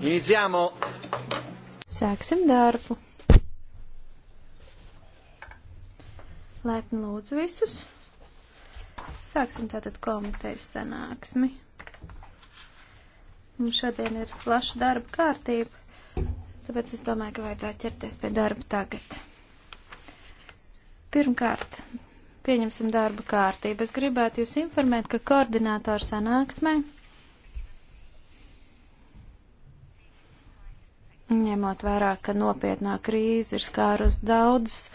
Iniziamo! Sāksim darbu. Laipni lūdzu visus. Sāksim tātad komitejas sanāksmi. Mums šodien ir plaša darba kārtība, tāpēc es domāju, ka vajadzētu ķerties pie darba tagad. Pirmkārt, pieņemsim darba kārtību. Es gribētu jūs informēt, ka koordinātors sanāksmē ņemot vērā, ka nopietnā krīze ir skārus daudzus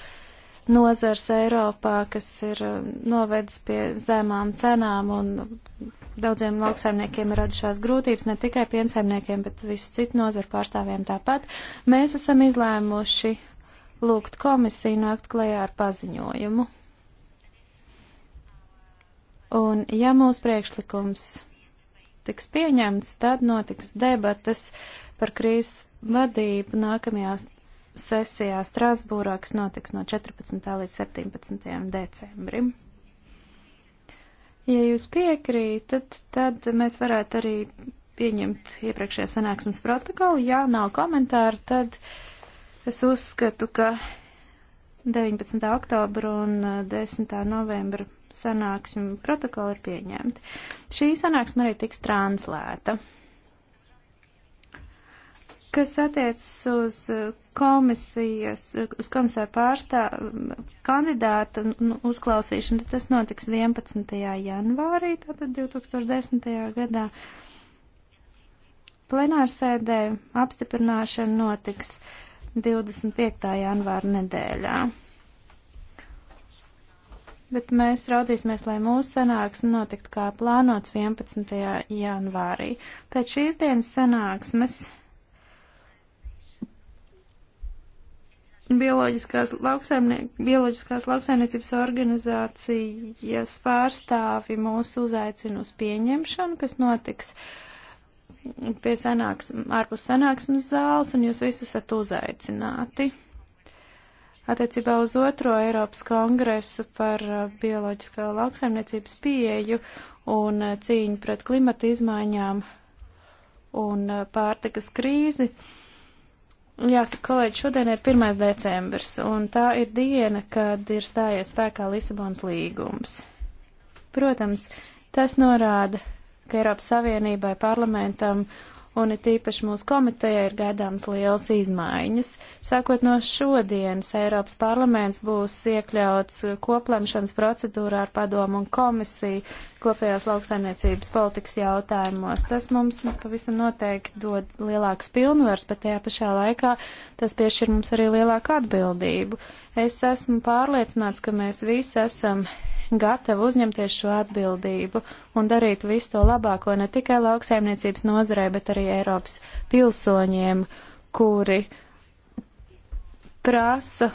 nozars Eiropā, kas ir uh, novedis pie zemām cenām un daudziem lauksaimniekiem ir radušās grūtības, ne tikai piensaimniekiem, bet visu citu nozaru pārstāvjiem tāpat. Mēs esam izlēmuši lūgt komisiju nākt klajā ar paziņojumu. Un ja mūsu priekšlikums tiks pieņemts, tad notiks debatas par krīzes vadību nākamajā sesijā Strasbūrā, kas notiks no 14. līdz 17. decembrim. Ja jūs piekrītat, tad mēs varētu arī pieņemt iepriekšējā sanāksmes protokolu. Ja nav komentāru, tad es uzskatu, ka 19. oktobra un 10. novembra sanāksmu protokoli ir pieņemti. Šī sanāksme arī tiks translēta. Kas attiecas uz uh, komisijas, uh, uz komisāru pārstāvu um, kandidātu nu, uzklausīšanu, tad tas notiks 11. janvārī, tātad 2010. gadā. Plenārsēdē apstiprināšana notiks 25. janvāra nedēļā. Bet mēs raudzīsimies, lai mūsu sanāksme notiktu kā plānots 11. janvārī. Pēc šīs dienas sanāksmes bioloģiskās, lauksaimnie, bioloģiskās lauksaimniecības organizācijas pārstāvi mūs uzaicina uz pieņemšanu, kas notiks pie sanāks, ārpus sanāksmes zāles, un jūs visi esat uzaicināti. Attiecībā uz otro Eiropas kongresu par uh, bioloģiskā lauksaimniecības pieeju un uh, cīņu pret klimata izmaiņām un uh, pārtikas krīzi. Uh, Jāsaka, kolēģi, šodien ir 1. decembris, un tā ir diena, kad ir stājies spēkā Lisabonas līgums. Protams, tas norāda, ka Eiropas Savienībai, parlamentam un it īpaši mūsu komitejā ir gaidāms liels izmaiņas. Sākot no šodienas, Eiropas parlaments būs iekļauts koplemšanas procedūrā ar padomu un komisiju kopējās lauksaimniecības politikas jautājumos. Tas mums pavisam noteikti dod lielāks pilnvars, bet tajā pašā laikā tas piešķir mums arī lielāku atbildību. Es esmu pārliecināts, ka mēs visi esam gatava uzņemties šo atbildību un darīt visu to labāko ne tikai lauksaimniecības nozarē, bet arī Eiropas pilsoņiem, kuri prasa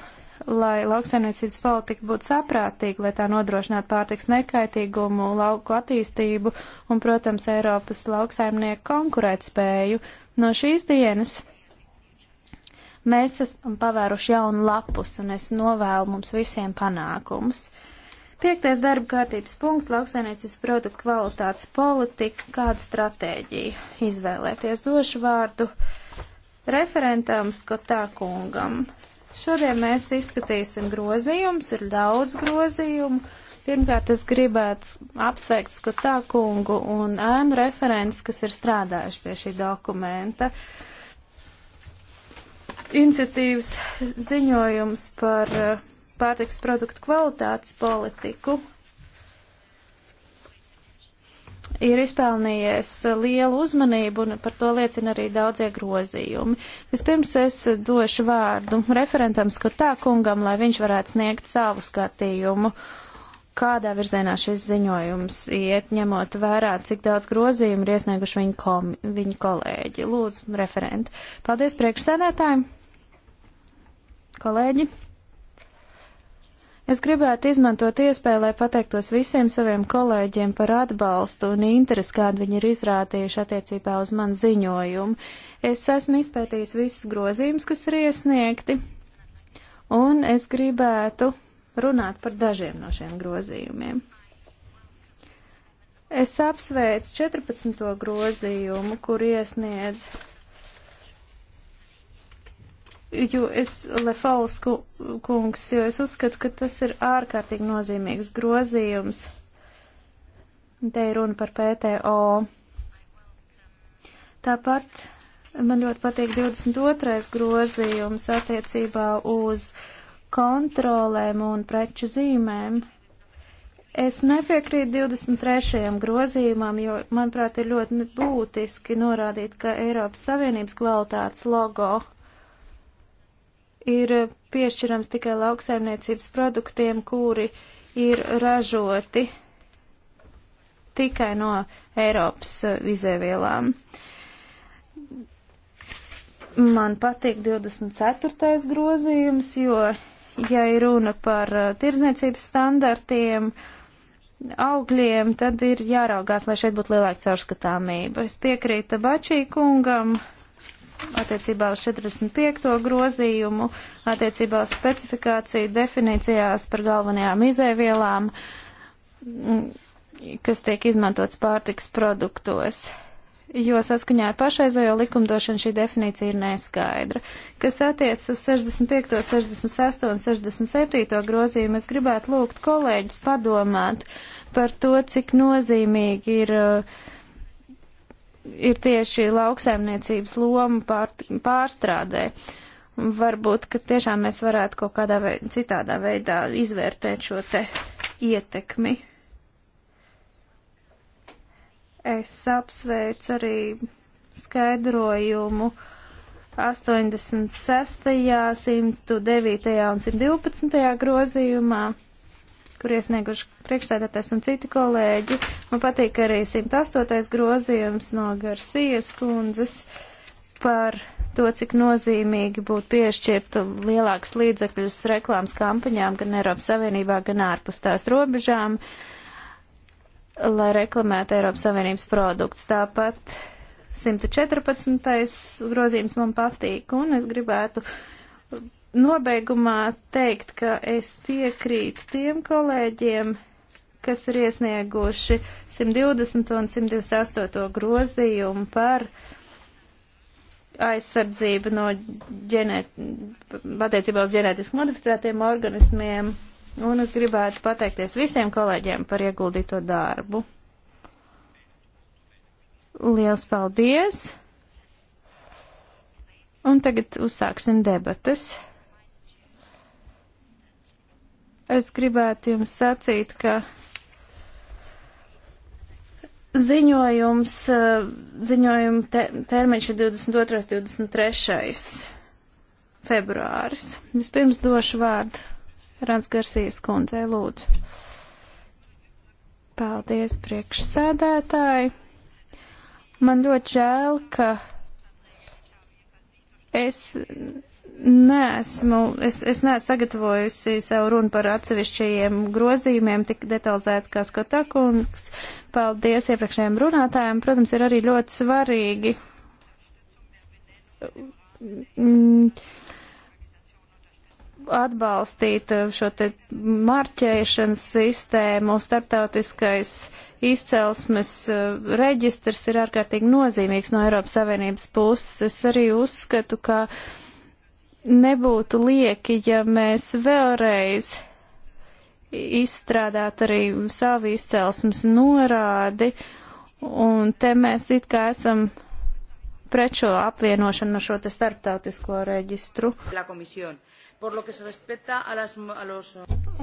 lai lauksaimniecības politika būtu saprātīga, lai tā nodrošinātu pārtiks nekaitīgumu, lauku attīstību un, protams, Eiropas lauksaimnieku konkurētspēju. No šīs dienas mēs esam pavēruši jaunu lapus un es novēlu mums visiem panākumus. Piektais darba kārtības punkts - lauksainiecības produktu kvalitātes politika, kādu stratēģiju izvēlēties. Došu vārdu referentam Skotā kungam. Šodien mēs izskatīsim grozījumus, ir daudz grozījumu. Pirmkārt, es gribētu apsveikt Skotā kungu un ēnu referents, kas ir strādājuši pie šī dokumenta. Iniciatīvas ziņojums par uh, pārtiks produktu kvalitātes politiku, ir izpelnījies lielu uzmanību, un par to liecina arī daudzie grozījumi. Vispirms es došu vārdu referentam Skartā kungam, lai viņš varētu sniegt savu skatījumu, kādā virzienā šis ziņojums iet, ņemot vērā, cik daudz grozījumu ir iesnieguši viņa, kom, viņa kolēģi. Lūdzu, referenti. Paldies priekšsēdētājiem! Kolēģi! Es gribētu izmantot iespēju, lai pateiktos visiem saviem kolēģiem par atbalstu un interesi, kādu viņi ir izrādījuši attiecībā uz man ziņojumu. Es esmu izpētījis visus grozījumus, kas ir iesniegti, un es gribētu runāt par dažiem no šiem grozījumiem. Es apsveicu 14. grozījumu, kur iesniedz jo es, Lefals kungs, jo es uzskatu, ka tas ir ārkārtīgi nozīmīgs grozījums. Te ir runa par PTO. Tāpat man ļoti patīk 22. grozījums attiecībā uz kontrolēm un preču zīmēm. Es nepiekrītu 23. grozījumam, jo, manuprāt, ir ļoti būtiski norādīt, ka Eiropas Savienības kvalitātes logo ir piešķirams tikai lauksaimniecības produktiem, kuri ir ražoti tikai no Eiropas eh, izēvielām. Man patīk 24. grozījums, jo, ja ir runa par eh, tirzniecības standartiem, augļiem, tad ir jāraugās, lai šeit būtu lielāka caurskatāmība. Es piekrītu Bačī kungam, attiecībā uz 45. grozījumu, attiecībā uz specifikāciju definīcijās par galvenajām izēvielām, mm, kas tiek izmantots pārtiks produktos. Jo saskaņā ar pašreizējo likumdošanu šī definīcija ir neskaidra. Kas attiec uz 65, 66 un 67 grozījumu, es gribētu lūgt kolēģus padomāt par to, cik nozīmīgi ir uh, ir tieši lauksaimniecības loma pār, pārstrādē. Varbūt, ka tiešām mēs varētu kaut kādā veidā, citādā veidā izvērtēt šo te ietekmi. Es apsveicu arī skaidrojumu 86., 109. un 112. grozījumā kur iesnieguši priekšstādātājs un citi kolēģi. Man patīk arī 108. grozījums no Garcijas kundzes par to, cik nozīmīgi būtu piešķirt lielākus līdzekļus reklāmas kampaņām gan Eiropas Savienībā, gan ārpus tās robežām, lai reklamētu Eiropas Savienības produktus. Tāpat 114. grozījums man patīk, un es gribētu nobeigumā teikt, ka es piekrītu tiem kolēģiem, kas ir iesnieguši 120 un 128 grozījumu par aizsardzību no ģenēt, attiecībā uz ģenētiski modificētiem organismiem, un es gribētu pateikties visiem kolēģiem par ieguldīto darbu. Liels paldies! Un tagad uzsāksim debatas. Es gribētu jums sacīt, ka ziņojums, eh, ziņojuma te, termiņš ir 22. 23. februāris. Vispirms došu vārdu Rāns Garsijas kundzei lūdzu. Paldies, priekšsēdētāji. Man ļoti žēl, ka es neesmu, es, es neesmu sagatavojusi sev runu par atsevišķajiem grozījumiem tik detalizēti kā Skotakungs. Paldies iepriekšējiem runātājiem. Protams, ir arī ļoti svarīgi. Mm, atbalstīt šo te marķēšanas sistēmu, starptautiskais izcelsmes eh, reģistrs ir ārkārtīgi nozīmīgs no Eiropas Savienības puses. Es arī uzskatu, ka uh, nebūtu lieki, ja mēs vēlreiz izstrādāt arī savu izcelsmes norādi, un te mēs it kā esam pret šo apvienošanu ar šo te starptautisko reģistru.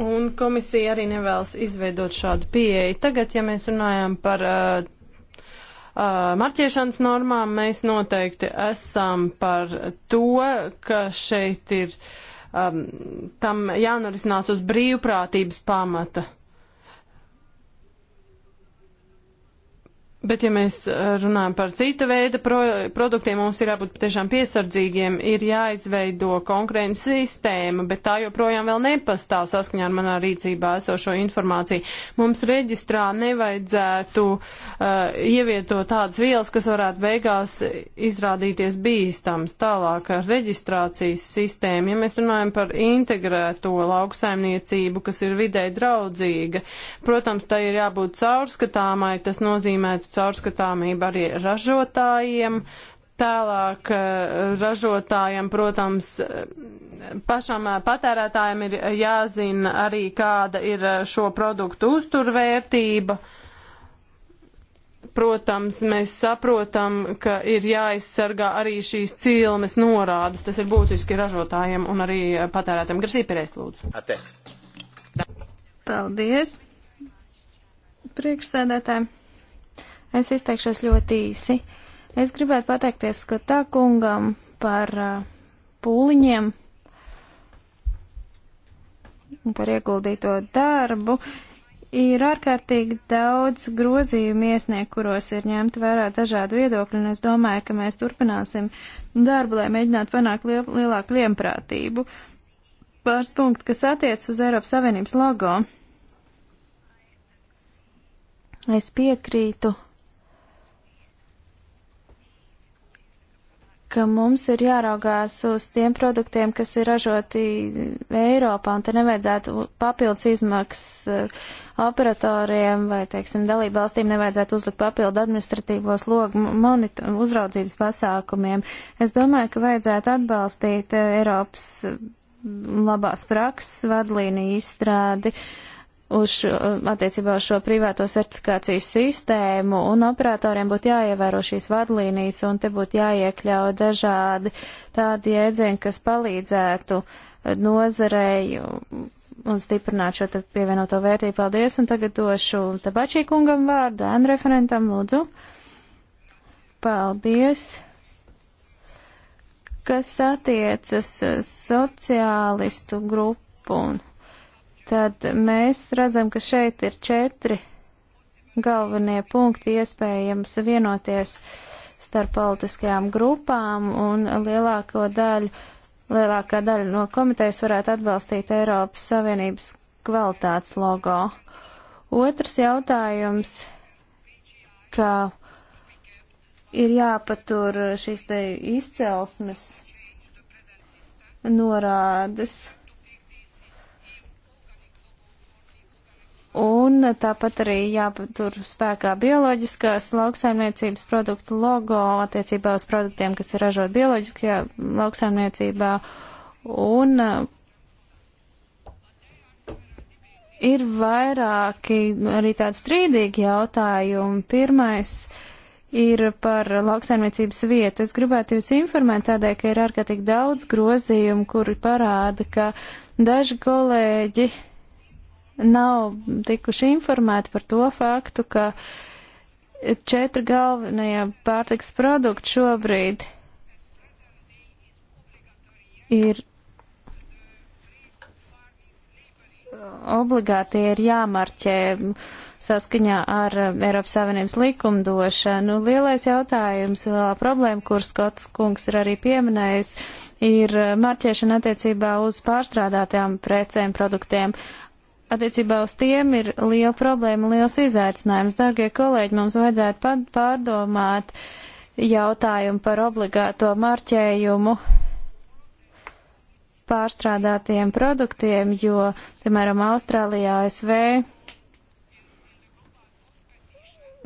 Un komisija arī nevēlas izveidot šādu pieeju. Tagad, ja mēs runājam par uh, Uh, marķēšanas normām, mēs noteikti esam par to, ka šeit ir um, tam jānorisinās uz brīvprātības pamata. Bet, ja mēs uh, runājam par cita veida pro produktiem, mums ir jābūt patiešām piesardzīgiem, ir jāizveido konkrēta sistēma, bet tā joprojām vēl nepastāv saskaņā ar manā rīcībā esošo informāciju. Mums reģistrā nevajadzētu uh, ievietot tādas vielas, kas varētu beigās izrādīties bīstams. Tālāk ar reģistrācijas sistēmu, ja mēs runājam par integrēto lauksaimniecību, kas ir vidē draudzīga, protams, tai ir jābūt caurskatāmai, tas nozīmētu caurskatāmība arī ražotājiem. Tālāk eh, ražotājiem, protams, eh, pašam eh, patērētājiem ir jāzina arī, kāda ir šo produktu uzturvērtība protams, mēs saprotam, ka ir jāaizsargā arī šīs cilmes norādes. Tas ir būtiski ražotājiem un arī patērētājiem. Grasīpērēs, lūdzu. Ate. Paldies. Priekšsēdētājiem. Es izteikšos ļoti īsi. Es gribētu pateikties Skotā kungam par uh, pūliņiem un par ieguldīto darbu. Ir ārkārtīgi daudz grozījumu iesniegt, kuros ir ņemt vērā dažādu viedokļu, un es domāju, ka mēs turpināsim darbu, lai mēģinātu panākt liel lielāku vienprātību. Pāris punkti, kas attiec uz Eiropas Savienības logo. Es piekrītu ka mums ir jāraugās uz tiem produktiem, kas ir ražoti Eiropā, un te nevajadzētu papildus izmaksas eh, operatoriem vai, teiksim, dalību valstīm nevajadzētu uzlikt papildu administratīvos logu uzraudzības pasākumiem. Es domāju, ka vajadzētu atbalstīt eh, Eiropas eh, labās prakses vadlīniju izstrādi. Uh, uz šo, attiecībā uz šo privāto certifikācijas sistēmu, un operatoriem būtu jāievēro šīs vadlīnijas, un te būtu jāiekļauj dažādi tādi jēdzieni, kas palīdzētu eh, nozarei un stiprināt šo pievienoto vērtību. Paldies, un tagad došu tabačī kungam vārdu, ēnu referentam, lūdzu. Paldies. Kas attiecas eh, sociālistu grupu un tad mēs redzam, ka šeit ir četri galvenie punkti iespējams vienoties starp politiskajām grupām un lielāko daļu, lielākā daļa no komitejas varētu atbalstīt Eiropas Savienības kvalitātes logo. Otrs jautājums, ka ir jāpatur šīs te izcelsmes norādes Un tāpat arī jāpatur spēkā bioloģiskās lauksaimniecības produktu logo attiecībā uz produktiem, kas ir ražot bioloģiskajā lauksaimniecībā. Un eh, ir vairāki arī tādi strīdīgi jautājumi. Pirmais ir par lauksaimniecības vietu. Es gribētu jūs informēt tādēļ, ka ir ārkārtīgi daudz grozījumu, kuri parāda, ka daži kolēģi nav tikuši informēti par to faktu, ka četri galvenie pārtiks produkti šobrīd ir obligāti ir jāmarķē saskaņā ar Eiropas Savienības likumdošanu. Lielais jautājums, lielā problēma, kur Skots kungs ir arī pieminējis, ir marķēšana attiecībā uz pārstrādātām precēm, produktiem attiecībā uz tiem ir liela problēma, liels izaicinājums. Dargie kolēģi, mums vajadzētu pārdomāt jautājumu par obligāto marķējumu pārstrādātiem produktiem, jo, piemēram, Austrālijā, ASV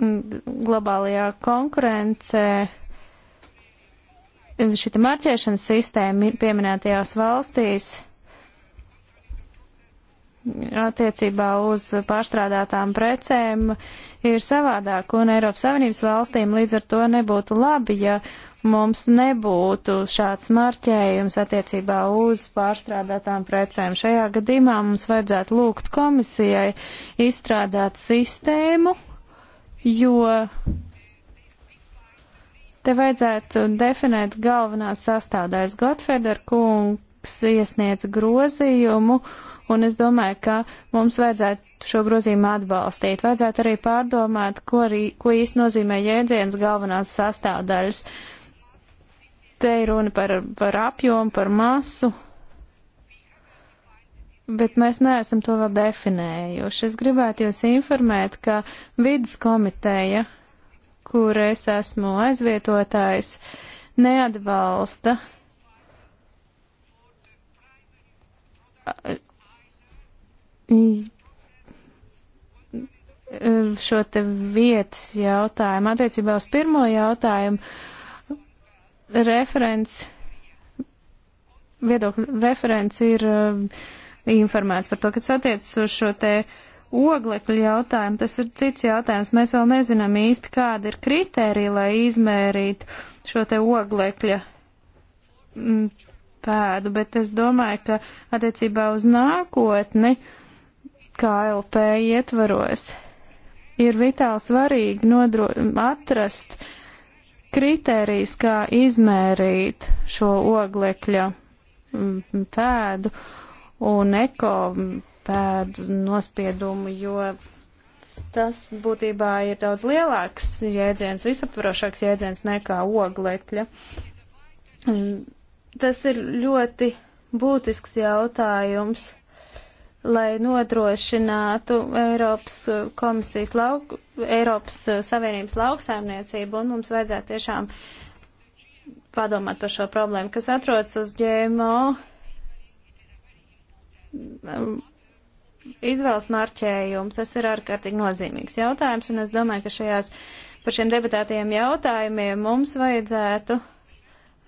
globālajā konkurencē šita marķēšanas sistēma pieminētajās valstīs attiecībā uz pārstrādātām precēm ir savādāk, un Eiropas Savienības valstīm līdz ar to nebūtu labi, ja mums nebūtu šāds marķējums attiecībā uz pārstrādātām precēm. Šajā gadījumā mums vajadzētu lūgt komisijai izstrādāt sistēmu, jo te vajadzētu definēt galvenās sastāvdaļas. Gotfeder kungs iesniedz grozījumu, uh, un es domāju, ka mums vajadzētu šo grozījumu atbalstīt. Vajadzētu arī pārdomāt, ko, arī, ko īsti nozīmē jēdziens galvenās sastāvdaļas. Te ir runa par, par apjomu, par masu, bet mēs neesam to vēl definējuši. Es gribētu jūs informēt, ka vidas komiteja, kur es esmu aizvietotājs, neatbalsta šo te vietas jautājumu. Attiecībā uz pirmo jautājumu referents, viedokļu referents ir uh, informēts par to, kas attiecas uz šo te oglekļu jautājumu. Tas ir cits jautājums. Mēs vēl nezinām īsti, kāda ir kriterija, lai izmērītu šo te oglekļa mm, pēdu, bet es domāju, ka attiecībā uz nākotni. Uh, KLP ietvaros, ir vitāli svarīgi nodro, atrast kritērijas, kā izmērīt šo oglekļa pēdu un eko pēdu nospiedumu, jo tas būtībā ir daudz lielāks jēdziens, visaptvarošāks jēdziens nekā oglekļa. Tas ir ļoti būtisks jautājums lai nodrošinātu Eiropas uh, komisijas lauk, Eiropas uh, Savienības lauksaimniecību, un mums vajadzētu tiešām padomāt par šo problēmu, kas atrodas uz GMO um, izvēles marķējumu. Tas ir ārkārtīgi nozīmīgs jautājums, un es domāju, ka šajās par šiem debatētajiem jautājumiem mums vajadzētu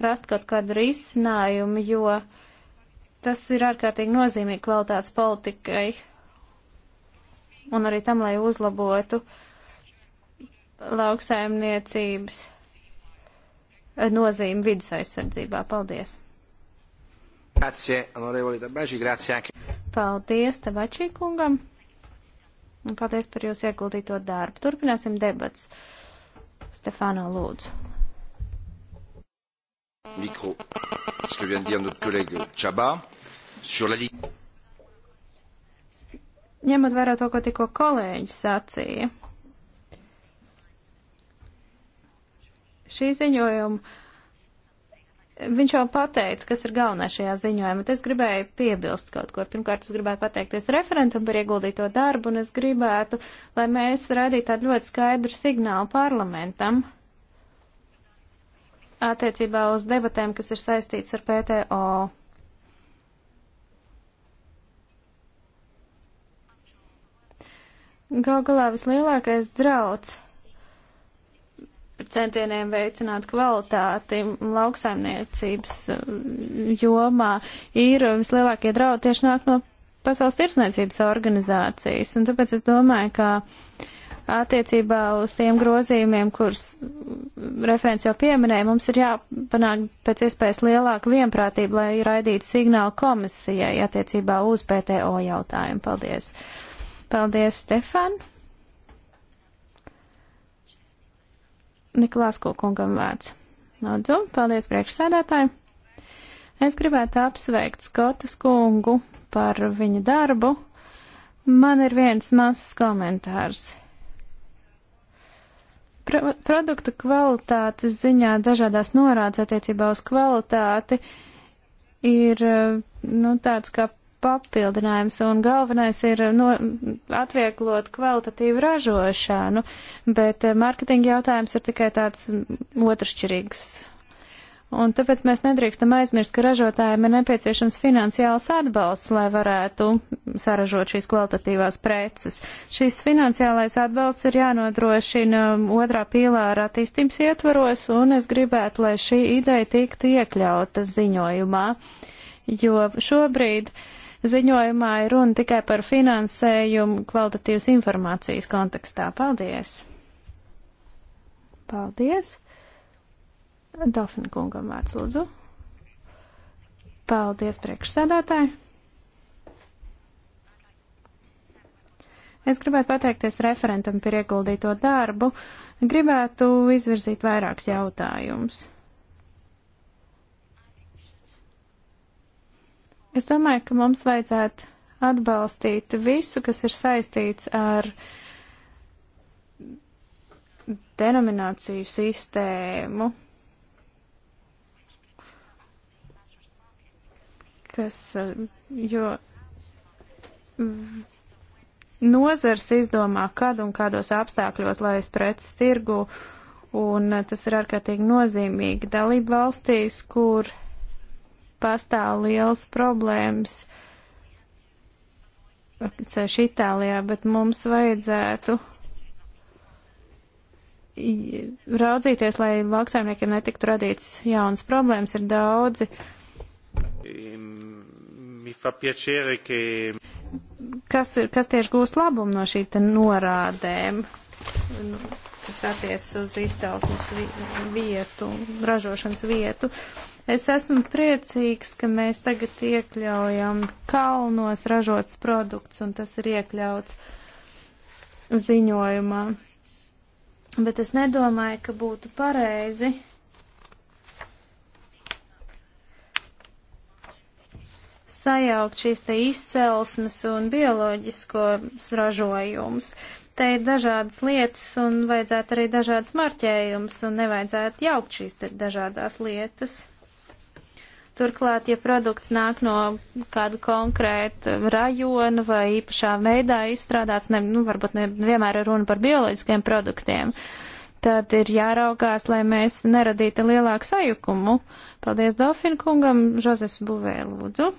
rast kaut kādu risinājumu, jo uh, Tas ir ārkārtīgi nozīmīgi kvalitātes politikai un arī tam, lai uzlabotu lauksaimniecības nozīmi vidas aizsardzībā. Paldies! Grazie, onorevoli Tabači, grazie anche. Paldies Tabači kungam un paldies par jūsu ieguldīto darbu. Turpināsim debats. Stefāno, lūdzu. Micro. Ce que vient de dire notre collègue Chaba sur la ligne. Ņemot vērā to, ko tikko kolēģis sacīja, šī ziņojuma, viņš jau pateica, kas ir galvenais šajā ziņojumā, bet es gribēju piebilst kaut ko. Pirmkārt, es gribēju pateikties referentam par ieguldīto darbu, un es gribētu, lai mēs radītu tādu ļoti skaidru signālu parlamentam, attiecībā uz debatēm, kas ir saistīts ar PTO. Gal galā vislielākais drauds par centieniem veicināt kvalitāti lauksaimniecības eh, jomā ir vislielākie draudi tieši nāk no Pasaules tirsniecības organizācijas. Un tāpēc es domāju, ka attiecībā uz tiem grozījumiem, kurus referents jau pieminēja, mums ir jāpanāk pēc iespējas lielāka vienprātība, lai raidītu signālu komisijai attiecībā uz PTO jautājumu. Paldies. Paldies, Stefan. Nikolās Kukungam vārds. Lūdzu, paldies priekšsēdētāji. Es gribētu apsveikt Skotas kungu par viņa darbu. Man ir viens mazs komentārs Pro, produktu kvalitātes ziņā dažādās norādes attiecībā uz kvalitāti ir eh, nu, tāds kā papildinājums, un galvenais ir eh, no, atvieglot kvalitatīvu ražošanu, bet eh, mārketinga jautājums ir tikai tāds mm, otršķirīgs Un tāpēc mēs nedrīkstam aizmirst, ka ražotājiem ir nepieciešams finansiāls atbalsts, lai varētu saražot šīs kvalitatīvās preces. Šīs finansiālais atbalsts ir jānodrošina um, otrā pīlāra attīstības ietvaros, un es gribētu, lai šī ideja tiktu iekļauta ziņojumā, jo šobrīd ziņojumā ir runa tikai par finansējumu kvalitatīvas informācijas kontekstā. Paldies! Paldies! Dafina kungam vārds lūdzu. Paldies priekšsēdētāji. Es gribētu pateikties referentam par ieguldīto darbu. Gribētu izvirzīt vairākus jautājumus. Es domāju, ka mums vajadzētu atbalstīt visu, kas ir saistīts ar denomināciju sistēmu, kas, eh, jo nozars izdomā, kad un kādos apstākļos laist preces tirgu, un eh, tas ir ārkārtīgi nozīmīgi. Dalība valstīs, kur pastāv liels problēmas, ceļš Itālijā, bet mums vajadzētu raudzīties, lai lauksaimniekiem netiktu radīts jaunas problēmas, ir daudzi Kas, kas tieši gūst labumu no šī norādēm, kas attiecas uz izcelsmes vietu, ražošanas vietu? Es esmu priecīgs, ka mēs tagad iekļaujam kalnos ražots produkts, un tas ir iekļauts ziņojumā. Bet es nedomāju, ka būtu pareizi sajaukt šīs te izcelsmes un bioloģiskos ražojumus. Te ir dažādas lietas un vajadzētu arī dažādas marķējumus un nevajadzētu jaukt šīs te dažādās lietas. Turklāt, ja produkts nāk no kāda konkrēta rajona vai īpašā veidā izstrādāts, ne, nu, varbūt ne vienmēr ir runa par bioloģiskiem produktiem, tad ir jāraugās, lai mēs neradītu lielāku sajukumu. Paldies Dofin kungam, Žozefs Buvē, lūdzu.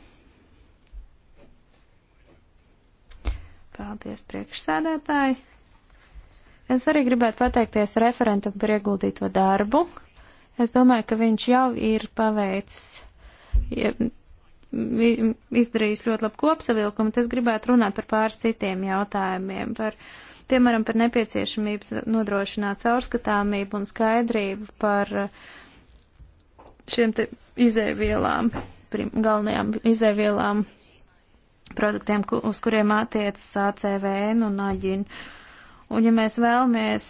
Paldies, priekšsēdētāji. Es arī gribētu pateikties referentam par ieguldīto darbu. Es domāju, ka viņš jau ir paveicis, ja, izdarījis ļoti labu kopsavilkumu. Es gribētu runāt par pāris citiem jautājumiem, par, piemēram, par nepieciešamības nodrošināt caurskatāmību un skaidrību par uh, šiem te izēvielām, galvenajām izēvielām produktiem, uz kuriem attiecas ACVN un aģina. Un ja mēs vēlamies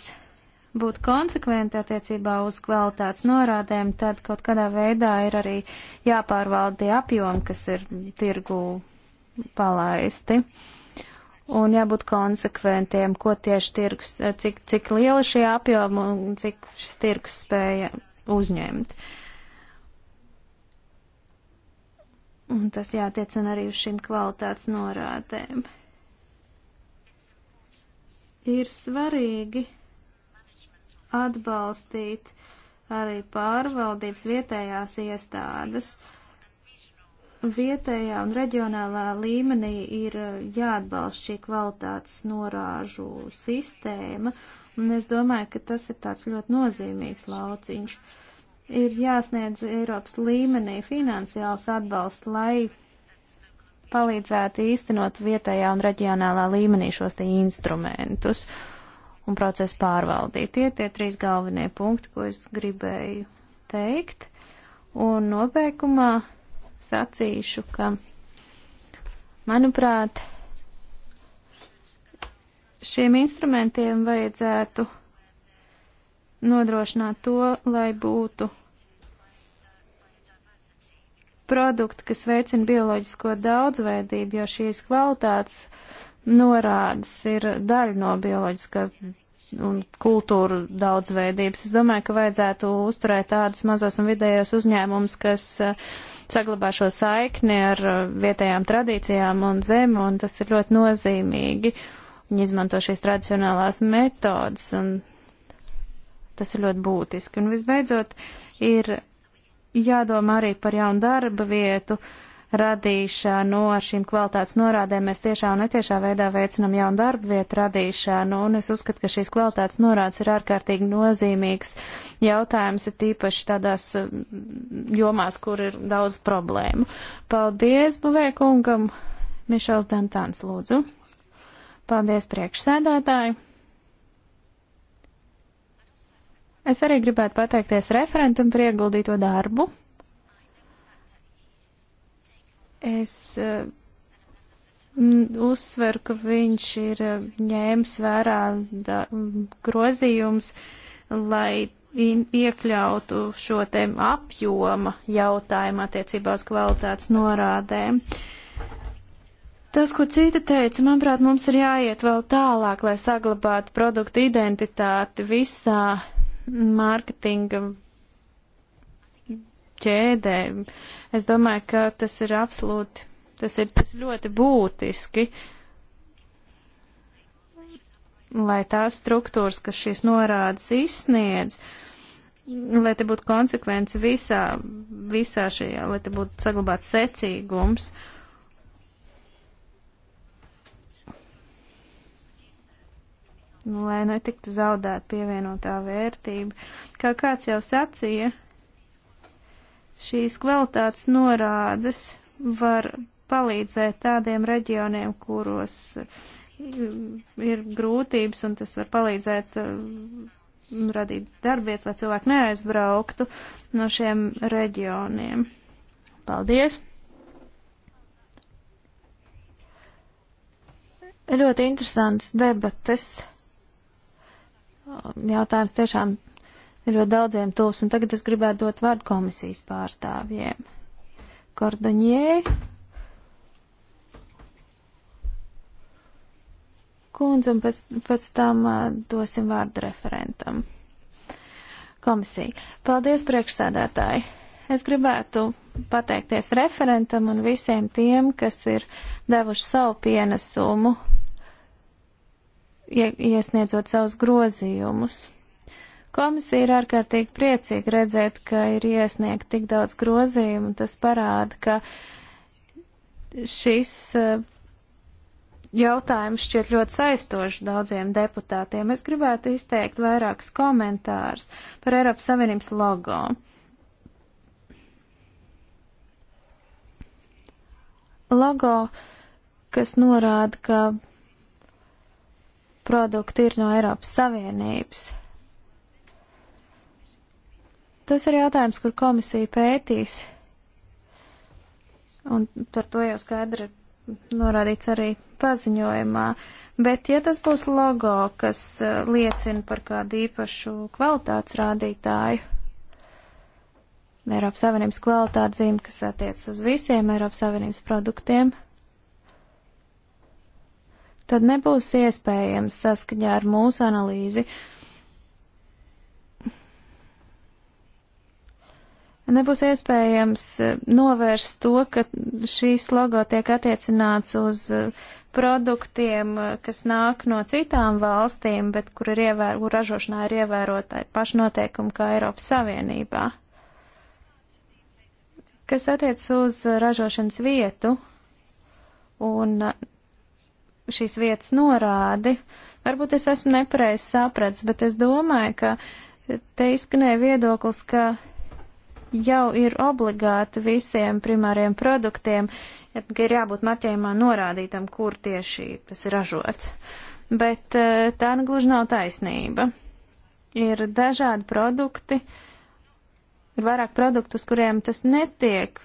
būt konsekventi attiecībā uz kvalitātes norādēm, tad kaut kādā veidā ir arī jāpārvalda tie apjomi, kas ir tirgu palaisti. Un jābūt konsekventiem, ko tieši tirgus, cik, cik liela šī apjoma un cik šis tirgus spēja uzņemt. Uh, Un tas jātiecina arī uz šīm kvalitātes norādēm. Ir svarīgi atbalstīt arī pārvaldības vietējās iestādes. Vietējā un reģionālā līmenī ir jāatbalst šī kvalitātes norāžu sistēma, un es domāju, ka tas ir tāds ļoti nozīmīgs lauciņš. Uh, ir jāsniedz Eiropas līmenī finansiāls atbalsts, lai palīdzētu īstenot vietējā un reģionālā līmenī šos te instrumentus un procesu pārvaldīt. Tie tie trīs galvenie punkti, ko es gribēju teikt. Un nobeigumā sacīšu, ka, manuprāt, šiem instrumentiem vajadzētu nodrošināt to, lai būtu produkti, kas veicina bioloģisko daudzveidību, jo šīs kvalitātes norādes ir daļa no bioloģiskās un kultūru daudzveidības. Es domāju, ka vajadzētu uzturēt tādas mazos un vidējos uzņēmumus, kas eh, saglabā šo saikni ar eh, vietējām tradīcijām un zemi, un tas ir ļoti nozīmīgi. Viņi izmanto šīs tradicionālās metodas, un Tas ir ļoti būtiski. Un visbeidzot, ir jādomā arī par jaunu darba vietu radīšanu. Ar šīm kvalitātes norādēm mēs tiešā un netiešā veidā veicinam jaunu darba vietu radīšanu. Un es uzskatu, ka šīs kvalitātes norādes ir ārkārtīgi nozīmīgs jautājums, ir tīpaši tādās mm, jomās, kur ir daudz problēmu. Paldies, Buvēkungam! Mišels Dantāns, lūdzu. Paldies, priekšsēdētāji! Es arī gribētu pateikties referentam par ieguldīto darbu. Es uh, uzsveru, ka viņš ir eh, ņēmis vērā da, grozījums, lai in, iekļautu šo te apjoma jautājumu attiecībā uz kvalitātes norādēm. Tas, ko cita teica, manuprāt, mums ir jāiet vēl tālāk, lai saglabātu produktu identitāti visā mārketinga ķēdē. Es domāju, ka tas ir absolūti, tas ir tas ļoti būtiski, lai tās struktūras, kas šīs norādes izsniedz, lai te būtu konsekvence visā, visā šajā, lai te būtu saglabāts secīgums. Uh, lai netiktu zaudēt pievienotā vērtība. Kā kāds jau sacīja, šīs kvalitātes norādes var palīdzēt tādiem reģioniem, kuros ir grūtības, un tas var palīdzēt mm, radīt darbietas, lai cilvēki neaizbrauktu no šiem reģioniem. Paldies! Ļoti interesants debates jautājums tiešām ir ļoti daudziem tūs, un tagad es gribētu dot vārdu komisijas pārstāvjiem. Kordoņē. Kundze, un pēc, pēc tam uh, dosim vārdu referentam. Komisija. Paldies, priekšsēdētāji. Es gribētu pateikties referentam un visiem tiem, kas ir devuši savu pienesumu iesniedzot savus grozījumus. Komisija ir ārkārtīgi priecīga redzēt, ka ir iesniegt tik daudz grozījumu. Tas parāda, ka šis eh, jautājums šķiet ļoti saistošs daudziem deputātiem. Es gribētu izteikt vairākus komentārus par Eiropas Savienības logo. Logo, kas norāda, ka produktu ir no Eiropas Savienības. Tas ir jautājums, kur komisija pētīs, un par to jau skaidri norādīts arī paziņojumā. Bet, ja tas būs logo, kas eh, liecina par kādu īpašu kvalitātes rādītāju, Eiropas Savienības kvalitātes zīme, kas attiec uz visiem Eiropas Savienības produktiem, tad nebūs iespējams saskaņā ar mūsu analīzi. Nebūs iespējams eh, novērst to, ka šīs logo tiek attiecināts uz eh, produktiem, eh, kas nāk no citām valstīm, bet kur, ir ievēr, kur ražošanā ir ievērotāji pašnoteikumi kā Eiropas Savienībā. Kas attiec uz ražošanas vietu un šīs vietas norādi. Varbūt es esmu nepareizi sapratis, bet es domāju, ka te izskanēja viedoklis, ka jau ir obligāti visiem primāriem produktiem, ka ir jābūt marķējumā norādītam, kur tieši tas ir ražots. Bet eh, tā nu gluži nav taisnība. Ir dažādi produkti, ir vairāk produktu, uz kuriem tas netiek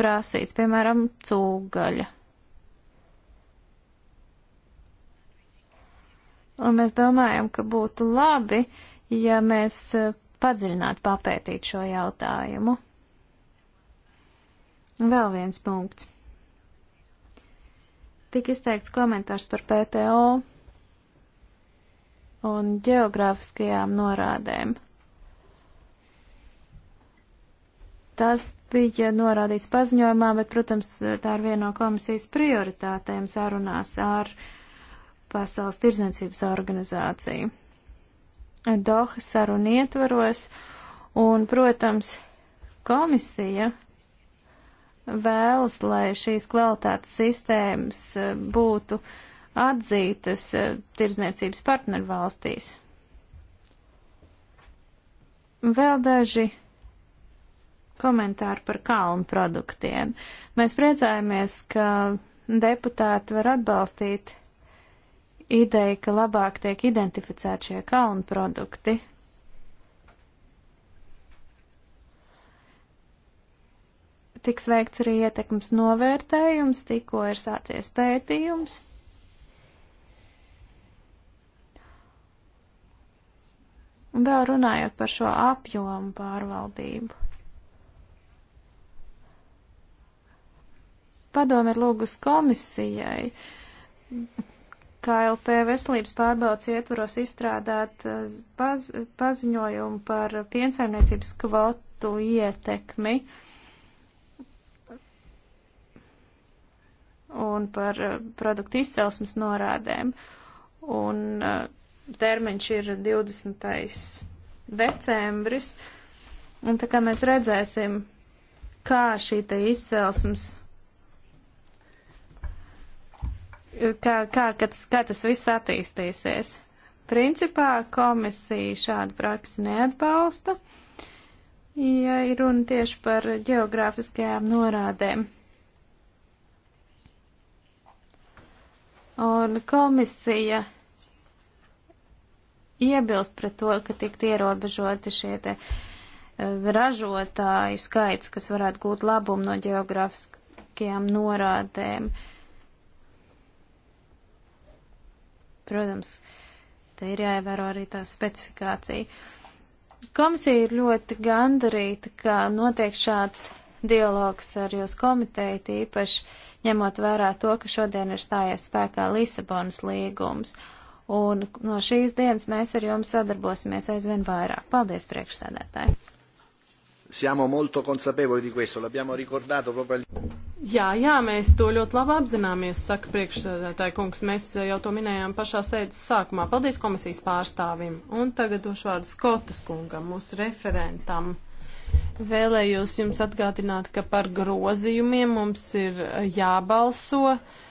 prasīts, piemēram, cūgaļa. Un mēs domājam, ka būtu labi, ja mēs eh, padziļinātu papētīt šo jautājumu. Vēl viens punkts. Tik izteikts komentārs par PTO un geogrāfiskajām norādēm. Tas bija norādīts paziņojumā, bet, protams, tā ir viena no komisijas prioritātēm sarunās ar uh, Pasaules tirdzniecības organizāciju. Dohas saruna ietvaros, un, protams, komisija vēlas, lai šīs kvalitātes sistēmas eh, būtu atzītas eh, tirdzniecības partnervalstīs. Vēl daži komentāri par kalnu produktiem. Mēs priecājamies, ka deputāti var atbalstīt ideja, ka labāk tiek identificēti šie kalnu produkti. Tiks veikts arī ietekmes novērtējums, tikko ir sācies pētījums. Un vēl runājot par šo apjomu pārvaldību. Padomi ir lūgus komisijai KLP veselības pārbaudas ietvaros izstrādāt eh, paz, paziņojumu par piensaimniecības kvotu ietekmi un par eh, produktu izcelsmes norādēm. Un eh, termiņš ir 20. decembris. Un tā kā mēs redzēsim, kā šī te izcelsmes kā, kā, kā tas viss attīstīsies. Principā komisija šādu praksi neatbalsta, ja ir runa tieši par geogrāfiskajām norādēm. Un komisija iebilst pret to, ka tikt ierobežoti šie te e, ražotāju skaits, kas varētu gūt labumu no geogrāfiskajām norādēm. Uh, protams, te ir jāievēro arī tā specifikācija. Komisija ir ļoti gandarīta, ka notiek šāds dialogs ar jūs komiteju, tīpaši ņemot vērā to, ka šodien ir stājies spēkā Lisabonas līgums. Un no šīs dienas mēs ar jums sadarbosimies aizvien vairāk. Paldies, priekšsēdētāji! Siamo molto consapevoli di questo, l'abbiamo ricordato proprio al... Jā, jā, mēs to ļoti labi apzināmies, saka priekšsēdētāji kungs. Mēs jau to minējām pašā sēdes sākumā. Paldies komisijas pārstāvim. Un tagad došu vārdu Skotas kungam, mūsu referentam. Vēlējos jums atgādināt, ka par grozījumiem mums ir jābalso. Uh,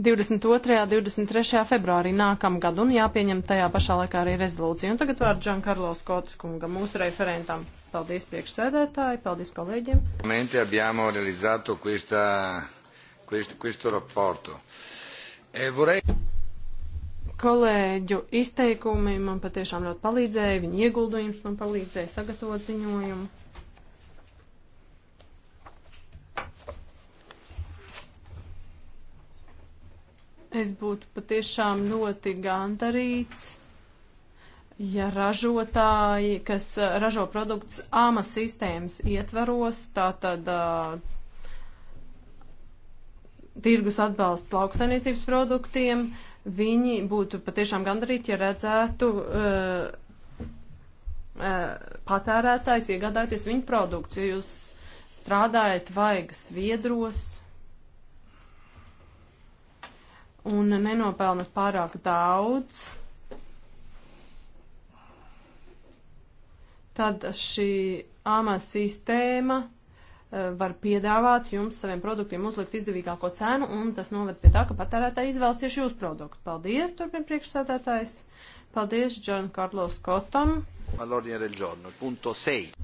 22. un 23. februārī nākamgad un jāpieņem tajā pašā laikā arī rezolūcija. Un tagad vārds Džankarlo Skotas kunga, mūsu referentam. Paldies priekšsēdētāji, paldies kolēģiem. Momenti abbiamo realizzato questa, questo, questo rapporto. E vorrei... Kolēģu izteikumi man patiešām ļoti palīdzēja, viņa ieguldījums man palīdzēja sagatavot ziņojumu. Es būtu patiešām ļoti gandarīts, ja ražotāji, kas uh, ražo produkts āma sistēmas ietvaros, tātad uh, tirgus atbalsts lauksainīcības produktiem, viņi būtu patiešām gandarīti, ja redzētu. Uh, uh patērētājs iegādājoties viņu produkciju. Jūs strādājat vaigas viedros, un nenopelna pārāk daudz, tad šī AMA sistēma eh, var piedāvāt jums saviem produktiem uzlikt izdevīgāko cenu, un tas noved pie tā, ka patērētāji izvēlas tieši jūsu produktu. Paldies, turpin priekšsēdētājs. Paldies, Džan Karlos Kotam.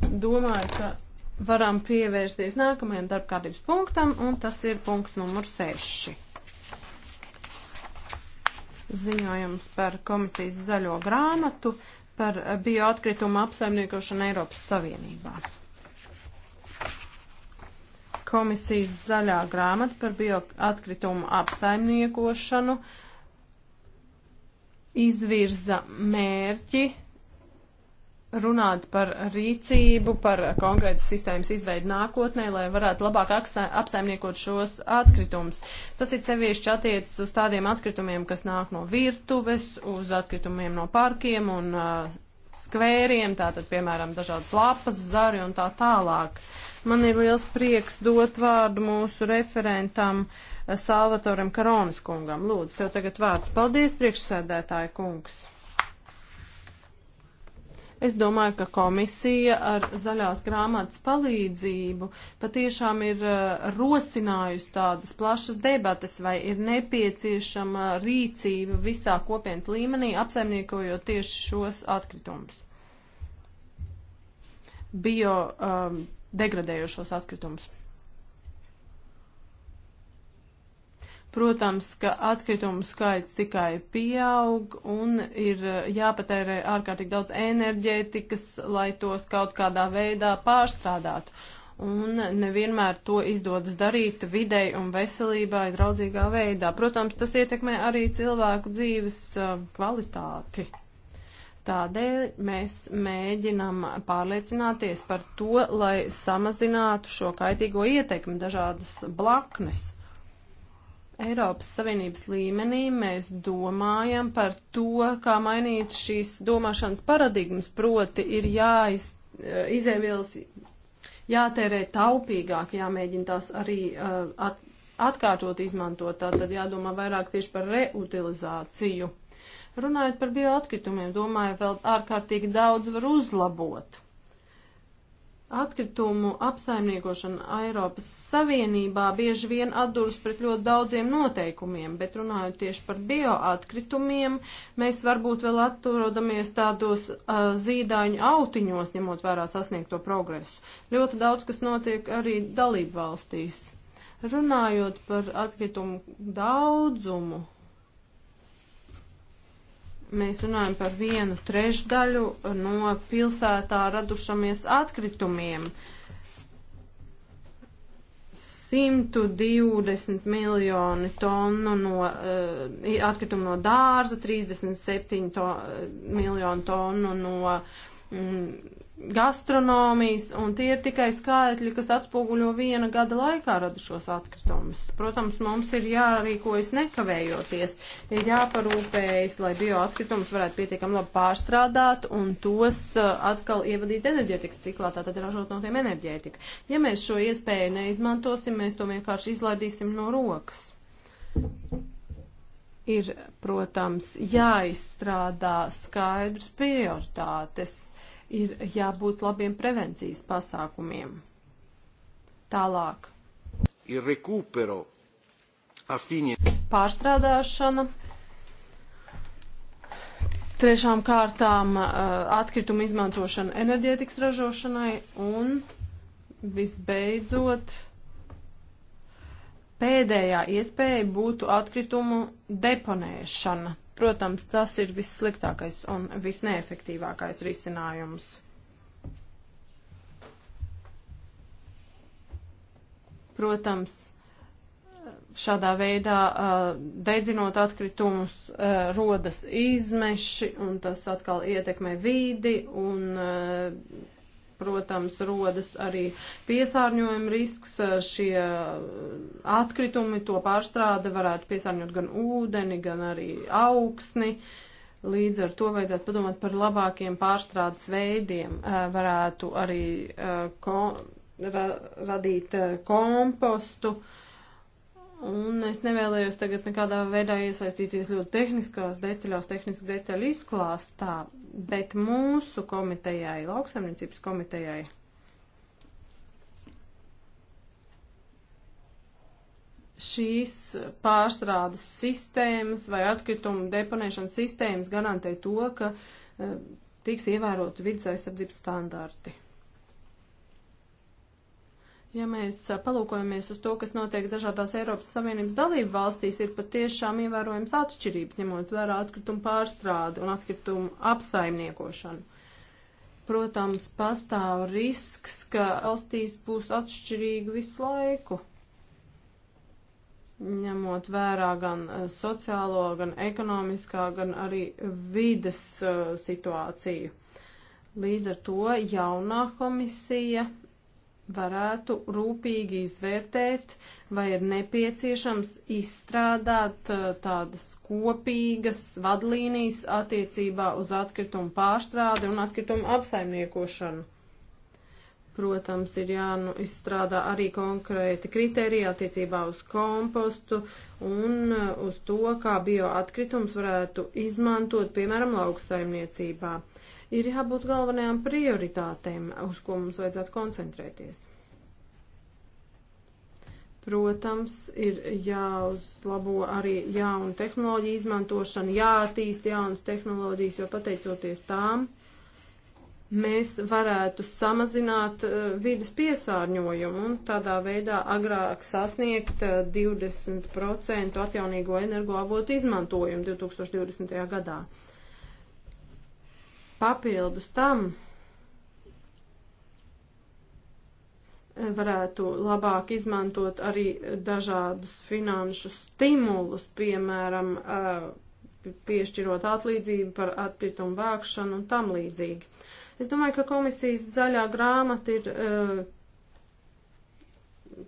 Domāju, ka varam pievērsties nākamajam darbkārtības punktam, un tas ir punkts numur 6 ziņojums par komisijas zaļo grāmatu par bioatkritumu apsaimniekošanu Eiropas Savienībā. Komisijas zaļā grāmata par bioatkritumu apsaimniekošanu izvirza mērķi runāt par rīcību, par konkrētas sistēmas izveidu nākotnē, lai varētu labāk apsaimniekot šos atkritumus. Tas ir sevišķi attiecis uz tādiem atkritumiem, kas nāk no virtuves, uz atkritumiem no parkiem un uh, skvēriem, tātad, piemēram, dažādas lapas, zari un tā tālāk. Man ir liels prieks dot vārdu mūsu referentam uh, Salvatoram Karonis kungam. Lūdzu, tev tagad vārds. Paldies, priekšsēdētāja kungs! Es domāju, ka komisija ar zaļās grāmatas palīdzību patiešām ir uh, rosinājusi tādas plašas debates, vai ir nepieciešama rīcība visā kopienas līmenī, apsaimniekojot tieši šos atkritumus. Bio um, degradējošos atkritumus. Protams, ka atkritumu skaits tikai pieaug un ir eh, jāpatērē ārkārtīgi daudz enerģētikas, lai tos kaut kādā veidā pārstrādātu. Un nevienmēr to izdodas darīt videi un veselībai draudzīgā veidā. Protams, tas ietekmē arī cilvēku dzīves eh, kvalitāti. Tādēļ mēs mēģinam pārliecināties par to, lai samazinātu šo kaitīgo ietekmi dažādas blaknes. Eiropas Savienības līmenī mēs domājam par to, kā mainīt šīs domāšanas paradigmas, proti ir jāiz, eh, izēvielas jātērē taupīgāk, jāmēģina tās arī uh, at, atkārtot izmantot, tātad jādomā vairāk tieši par reutilizāciju. Runājot par bioatkritumiem, domāju, vēl ārkārtīgi daudz var uzlabot. Atkritumu apsaimniekošana Eiropas Savienībā bieži vien atduras pret ļoti daudziem noteikumiem, bet runājot tieši par bioatkritumiem, mēs varbūt vēl atturodamies tādos uh, zīdaiņu autiņos, ņemot vērā sasniegto progresu. Ļoti daudz, kas notiek arī dalību valstīs. Runājot par atkritumu daudzumu, mēs runājam par vienu trešdaļu no pilsētā radušamies atkritumiem. 120 miljoni tonu no, uh, atkritumu no dārza, 37 to, eh, miljonu tonu no mm, gastronomijas, un tie ir tikai skaitļi, kas atspoguļo viena gada laikā radušos atkritumus. Protams, mums ir jārīkojas nekavējoties, ir jāparūpējas, lai bioatkritumus varētu pietiekami labi pārstrādāt un tos uh, atkal ievadīt enerģētikas ciklā, tātad ražot no tiem enerģētiku. Ja mēs šo iespēju neizmantosim, mēs to vienkārši izlaidīsim no rokas. Ir, protams, jāizstrādā skaidrs prioritātes ir jābūt labiem prevencijas pasākumiem. Tālāk. Ir recupero. Afinie. Pārstrādāšana. Trešām kārtām uh, atkritumu izmantošana enerģētikas ražošanai un visbeidzot pēdējā iespēja būtu atkritumu deponēšana. Protams, tas ir vissliktākais un visneefektīvākais risinājums. Protams, šādā veidā dedzinot atkritumus rodas izmeši, un tas atkal ietekmē vīdi un protams, rodas arī piesārņojuma risks. Šie atkritumi, to pārstrāde varētu piesārņot gan ūdeni, gan arī augsni. Līdz ar to vajadzētu padomāt par labākiem pārstrādes veidiem. Eh, varētu arī eh, ko, ra, radīt eh, kompostu. Uh, Un es nevēlējos tagad nekādā veidā iesaistīties ļoti tehniskās detaļās, tehniski detaļu izklāstā, bet mūsu komitejai, lauksaimniecības komitejai, šīs pārstrādes sistēmas vai atkritumu deponēšanas sistēmas garantē to, ka eh, tiks ievērot vidas aizsardzības standarti. Ja mēs palūkojamies uz to, kas notiek dažādās Eiropas Savienības dalību valstīs, ir patiešām ievērojams atšķirības, ņemot vērā atkritumu pārstrādi un atkritumu apsaimniekošanu. Protams, pastāv risks, ka valstīs būs atšķirīgi visu laiku, ņemot vērā gan sociālo, gan ekonomiskā, gan arī vides uh, situāciju. Līdz ar to jaunā komisija varētu rūpīgi izvērtēt, vai ir nepieciešams izstrādāt uh, tādas kopīgas vadlīnijas attiecībā uz atkritumu pārstrādi un atkritumu apsaimniekošanu. Protams, ir jāizstrādā nu, arī konkrēti kriteriji attiecībā uz kompostu un uh, uz to, kā bioatkritums varētu izmantot, piemēram, lauksaimniecībā ir jābūt galvenajām prioritātēm, uz ko mums vajadzētu koncentrēties. Protams, ir jāuzlabo arī jaunu tehnoloģiju izmantošana, jāattīst jaunas tehnoloģijas, jo pateicoties tām mēs varētu samazināt uh, vidas piesārņojumu un tādā veidā agrāk sasniegt uh, eh, 20% atjaunīgo energoavotu izmantojumu 2020. gadā. Papildus tam eh, varētu labāk izmantot arī dažādus finanšu stimulus, piemēram, eh, piešķirot atlīdzību par atkritumu vākšanu un tam līdzīgi. Es domāju, ka komisijas zaļā grāmata ir eh,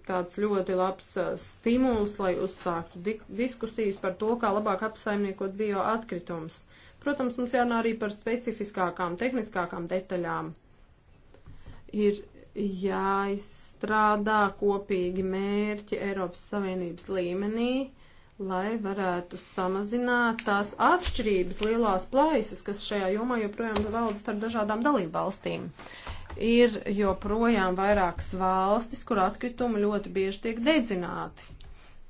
tāds ļoti labs stimuls, lai uzsāktu diskusijas par to, kā labāk apsaimniekot bioatkritumus. Uh, Protams, mums jārunā arī par specifiskākām, tehniskākām detaļām. Ir jāizstrādā kopīgi mērķi Eiropas Savienības līmenī, lai varētu samazināt tās atšķirības lielās plaisas, kas šajā jomā joprojām valda starp dažādām dalību valstīm. Ir joprojām vairākas valstis, kur atkritumi ļoti bieži tiek dedzināti.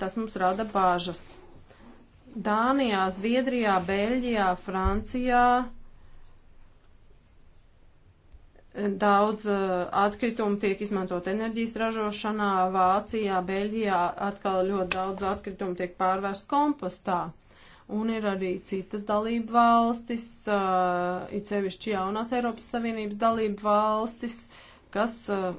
Tas mums rada bāžas. Dānijā, Zviedrijā, Beļģijā, Francijā daudz uh, atkritumu tiek izmantot enerģijas ražošanā, Vācijā, Beļģijā atkal ļoti daudz atkritumu tiek pārvērst kompostā. Un ir arī citas dalību valstis, uh, it sevišķi jaunās Eiropas Savienības dalību valstis, kas. Uh,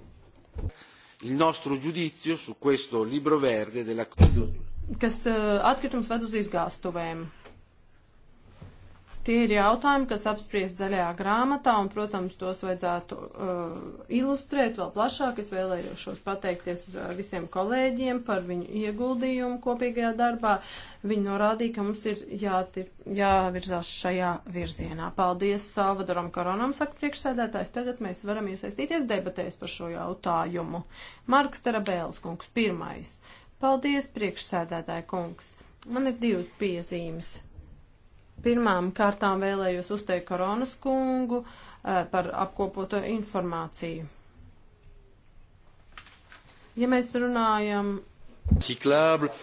Il nostro giudizio su questo libro verde della Commissione kas eh, atkritums ved uz izgāstuvēm. Tie ir jautājumi, kas apspriest zaļajā grāmatā, un, protams, tos vajadzētu uh, ilustrēt vēl plašāk. Es vēlējušos pateikties eh, visiem kolēģiem par viņu ieguldījumu kopīgajā darbā. Viņi norādīja, ka mums ir jātir, jāvirzās šajā virzienā. Paldies Salvadoram Koronam, saka priekšsēdētājs. Tagad mēs varam iesaistīties debatēs par šo jautājumu. Marks Tarabēls kungs pirmais. Uh, Paldies, priekšsēdētāja kungs. Man ir divas piezīmes. Pirmām kārtām vēlējos uzteikt Koronas kungu eh, par apkopoto informāciju. Ja mēs runājam. Cyclable,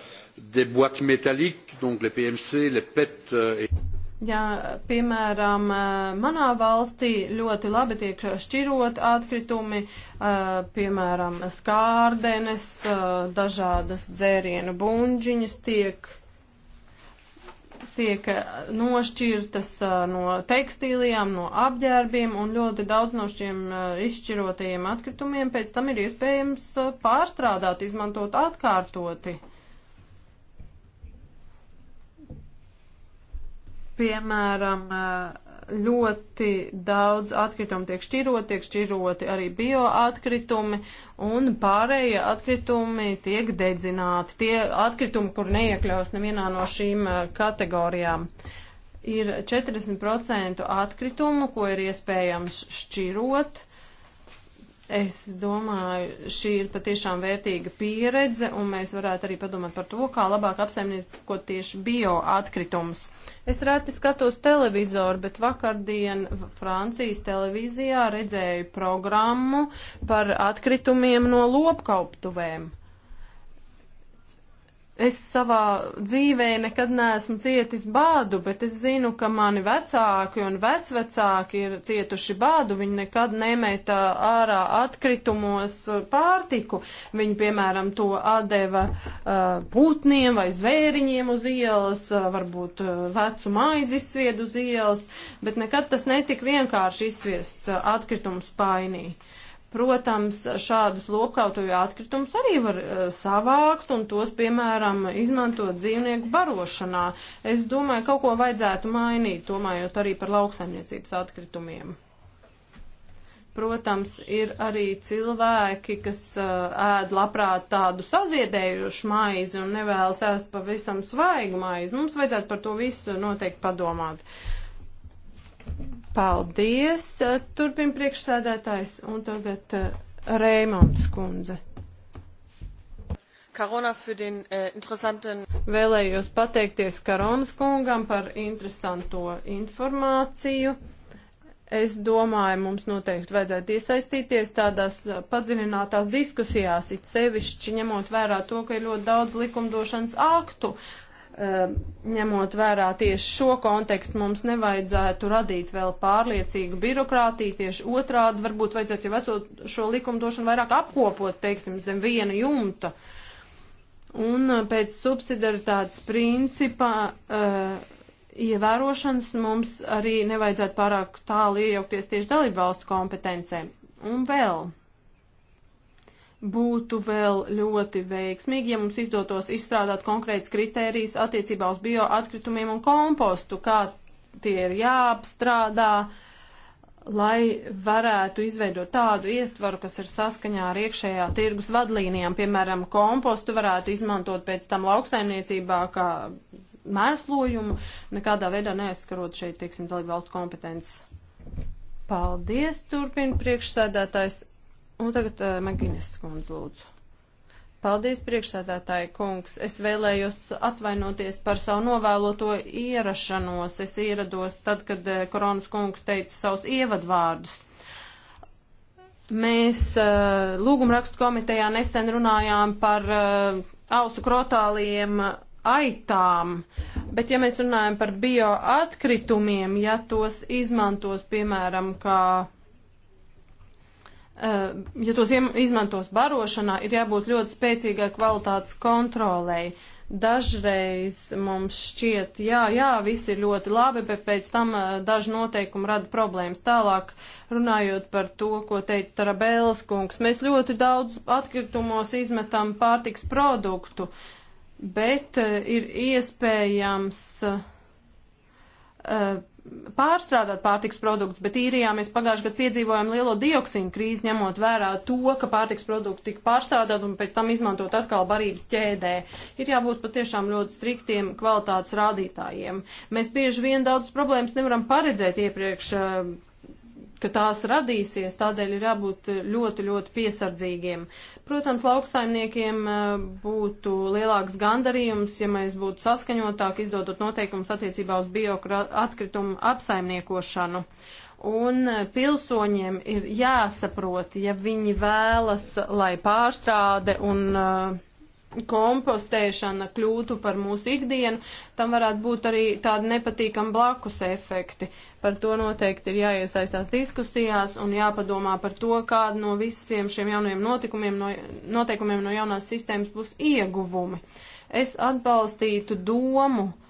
des boîtes métalliques, donc les PMC, les PET. Euh, et... Ja, piemēram, eh, manā valstī ļoti labi tiek šķirot atkritumi, eh, piemēram, skārdenes, eh, dažādas dzērienu bunģiņas tiek, tiek nošķirtas no tekstīlijām, no apģērbiem, un ļoti daudz no šiem izšķirotajiem atkritumiem pēc tam ir iespējams pārstrādāt, izmantot atkārtoti. Uh, Piemēram, eh, ļoti daudz atkritumu tiek šķiroti, tiek šķiroti arī bioatkritumi, un pārējie atkritumi tiek dedzināti. Tie atkritumi, kur neiekļaus nevienā no šīm eh, kategorijām. Ir 40% atkritumu, ko ir iespējams šķirot. Es domāju, šī ir patiešām vērtīga pieredze, un mēs varētu arī padomāt par to, kā labāk apsaimniekot tieši bioatkritumus. Es reti skatos televizoru, bet vakardien Francijas televīzijā redzēju programmu par atkritumiem no lopkauptuvēm. Es savā dzīvē nekad neesmu cietis bādu, bet es zinu, ka mani vecāki un vecvecāki ir cietuši bādu. Viņi nekad nemeta ārā atkritumos pārtiku. Viņi, piemēram, to atdeva uh, putniem vai zvēriņiem uz ielas, uh, varbūt uh, vecu maizi izsvied uz ielas, bet nekad tas netika vienkārši izsviests uh, atkritumu spainī. Protams, šādus lopkautuju atkritumus arī var uh, savākt un tos, piemēram, izmantot dzīvnieku barošanā. Es domāju, kaut ko vajadzētu mainīt, domājot arī par lauksaimniecības atkritumiem. Protams, ir arī cilvēki, kas uh, ēd labprāt tādu saziedējušu maizi un nevēlas ēst pavisam svaigu maizi. Mums vajadzētu par to visu noteikti padomāt. Paldies, turpin priekšsēdētājs un tagad Reimonds kundze. Karona für den äh, interessanten. Vēlējos pateikties Karonas kungam par interesanto informāciju. Es domāju, mums noteikti vajadzētu iesaistīties tādās padziļinātās diskusijās, it sevišķi ņemot vērā to, ka ir ļoti daudz likumdošanas aktu, Ehm, ņemot vērā tieši šo kontekstu, mums nevajadzētu radīt vēl pārliecīgu birokrātiju, tieši otrādi varbūt vajadzētu jau esot šo likumdošanu vairāk apkopot, teiksim, zem viena jumta. Un eh, pēc subsidaritātes principa uh, ievērošanas mums arī nevajadzētu pārāk tālu iejaukties tieši dalību valstu kompetencē. Un vēl būtu vēl ļoti veiksmīgi, ja mums izdotos izstrādāt konkrētas kritērijas attiecībā uz bioatkritumiem un kompostu, kā tie ir jāapstrādā, lai varētu izveidot tādu ietvaru, kas ir saskaņā ar iekšējā tirgus vadlīnijām. Piemēram, kompostu varētu izmantot pēc tam lauksaimniecībā kā mēslojumu, nekādā veidā neaizskarot šeit, teiksim, dalību valstu kompetences. Paldies, turpina priekšsēdētājs. Un tagad uh, eh, Maginis skundz lūdzu. Paldies, priekšsēdētāji kungs. Es vēlējos atvainoties par savu novēloto ierašanos. Es ierados tad, kad uh, Koronas kungs teica savus ievadvārdus. Mēs uh, lūgumrakstu komitejā nesen runājām par uh, ausu krotāliem aitām, bet ja mēs runājam par bioatkritumiem, ja tos izmantos, piemēram, kā Eh, ja tos izmantos barošanā, ir jābūt ļoti spēcīgai kvalitātes kontrolei. Dažreiz mums šķiet, jā, jā, viss ir ļoti labi, bet pēc tam eh, daži noteikumi rada problēmas. Tālāk, runājot par to, ko teica Tarabēlas kungs, mēs ļoti daudz atkritumos izmetam pārtiks produktu, bet eh, ir iespējams. Uh, pārstrādāt pārtiks produktus, bet īrijā mēs pagājušajā gadā piedzīvojām lielo dioksīnu krīzi, ņemot vērā to, ka pārtiks produkti tika pārstrādāt un pēc tam izmantot atkal barības ķēdē. Ir jābūt patiešām ļoti striktiem kvalitātes rādītājiem. Mēs bieži vien daudz problēmas nevaram paredzēt iepriekš eh, ka tās radīsies, tādēļ ir jābūt ļoti, ļoti piesardzīgiem. Protams, lauksaimniekiem eh, būtu lielāks gandarījums, ja mēs būtu saskaņotāk izdodot noteikumus attiecībā uz bioatkritumu apsaimniekošanu. Un eh, pilsoņiem ir jāsaprot, ja viņi vēlas, lai pārstrāde un uh, kompostēšana kļūtu par mūsu ikdienu, tam varētu būt arī tādi nepatīkami blakus efekti. Par to noteikti ir jāiesaistās diskusijās un jāpadomā par to, kāda no visiem šiem jaunajiem notikumiem, no, noteikumiem no jaunās sistēmas būs ieguvumi. Es atbalstītu domu, uh,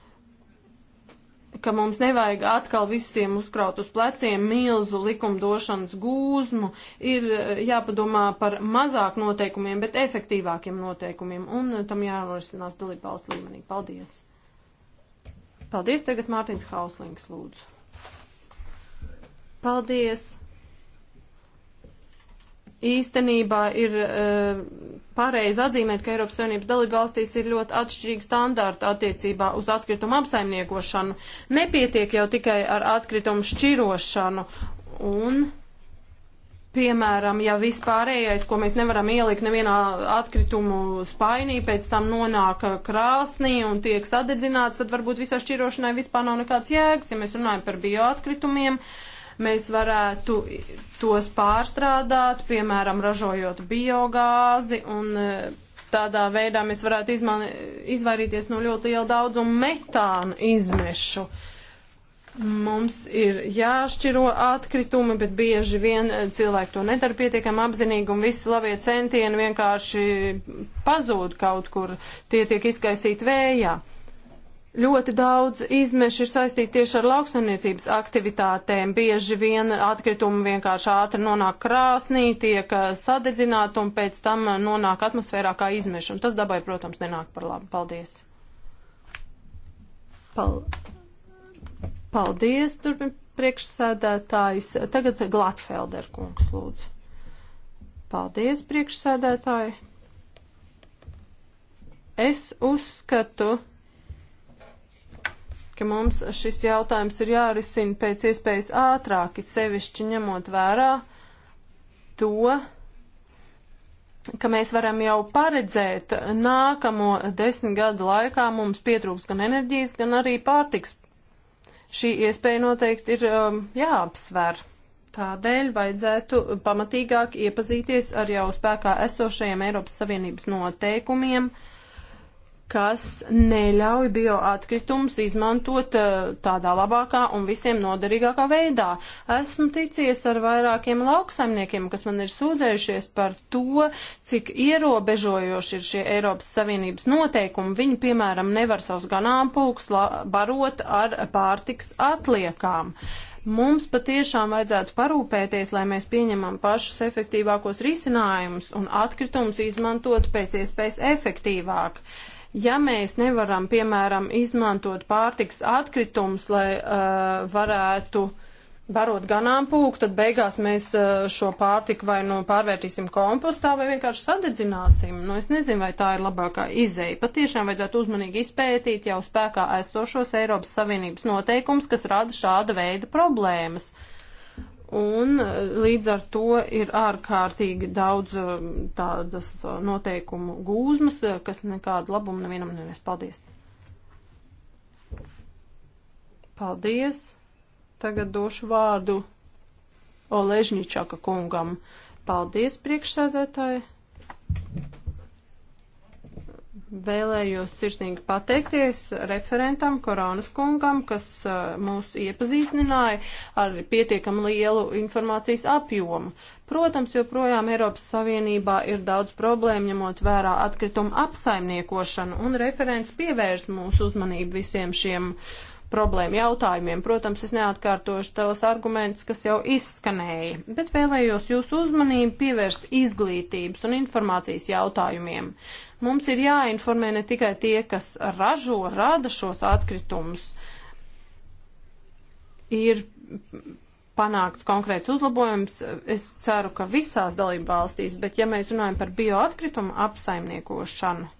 ka mums nevajag atkal visiem uzkraut uz pleciem milzu likumdošanas gūzmu, ir eh, jāpadomā par mazāk noteikumiem, bet efektīvākiem noteikumiem, un tam jānorisinās dalību valstu līmenī. Paldies! Paldies, tagad Mārtiņš Hauslings lūdzu. Paldies! īstenībā ir uh, pareizi atzīmēt, ka Eiropas Savienības dalībvalstīs ir ļoti atšķirīgi standārti attiecībā uz atkritumu apsaimniekošanu. Nepietiek jau tikai ar atkritumu šķirošanu un, piemēram, ja vispārējais, ko mēs nevaram ielikt nevienā atkritumu spainī, pēc tam nonāk krāsnī un tiek sadedzināts, tad varbūt visā šķirošanai vispār nav nekāds jēgas, ja mēs runājam par bioatkritumiem. Uh, mēs varētu tos pārstrādāt, piemēram, ražojot biogāzi un e, tādā veidā mēs varētu izmani, izvairīties no ļoti liela daudzuma metāna izmešu. Mums ir jāšķiro atkritumi, bet bieži vien e, cilvēki to nedara pietiekami apzinīgi un visi labie centieni vienkārši pazūd kaut kur, tie tiek izkaisīti vējā. Uh, Ļoti daudz izmešu ir saistīti tieši ar lauksaimniecības aktivitātēm. Bieži vien atkritumi vienkārši ātri nonāk krāsnī, tiek eh, sadedzināti un pēc tam eh, nonāk atmosfērā kā izmeši. Un tas dabai, protams, nenāk par labu. Paldies! Pal Paldies, turpin priekšsēdētājs. Tagad Glatfelder kungs lūdzu. Paldies, priekšsēdētāji. Es uzskatu, ka mums šis jautājums ir jārisina pēc iespējas ātrāk, it sevišķi ņemot vērā to, ka mēs varam jau paredzēt nākamo desmit gadu laikā mums pietrūks gan enerģijas, gan arī pārtiks. Šī iespēja noteikti ir um, jāapsver. Tādēļ vajadzētu pamatīgāk iepazīties ar jau spēkā esošajiem Eiropas Savienības noteikumiem, uh, kas neļauj bioatkritumus izmantot eh, tādā labākā un visiem noderīgākā veidā. Esmu ticies ar vairākiem lauksaimniekiem, kas man ir sūdzējušies par to, cik ierobežojoši ir šie Eiropas Savienības noteikumi. Viņi, piemēram, nevar savus ganāmpulks barot ar pārtiks atliekām. Mums patiešām vajadzētu parūpēties, lai mēs pieņemam pašus efektīvākos risinājumus un atkritumus izmantot pēc iespējas efektīvāk. Uh, Ja mēs nevaram, piemēram, izmantot pārtiks atkritumus, lai uh, varētu barot ganāmpulku, tad beigās mēs uh, šo pārtiku vai nu pārvērtīsim kompostā vai vienkārši sadedzināsim. Nu, es nezinu, vai tā ir labākā izeja. Patiešām vajadzētu uzmanīgi izpētīt jau spēkā esošos Eiropas Savienības noteikums, kas rada šāda veida problēmas. Uh, Un eh, līdz ar to ir ārkārtīgi daudz eh, tādas eh, noteikumu gūzmas, kas nekādu labumu nevienam nevies. Paldies! Paldies! Tagad došu vārdu Oležņičaka kungam. Paldies, priekšsēdētāji! Vēlējos sirsnīgi pateikties referentam Koronas kungam, kas uh, mūs iepazīstināja ar pietiekam lielu informācijas apjomu. Protams, joprojām Eiropas Savienībā ir daudz problēmu, ņemot vērā atkritumu apsaimniekošanu, un referents pievērs mūsu uzmanību visiem šiem problēmu jautājumiem. Protams, es neatkārtošu tos argumentus, kas jau izskanēja, bet vēlējos jūsu uzmanību pievērst izglītības un informācijas jautājumiem. Mums ir jāinformē ne tikai tie, kas ražo, rada šos atkritumus. Ir panākts konkrēts uzlabojums. Es ceru, ka visās dalību valstīs, bet ja mēs runājam par bioatkritumu apsaimniekošanu,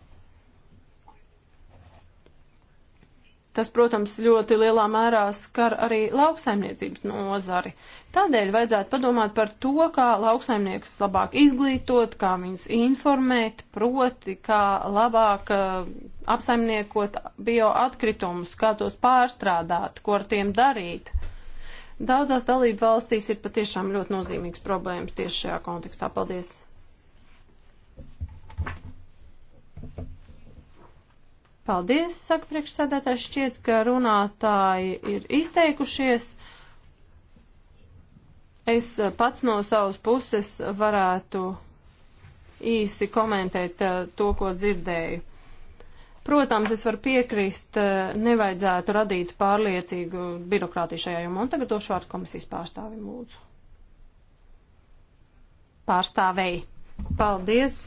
Tas, protams, ļoti lielā mērā skar arī lauksaimniecības nozari. Tādēļ vajadzētu padomāt par to, kā lauksaimniekus labāk izglītot, kā viņus informēt, proti, kā labāk uh, apsaimniekot bioatkritumus, kā tos pārstrādāt, ko ar tiem darīt. Daudzās dalību valstīs ir patiešām ļoti nozīmīgs problēmas tieši šajā kontekstā. Paldies! Paldies, saka priekšsēdētājs, šķiet, ka runātāji ir izteikušies. Es eh, pats no savas puses varētu īsi komentēt eh, to, ko dzirdēju. Protams, es varu piekrist, eh, nevajadzētu radīt pārliecīgu birokrātiju šajā jomā. Un tagad došu vārdu komisijas pārstāvim lūdzu. Pārstāvēji. Paldies!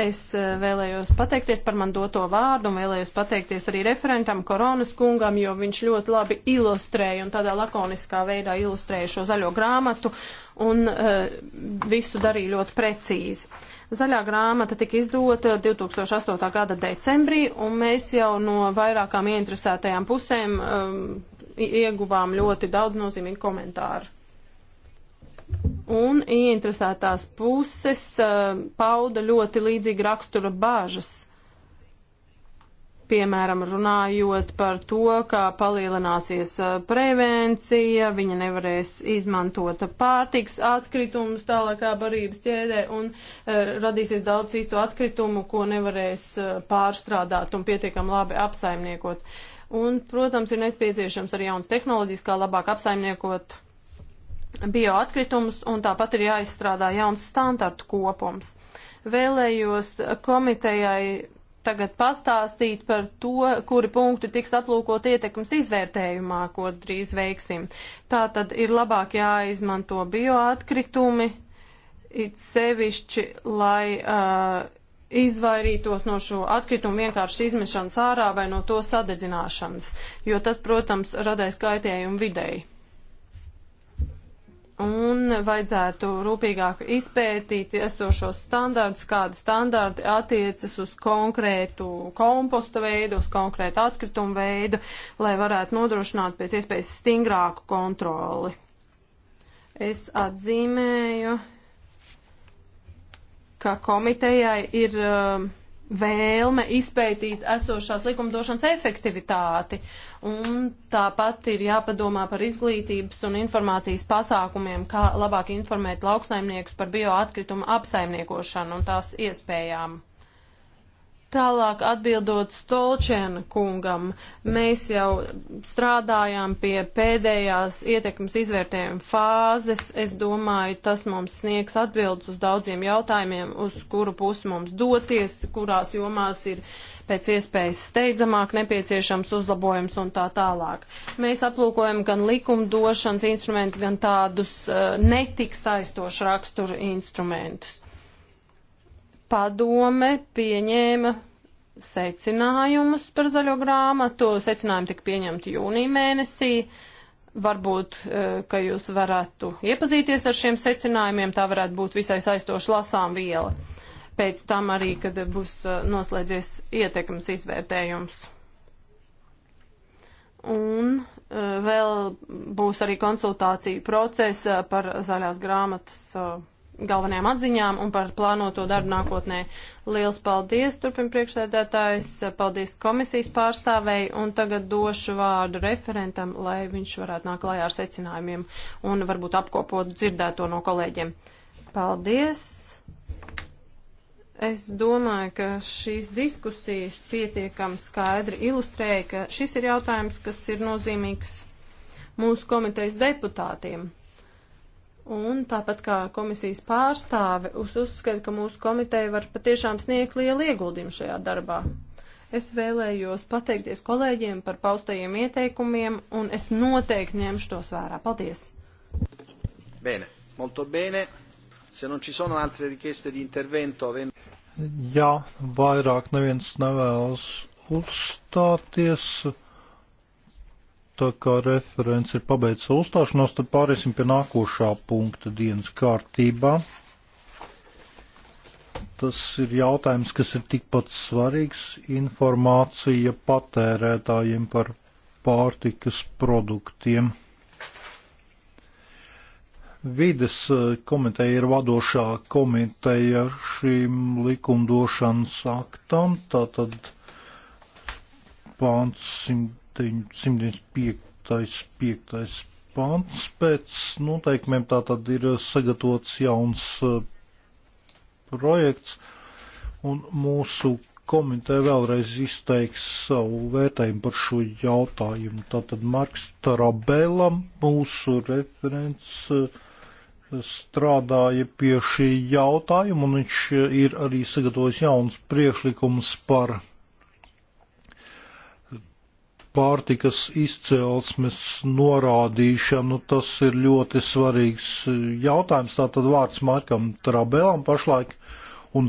Es eh, vēlējos pateikties par man doto vārdu un vēlējos pateikties arī referentam Koronas kungam, jo viņš ļoti labi ilustrēja un tādā lakoniskā veidā ilustrēja šo zaļo grāmatu un uh, visu darīja ļoti precīzi. Zaļā grāmata tika izdota 2008. gada decembrī un mēs jau no vairākām ieinteresētajām pusēm um, ieguvām ļoti daudz nozīmīgu komentāru. Un ieinteresētās puses uh, pauda ļoti līdzīga rakstura bāžas piemēram, runājot par to, kā palielināsies eh, prevencija, viņa nevarēs izmantot pārtiks atkritumus tālākā barības ķēdē un uh, radīsies daudz citu atkritumu, ko nevarēs uh, pārstrādāt un pietiekam labi apsaimniekot. Un, protams, ir nepieciešams arī jaunas tehnoloģijas, kā labāk apsaimniekot bioatkritumus, un tāpat ir jāizstrādā jauns standartu kopums. Vēlējos komitejai tagad pastāstīt par to, kuri punkti tiks aplūkot ietekmes izvērtējumā, ko drīz veiksim. Tā tad ir labāk jāizmanto bioatkritumi, it sevišķi, lai uh, izvairītos no šo atkritumu vienkārši izmešanas ārā vai no to sadedzināšanas, jo tas, protams, radēs kaitējumu videi un vajadzētu rūpīgāk izpētīt esošos standārdus, kādi standārdi attiecas uz konkrētu komposta veidu, uz konkrētu atkritumu veidu, lai varētu nodrošināt pēc iespējas stingrāku kontroli. Es atzīmēju, ka komitejai ir uh, vēlme izpētīt esošās likumdošanas efektivitāti. Un tāpat ir jāpadomā par izglītības un informācijas pasākumiem, kā labāk informēt lauksaimniekus par bioatkritumu apsaimniekošanu un tās iespējām. Tālāk atbildot Stolčēna kungam, mēs jau strādājām pie pēdējās ietekmes izvērtējuma fāzes. Es domāju, tas mums sniegs atbildes uz daudziem jautājumiem, uz kuru pusi mums doties, kurās jomās ir pēc iespējas steidzamāk nepieciešams uzlabojums un tā tālāk. Mēs aplūkojam gan likumdošanas instrumentus, gan tādus uh, netik saistošu raksturu instrumentus padome pieņēma secinājumus par zaļo grāmatu. Secinājumi tika pieņemti jūnija mēnesī. Varbūt, eh, ka jūs varētu iepazīties ar šiem secinājumiem, tā varētu būt visai saistoša lasām viela. Pēc tam arī, kad būs eh, noslēdzies ietekmes izvērtējums. Un eh, vēl būs arī konsultācija procesa par zaļās grāmatas galvenajām atziņām un par plānoto darbu nākotnē. Liels paldies, turpin priekšsēdētājs, paldies komisijas pārstāvēji un tagad došu vārdu referentam, lai viņš varētu nāk klājā ar secinājumiem un varbūt apkopot dzirdēto no kolēģiem. Paldies! Es domāju, ka šīs diskusijas pietiekami skaidri ilustrēja, ka šis ir jautājums, kas ir nozīmīgs mūsu komitejas deputātiem Un tāpat kā komisijas pārstāve, es uzskatu, ka mūsu komiteja var patiešām sniegt lielu ieguldījumu šajā darbā. Es vēlējos pateikties kolēģiem par paustajiem ieteikumiem, un es noteikti ņemšu tos vērā. Paldies! Bene, molto bene. Se non ci sono altre richieste di intervento... Ven... Jā, vairāk neviens nevēlas uzstāties tā kā referents ir pabeidzis uzstāšanos, tad pāriesim pie nākošā punkta dienas kārtībā. Tas ir jautājums, kas ir tikpat svarīgs - informācija patērētājiem par pārtikas produktiem. Vides eh, komiteja ir vadošā komiteja šīm likumdošanas aktam, tātad pāns 100. 105. pants pēc noteikumiem tā tad ir sagatavots jauns eh, projekts, un mūsu komiteja vēlreiz izteiks savu vērtējumu par šo jautājumu. Tātad Marks Tarabela, mūsu referents, eh, strādāja pie šī jautājuma, un viņš eh, ir arī sagatavojis jauns priekšlikums par pārtikas izcelsmes norādīšanu. Nu, tas ir ļoti svarīgs e, jautājums. Tātad vārds Markam Trabelam pašlaik un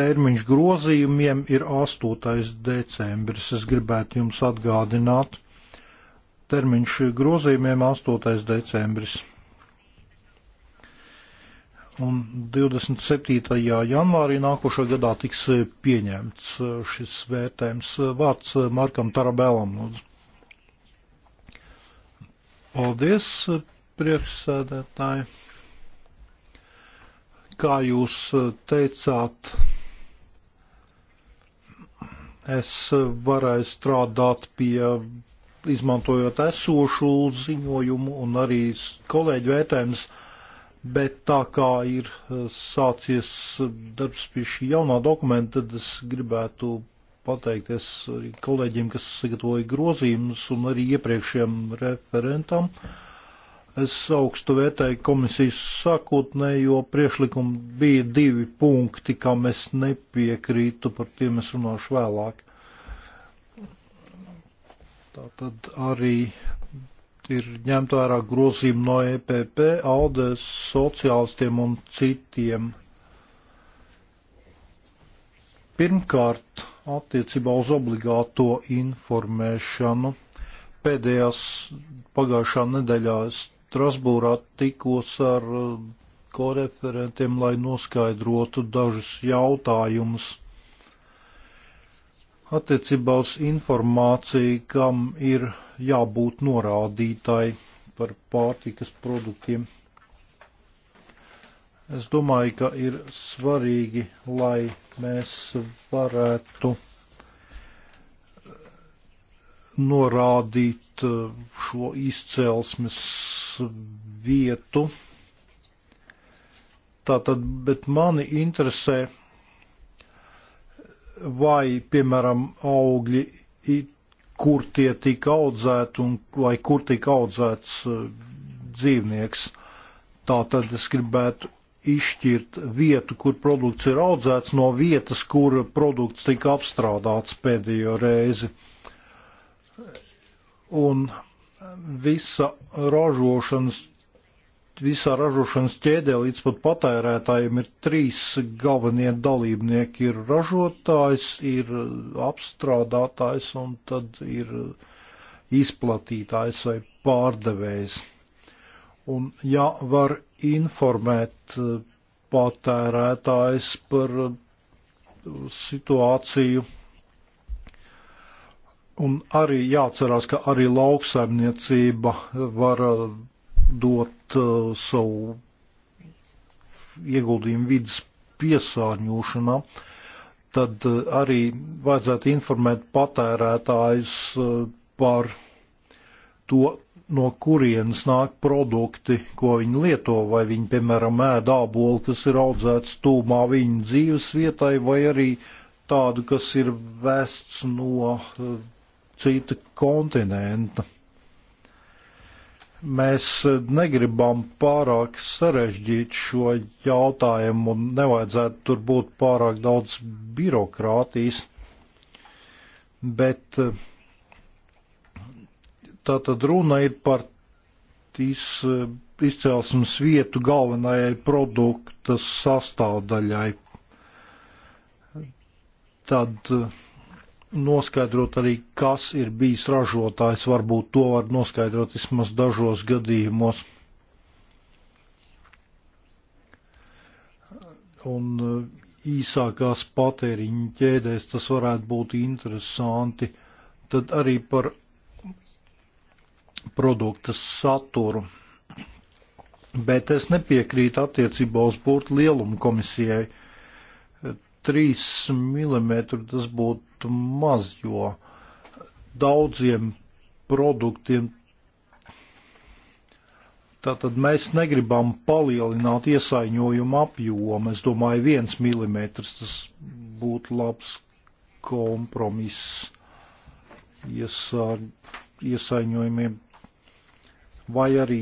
termiņš grozījumiem ir 8. decembris. Es gribētu jums atgādināt. Termiņš grozījumiem 8. decembris. Un 27. janvārī nākošā gadā tiks e, pieņemts e, šis vērtējums e, vārds Markam Tarabēlam. Paldies, priekšsēdētāji. Kā jūs teicāt, es varēju strādāt pie izmantojot esošu ziņojumu un arī kolēģi vērtējums bet tā kā ir eh, sācies darbs pie šī jaunā dokumenta, tad es gribētu pateikties arī kolēģiem, kas sagatavoja grozījumus un arī iepriekšējiem referentam. Es augstu vērtēju komisijas sākotnējo priešlikumu, bija divi punkti, kam es nepiekrītu, par tiem es runāšu vēlāk. Tātad arī ir ņemta vērā grozījuma no EPP, ALDE, sociālistiem un citiem. Pirmkārt, attiecībā uz obligāto informēšanu. Pēdējās pagājušā nedēļā Strasbūrā tikos ar uh, koreferentiem, lai noskaidrotu dažus jautājumus attiecībā uz informāciju, kam ir jābūt norādītāji par pārtikas produktiem. Es domāju, ka ir svarīgi, lai mēs varētu norādīt uh, šo izcelsmes vietu. Tātad, bet mani interesē, vai, piemēram, augļi kur tie tika audzēti un vai kur tika audzēts eh, dzīvnieks. Tā tad es gribētu izšķirt vietu, kur produkts ir audzēts, no vietas, kur produkts tika apstrādāts pēdējo reizi. Un visa ražošanas visā ražošanas ķēdē līdz pat patērētājiem ir trīs galvenie dalībnieki. Ir ražotājs, ir apstrādātājs un tad ir izplatītājs vai pārdevējs. Un ja var informēt eh, patērētājs par eh, situāciju, un arī jāatcerās, ka arī lauksaimniecība var eh, dot uh, savu ieguldījumu vidas piesārņošanā, tad uh, arī vajadzētu informēt patērētājus uh, par to, no kurienes nāk produkti, ko viņi lieto, vai viņi, piemēram, ēd ābolu, kas ir audzēts tūmā viņu dzīves vietai, vai arī tādu, kas ir vests no uh, cita kontinenta. Mēs negribam pārāk sarežģīt šo jautājumu un nevajadzētu tur būt pārāk daudz birokrātijas, bet tā tad runa ir par iz, izcelsmes vietu galvenajai produkta sastāvdaļai. Tad uh, noskaidrot arī, kas ir bijis ražotājs. Varbūt to var noskaidrot vismaz dažos gadījumos. Un uh, īsākās patēriņa ķēdēs tas varētu būt interesanti. Tad arī par produkta saturu. Bet es nepiekrītu attiecībā uz burtu lielumu komisijai. Uh, 3 mm tas būtu maz, jo daudziem produktiem. Tātad mēs negribam palielināt iesaiņojumu apjomu. Es domāju, viens milimetrs tas būtu labs kompromiss iesā, iesaiņojumiem vai arī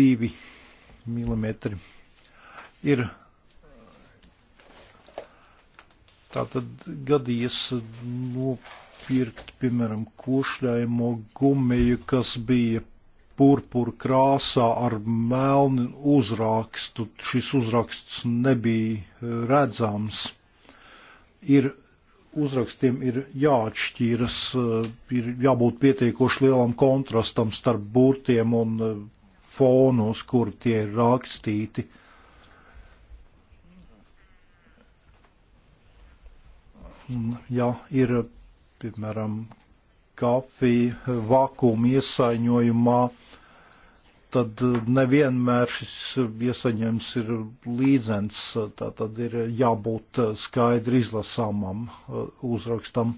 divi milimetri. Ir Tātad gadījies nopirkt, piemēram, košļājumu gumiju, kas bija purpura krāsā ar melnu uzrakstu. Šis uzraksts nebija e, redzams. Ir uzrakstiem ir jāatšķiras, e, ir jābūt pietiekoši lielam kontrastam starp burtiem un e, fonu, uz kur tie ir rakstīti. Uh, ja ir, piemēram, kafija vakuma iesaņojumā, tad nevienmēr šis iesaņojums ir līdzens, tā tad ir jābūt skaidri izlasāmam uh, uzrakstam.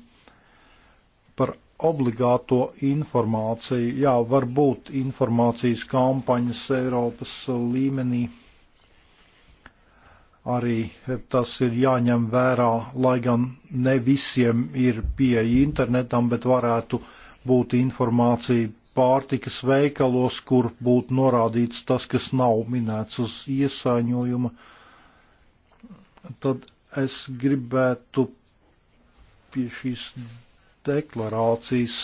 Par obligāto informāciju, jā, var būt informācijas kampaņas Eiropas līmenī arī tas ir jāņem vērā, lai gan ne visiem ir pieeja internetam, bet varētu būt informācija pārtikas veikalos, kur būtu norādīts tas, kas nav minēts uz iesaiņojuma. Tad es gribētu pie šīs deklarācijas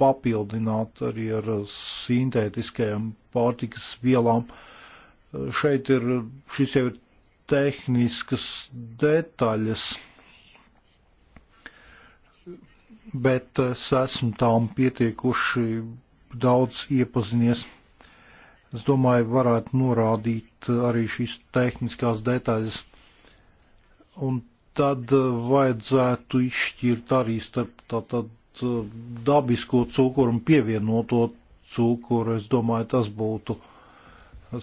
papildināt arī ar sintētiskajām pārtikas vielām. Šeit ir, šis jau ir tehniskas detaļas, bet es esmu tām pietiekuši daudz iepazinies. Es domāju, varētu norādīt arī šīs tehniskās detaļas. Un tad vajadzētu izšķirt arī starp tātad uh, dabisko cukuru un pievienoto cukuru. Es domāju, tas būtu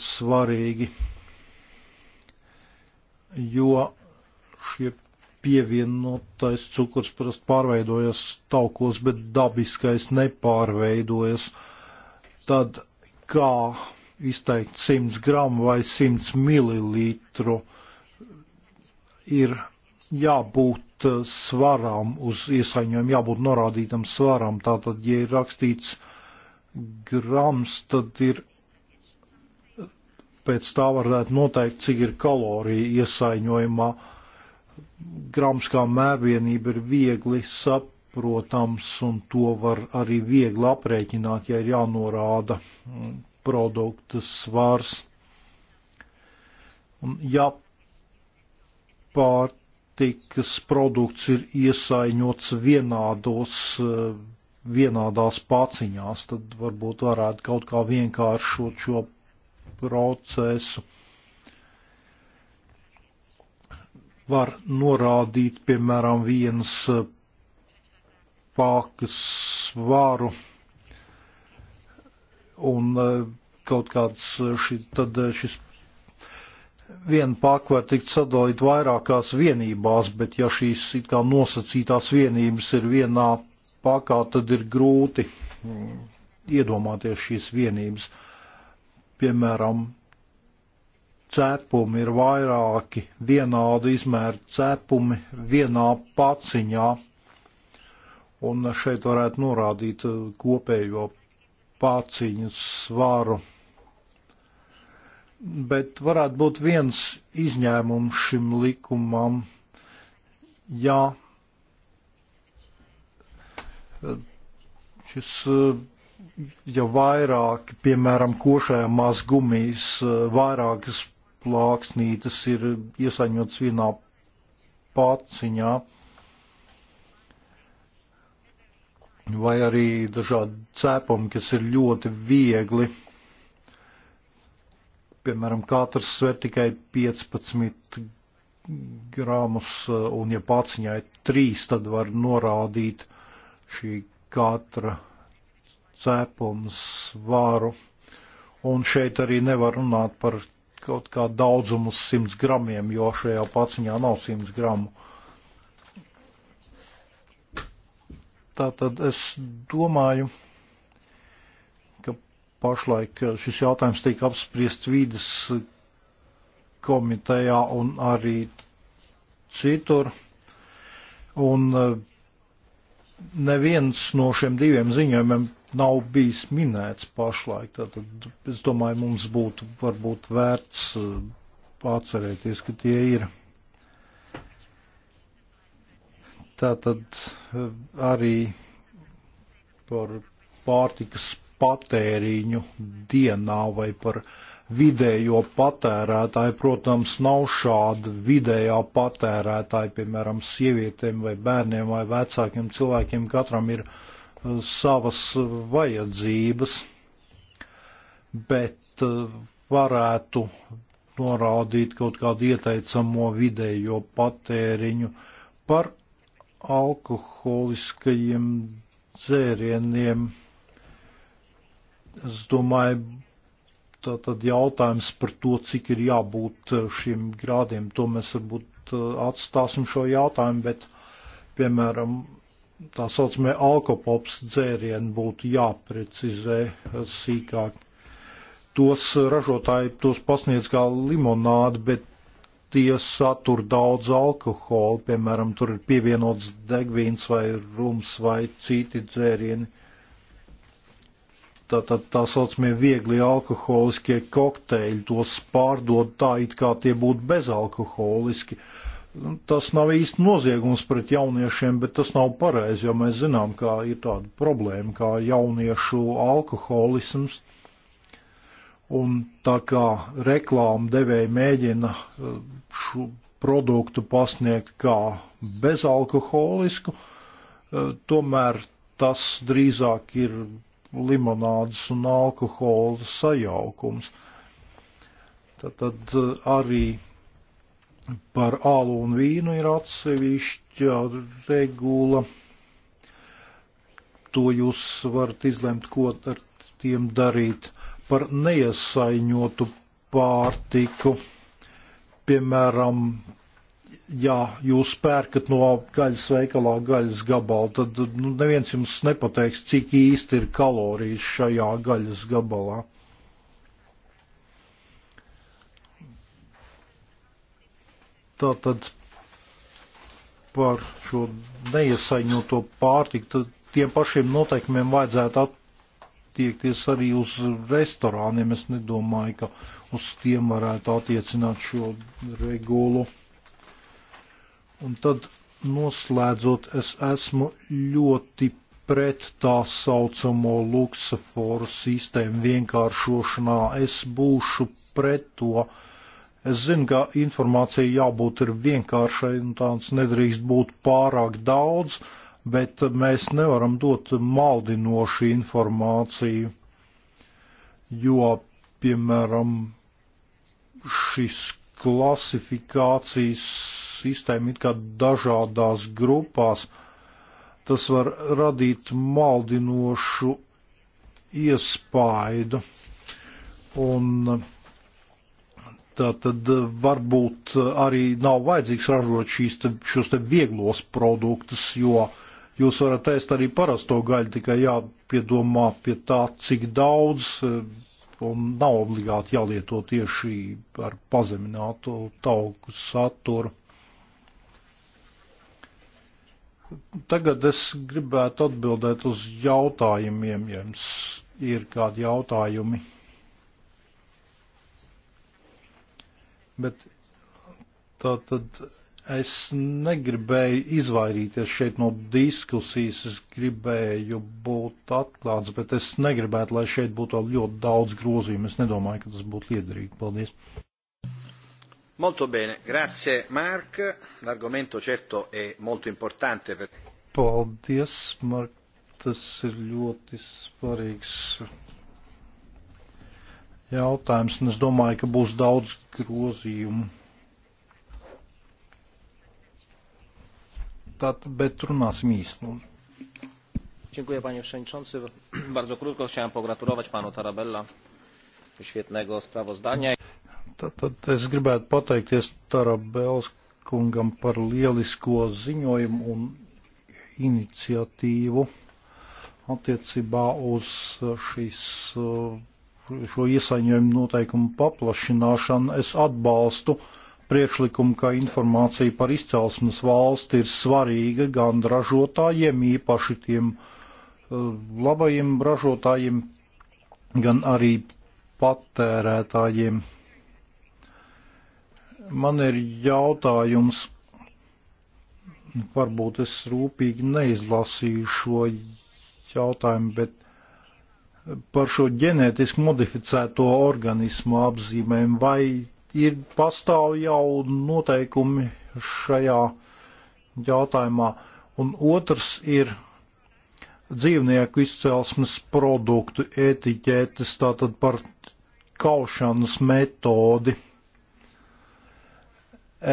svarīgi jo šie pievienotais cukurs parasti pārveidojas taukos, bet dabiskais nepārveidojas. Tad kā izteikt 100 gramu vai 100 mililitru ir jābūt svarām uz iesaņojumu, jābūt norādītam svarām. Tātad, ja ir rakstīts grams, tad ir pēc tā varētu noteikt, cik ir kalorija iesaiņojumā. Gramskā mērvienība ir viegli saprotams, un to var arī viegli aprēķināt, ja ir jānorāda mm, produkta svārs. Un, ja pārtikas produkts ir iesaiņots vienādos, mm, vienādās pāciņās, tad varbūt varētu kaut kā vienkāršot šo procesu. Var norādīt, piemēram, vienas eh, pārkas svaru un eh, kaut kāds eh, šī, tad šis viena paka var tikt sadalīta vairākās vienībās, bet ja šīs it kā nosacītās vienības ir vienā pakā, tad ir grūti mm, iedomāties šīs vienības. Uh, Piemēram, cepumi ir vairāki vienādu izmēru cepumi vienā paciņā. Un šeit varētu norādīt uh, kopējo paciņu svaru. Bet varētu būt viens izņēmums šim likumam, ja uh, šis uh, ja vairāk, piemēram, košajā mazgumijas, eh, vairākas plāksnītes ir iesaņots vienā pāciņā, vai arī dažādi cēpumi, kas ir ļoti viegli. Piemēram, katrs sver tikai 15 gramus, eh, un ja pāciņai 3, tad var norādīt šī katra cēpums svāru. Un šeit arī nevar runāt par kaut kā daudzumu 100 gramiem, jo šajā paciņā nav 100 gramu. Tātad es domāju, ka pašlaik šis jautājums tiek apspriests vīdes komitejā un arī citur. Un eh, neviens no šiem diviem ziņojumiem nav bijis minēts pašlaik. Tātad es domāju, mums būtu varbūt vērts eh, atcerēties, ka tie ir. Tātad eh, arī par pārtikas patēriņu dienā vai par vidējo patērētāju, protams, nav šāda vidējā patērētāja, piemēram, sievietēm vai bērniem vai vecākiem cilvēkiem, katram ir uh, savas vajadzības, bet eh, varētu norādīt kaut kādu ieteicamo vidējo patēriņu par alkoholiskajiem dzērieniem. Es domāju, tā tad jautājums par to, cik ir jābūt eh, šiem grādiem, to mēs varbūt eh, atstāsim šo jautājumu, bet, piemēram, tā saucamie alkopops dzērieni būtu jāprecizē sīkāk. Tos ražotāji tos pasniedz kā limonādi, bet tie satur daudz alkohola, piemēram, tur ir pievienots degvīns vai rums vai citi dzērieni. Tātad tā, tā saucamie viegli alkoholiskie kokteļi tos pārdod tā, it kā tie būtu bezalkoholiski. Uh, Nu, tas nav īsti noziegums pret jauniešiem, bet tas nav pareizi, jo mēs zinām, ka ir tāda problēma kā jauniešu alkoholisms. Un tā kā reklāma devēja mēģina eh, šo produktu pasniegt kā bezalkoholisku, eh, tomēr tas drīzāk ir limonādes un alkohola sajaukums. Tad, tad eh, arī par ālu un vīnu ir atsevišķa regula. To jūs varat izlemt, ko ar tiem darīt par neiesaiņotu pārtiku. Piemēram, ja jūs pērkat no gaļas veikalā gaļas gabalu, tad nu, neviens jums nepateiks, cik īsti ir kalorijas šajā gaļas gabalā. Tātad par šo neiesaņoto pārtiku, tiem pašiem noteikumiem vajadzētu attiekties arī uz restorāniem. Es nedomāju, ka uz tiem varētu attiecināt šo regulu. Un tad noslēdzot, es esmu ļoti pret tā saucamo luksaforu sistēmu vienkāršošanā. Es būšu pret to. Uh, Es zinu, ka informācija jābūt ir vienkāršai un tāds nedrīkst būt pārāk daudz, bet mēs nevaram dot maldinošu informāciju, jo, piemēram, šis klasifikācijas sistēma it kā dažādās grupās, tas var radīt maldinošu iespaidu. Un Tā tad eh, varbūt eh, arī nav vajadzīgs ražot šīs te, šos te vieglos produktus, jo jūs varat ēst arī parasto gaļu, tikai jāpiedomā pie tā, cik daudz eh, un nav obligāti jālieto tieši ar pazemināto tauku saturu. Tagad es gribētu atbildēt uz jautājumiem, ja jums ir kādi jautājumi. Bet tā tad es negribēju izvairīties šeit no diskusijas, es gribēju būt atklāts, bet es negribētu, lai šeit būtu ļoti daudz grozījumu. Es nedomāju, ka tas būtu liederīgi. Paldies. Molto bene, grazie Mark. L'argomento certo è molto importante. Per... Paldies, Mark. Tas ir ļoti svarīgs jautājums, un es domāju, ka būs daudz grozījumu. Tad, bet runāsim īstenībā. Nu. Dziękuję panie przewodniczący. Bardzo krótko chciałem pogratulować panu Tarabella świetnego sprawozdania. Tad, tad es gribētu pateikties Tarabels kungam par lielisko ziņojumu un iniciatīvu attiecībā uz šīs uh, šo iesaņojumu noteikumu paplašināšanu, es atbalstu priekšlikumu, ka informācija par izcelsmes valsti ir svarīga gan ražotājiem, īpaši tiem uh, labajiem ražotājiem, gan arī patērētājiem. Man ir jautājums, varbūt es rūpīgi neizlasīju šo jautājumu, bet par šo ģenētiski modificēto organismu apzīmēm, vai ir pastāv jau noteikumi šajā jautājumā, un otrs ir dzīvnieku izcelsmes produktu etiķetes, tātad par kaušanas metodi.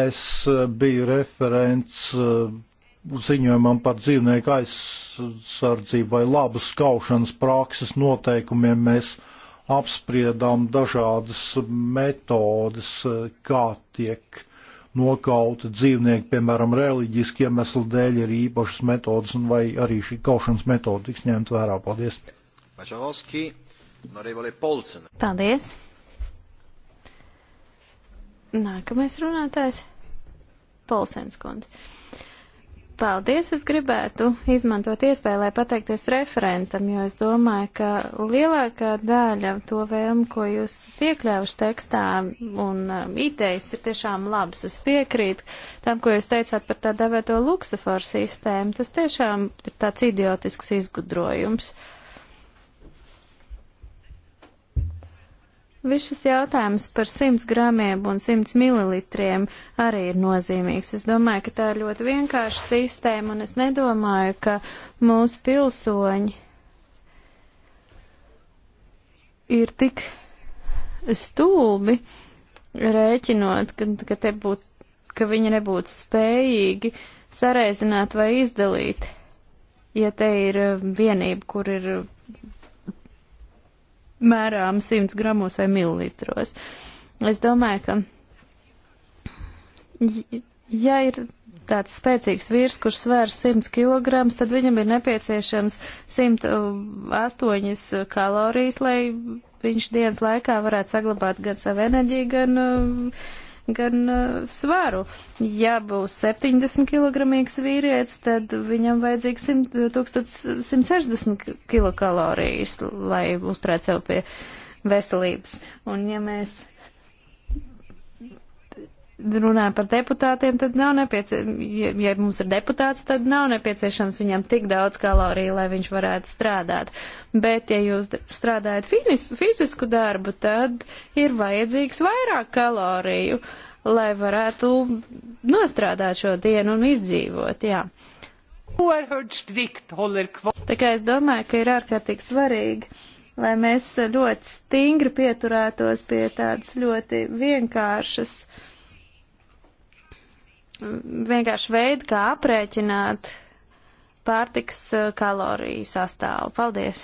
Es biju referents ziņojumam par dzīvnieku aizsardzību vai labas kaušanas prakses noteikumiem mēs apspriedām dažādas metodes, kā tiek nokauti dzīvnieki, piemēram, reliģiski iemesli dēļ ir īpašas metodas, un vai arī šī kaušanas metode tiks ņemt vērā. Paldies! Paldies! Nākamais runātājs - Polsens kundze. Paldies! Es gribētu izmantot iespēju, lai pateikties referentam, jo es domāju, ka lielākā daļa to vēlmu, ko jūs iekļāvuši tekstā un um, idejas ir tiešām labas. Es piekrītu tam, ko jūs teicāt par tā devēto luksuforu sistēmu. Tas tiešām ir tāds idiotisks izgudrojums. Uh, Viss šis jautājums par 100 gramiem un 100 mililitriem arī ir nozīmīgs. Es domāju, ka tā ir ļoti vienkārša sistēma, un es nedomāju, ka mūsu pilsoņi ir tik stulbi rēķinot, ka, ka, būt, ka viņi nebūtu spējīgi sareizināt vai izdalīt, ja te ir vienība, kur ir mērām 100 gramos vai mililitros. Es domāju, ka ja ir tāds spēcīgs vīrs, kurš svēr 100 kg, tad viņam ir nepieciešams 108 uh, kalorijas, lai viņš dienas laikā varētu saglabāt gan savu enerģiju, gan uh, gan uh, svaru. Ja būs 70 kg vīrietis, tad viņam vajadzīgs 100, 1160 kilokalorijas, lai uzturētu sev pie veselības. Un ja mēs uh, runājam par deputātiem, tad nav nepieciešams, ja, ja mums ir deputāts, tad nav nepieciešams viņam tik daudz kaloriju, lai viņš varētu strādāt. Bet, ja jūs strādājat finis, fizisku darbu, tad ir vajadzīgs vairāk kaloriju, lai varētu nostrādāt šo dienu un izdzīvot, jā. Tā kā es domāju, ka ir ārkārtīgi svarīgi lai mēs ļoti stingri pieturētos pie tādas ļoti vienkāršas uh, vienkārši veidi, kā aprēķināt pārtiks eh, kaloriju sastāvu. Paldies!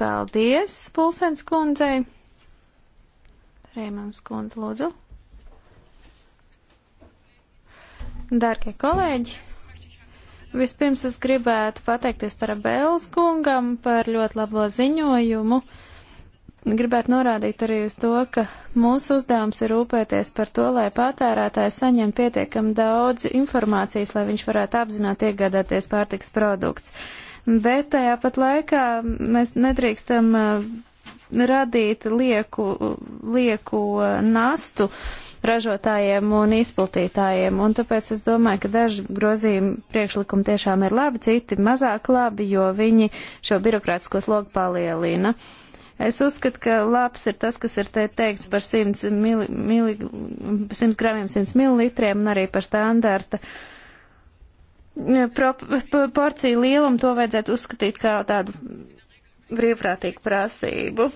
Paldies, Pulsens kundzei! Rēmans kundze, lūdzu! Dargie kolēģi! Vispirms es gribētu pateikties Tarabēlas kungam par ļoti labo ziņojumu. Uh, gribētu norādīt arī uz to, ka mūsu uzdevums ir rūpēties par to, lai patērētājs saņem pietiekam daudz informācijas, lai viņš varētu apzināt iegādāties pārtiks produkts. Bet tajā pat laikā mēs nedrīkstam uh, radīt lieku, lieku uh, nastu ražotājiem un izplatītājiem, un tāpēc es domāju, ka daži grozījumi priekšlikumi tiešām ir labi, citi mazāk labi, jo viņi šo birokrātisko slogu palielina. Uh, Es uzskatu, ka labs ir tas, kas ir te teikts par 100, mili, mili, 100 gramiem 100 mililitriem un arī par standarta pro, porciju lielumu. To vajadzētu uzskatīt kā tādu brīvprātīgu prasību.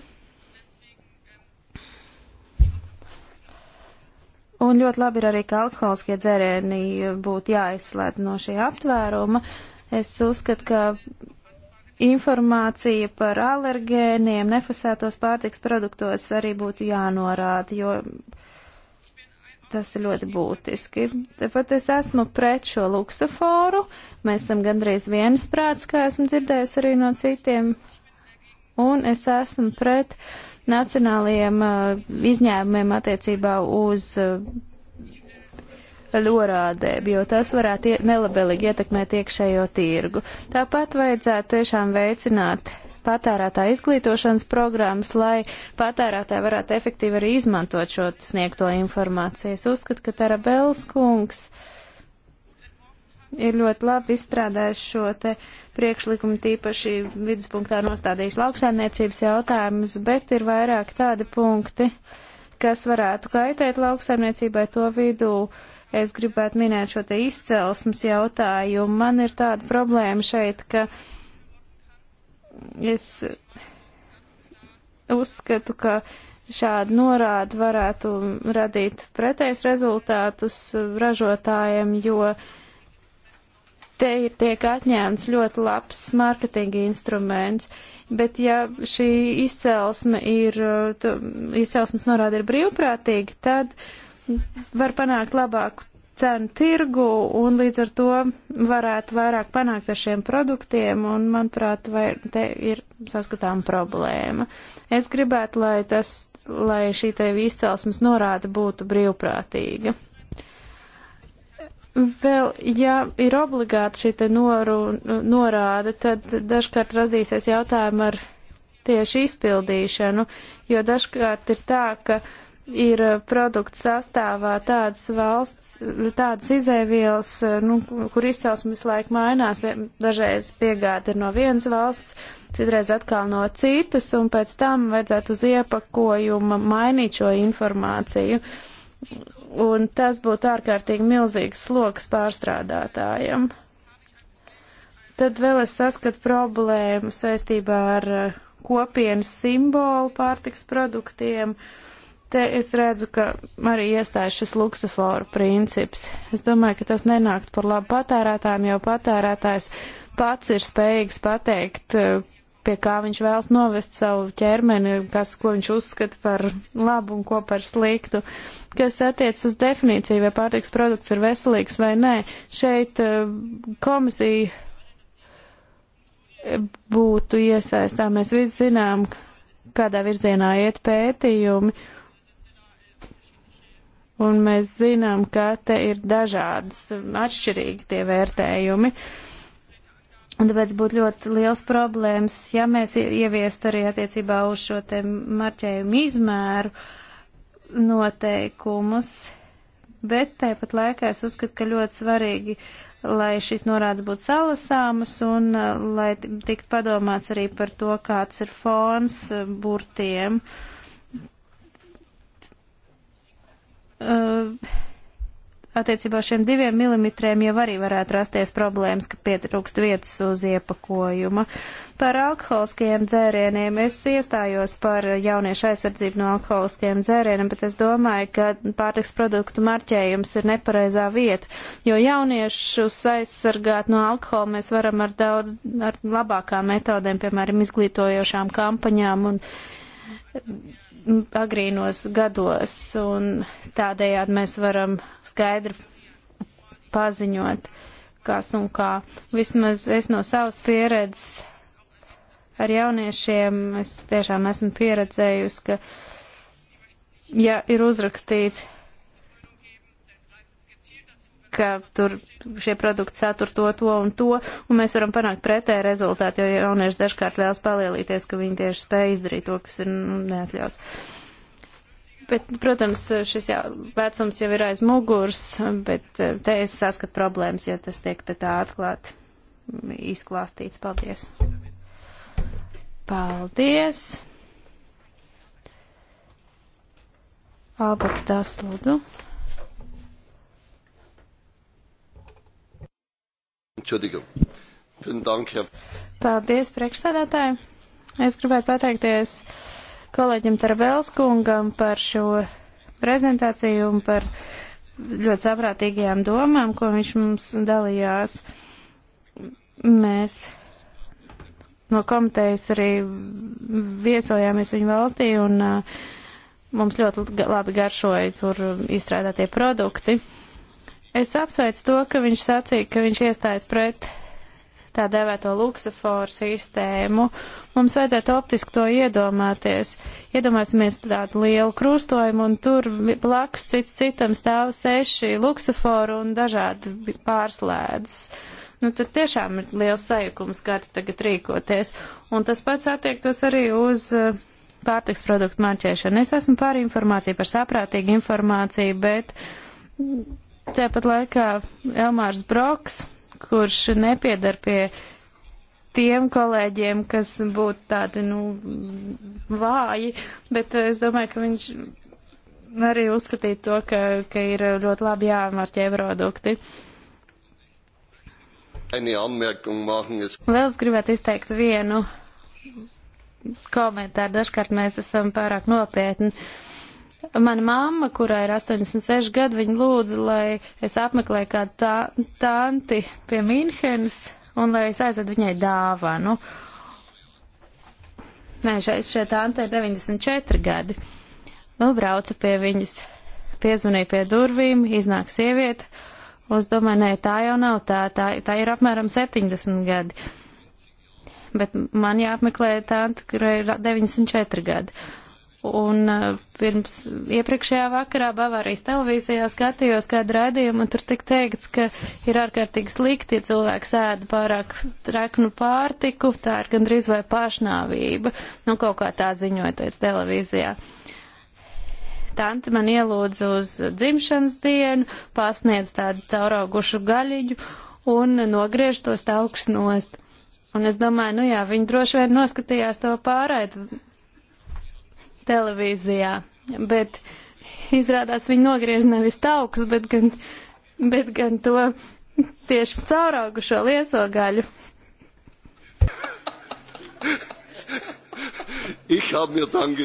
Un ļoti labi ir arī, ka alkoholiskie dzērieni būtu jāizslēdz no šī aptvēruma. Es uzskatu, ka informācija par alergēniem nefasētos pārtiks produktos arī būtu jānorāda, jo tas ir ļoti būtiski. Tāpat es esmu pret šo luksaforu, mēs esam gandrīz viensprāts, kā esmu dzirdējis arī no citiem, un es esmu pret nacionālajiem uh, izņēmumiem attiecībā uz uh, norādēm, jo tas varētu nelabelīgi ietekmēt iekšējo tirgu. Tāpat vajadzētu tiešām veicināt patērētāja izglītošanas programmas, lai patērētāji varētu efektīvi arī izmantot šo sniegto informāciju. Es uzskatu, ka Tarabels kungs ir ļoti labi izstrādājis šo te priekšlikumu, tīpaši viduspunktā nostādījis lauksaimniecības jautājumus, bet ir vairāk tādi punkti, kas varētu kaitēt lauksaimniecībai to vidū. Uh, es gribētu minēt šo te izcelsmes jautājumu. Man ir tāda problēma šeit, ka es uzskatu, ka šāda norāda varētu radīt pretējs rezultātus ražotājiem, jo te ir tiek atņēmts ļoti labs mārketinga instruments, bet ja šī izcelsme ir, izcelsmes norāda ir brīvprātīga, tad uh, var panākt labāku cenu tirgu un līdz ar to varētu vairāk panākt ar šiem produktiem un, manuprāt, vai te ir saskatām problēma. Es gribētu, lai tas, lai šī te izcelsmes norāde būtu brīvprātīga. Vēl, ja ir obligāti šī te noru, norāde, tad dažkārt radīsies jautājumi ar tieši izpildīšanu, jo dažkārt ir tā, ka uh, ir eh, produktu sastāvā tādas valsts, tādas izēvielas, eh, nu, kur izcelsme visu laiku mainās. Dažreiz piegāda ir no vienas valsts, citreiz atkal no citas, un pēc tam vajadzētu uz iepakojuma mainīt šo informāciju. Un tas būtu ārkārtīgi milzīgs sloks pārstrādātājiem. Tad vēl es saskatu problēmu saistībā ar eh, kopienas simbolu pārtiks produktiem. Uh, Te es redzu, ka arī iestājas šis luksuforu princips. Es domāju, ka tas nenākt par labu patērētājiem, jo patērētājs pats ir spējīgs pateikt, eh, pie kā viņš vēlas novest savu ķermeni, kas, ko viņš uzskata par labu un ko par sliktu. Kas attiec uz definīciju, vai pārtiks produkts ir veselīgs vai nē, šeit eh, komisija eh, būtu iesaistā. Mēs visi zinām, kādā virzienā iet pētījumi, un mēs zinām, ka te ir dažādas atšķirīgi tie vērtējumi. Un tāpēc būtu ļoti liels problēmas, ja mēs ieviestu arī attiecībā uz šo te marķējumu izmēru noteikumus, bet tāpat laikā es uzskatu, ka ļoti svarīgi, lai šīs norādes būtu salasāmas un eh, lai tiktu padomāts arī par to, kāds ir fons eh, burtiem. Uh, uh, attiecībā uz šiem diviem milimetriem jau arī varētu rasties problēmas, ka pietrūkst vietas uz iepakojuma. Par alkoholiskajiem dzērieniem es iestājos par jauniešu aizsardzību no alkoholiskajiem dzērieniem, bet es domāju, ka pārtiks produktu marķējums ir nepareizā vieta, jo jauniešus aizsargāt no alkohola mēs varam ar daudz, ar labākām metodēm, piemēram, izglītojošām kampaņām un agrīnos gados, un tādējādi mēs varam skaidri paziņot, kas un kā. Vismaz es no savas pieredzes ar jauniešiem, es tiešām esmu pieredzējusi, ka, ja ir uzrakstīts ka tur šie produkti satur to, to un to, un mēs varam panākt pretēju rezultātu, jo jaunieši dažkārt vēlas palielīties, ka viņi tieši spēj izdarīt to, kas ir nu, neatļauts. Bet, protams, šis jā, vecums jau ir aiz muguras, bet eh, te es saskatu problēmas, ja tas tiek tā atklāti izklāstīts. Paldies! Paldies! Alberts Dāslūdzu. Entschuldigung. Paldies, priekšsēdētāji. Es gribētu pateikties kolēģim Tarabelskungam par šo prezentāciju un par ļoti saprātīgajām domām, ko viņš mums dalījās. Mēs no komitejas arī viesojāmies viņu valstī un uh, mums ļoti labi garšoja tur izstrādātie produkti. Es apsveicu to, ka viņš sacīja, ka viņš iestājas pret tā dēvēto luksuforu sistēmu. Mums vajadzētu optiski to iedomāties. Iedomāsimies tādu lielu krustojumu un tur blakus cits citam stāv seši luksuforu un dažādi pārslēdzes. Nu, tur tiešām ir liels sajukums, kā te tagad rīkoties. Un tas pats attiektos arī uz uh, pārtiks produktu marķēšanu. Es esmu pār informāciju par saprātīgu informāciju, bet Tāpat laikā Elmārs Broks, kurš nepiedar pie tiem kolēģiem, kas būtu tādi, nu, vāji, bet es domāju, ka viņš arī uzskatīja to, ka, ka ir ļoti labi jāmarķē produkti. Vēl es gribētu izteikt vienu komentāru. Dažkārt mēs esam pārāk nopietni. Uh, Mana mamma, kurai ir 86 gadu, viņa lūdza, lai es apmeklēju kādu tā, tanti pie Minhenes un lai es aizvedu viņai dāvanu. Nē, šai, šai tantei ir 94 gadi. Nu, braucu pie viņas, piezvanīju pie durvīm, iznāk sieviete. Es domāju, nē, tā jau nav tā, tā, tā ir apmēram 70 gadi. Bet man jāapmeklē tanti, kurai ir 94 gadi. Un eh, pirms iepriekšējā vakarā Bavārijas televīzijā skatījos kādu raidījumu, un tur tik teikts, ka ir ārkārtīgi slikti, ja cilvēks ēda pārāk treknu pārtiku, tā ir gandrīz vai pašnāvība. Nu, kaut kā tā ziņoja televīzijā. Tanti man ielūdza uz dzimšanas dienu, pasniedz tādu cauraugušu gaļiņu un nogriež tos augsts nost. Un es domāju, nu jā, viņi droši vien noskatījās to pārēt televīzijā, bet izrādās viņi nogriez nevis taukus, bet gan, bet gan to tieši cauraugušo lieso gaļu. Ich habe mir, dann,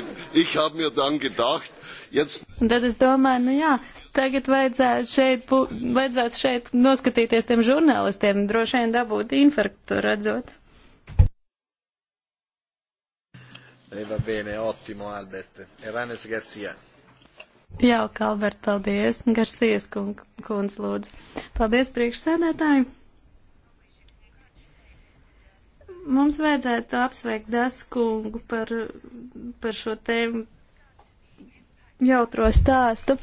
ich hab mir dann gedacht, jetzt. Tad es domāju, nu jā, tagad vajadzētu šeit, vajadzētu šeit noskatīties tiem žurnālistiem, droši vien dabūt infarktu redzot. E va bene, ottimo Albert. Eranes Garcia. Jauk, Albert, paldies. Garcijas kundz lūdzu. Paldies priekšsēdētāji. Mums vajadzētu apsveikt Daskungu par, par šo tēmu jautro stāstu,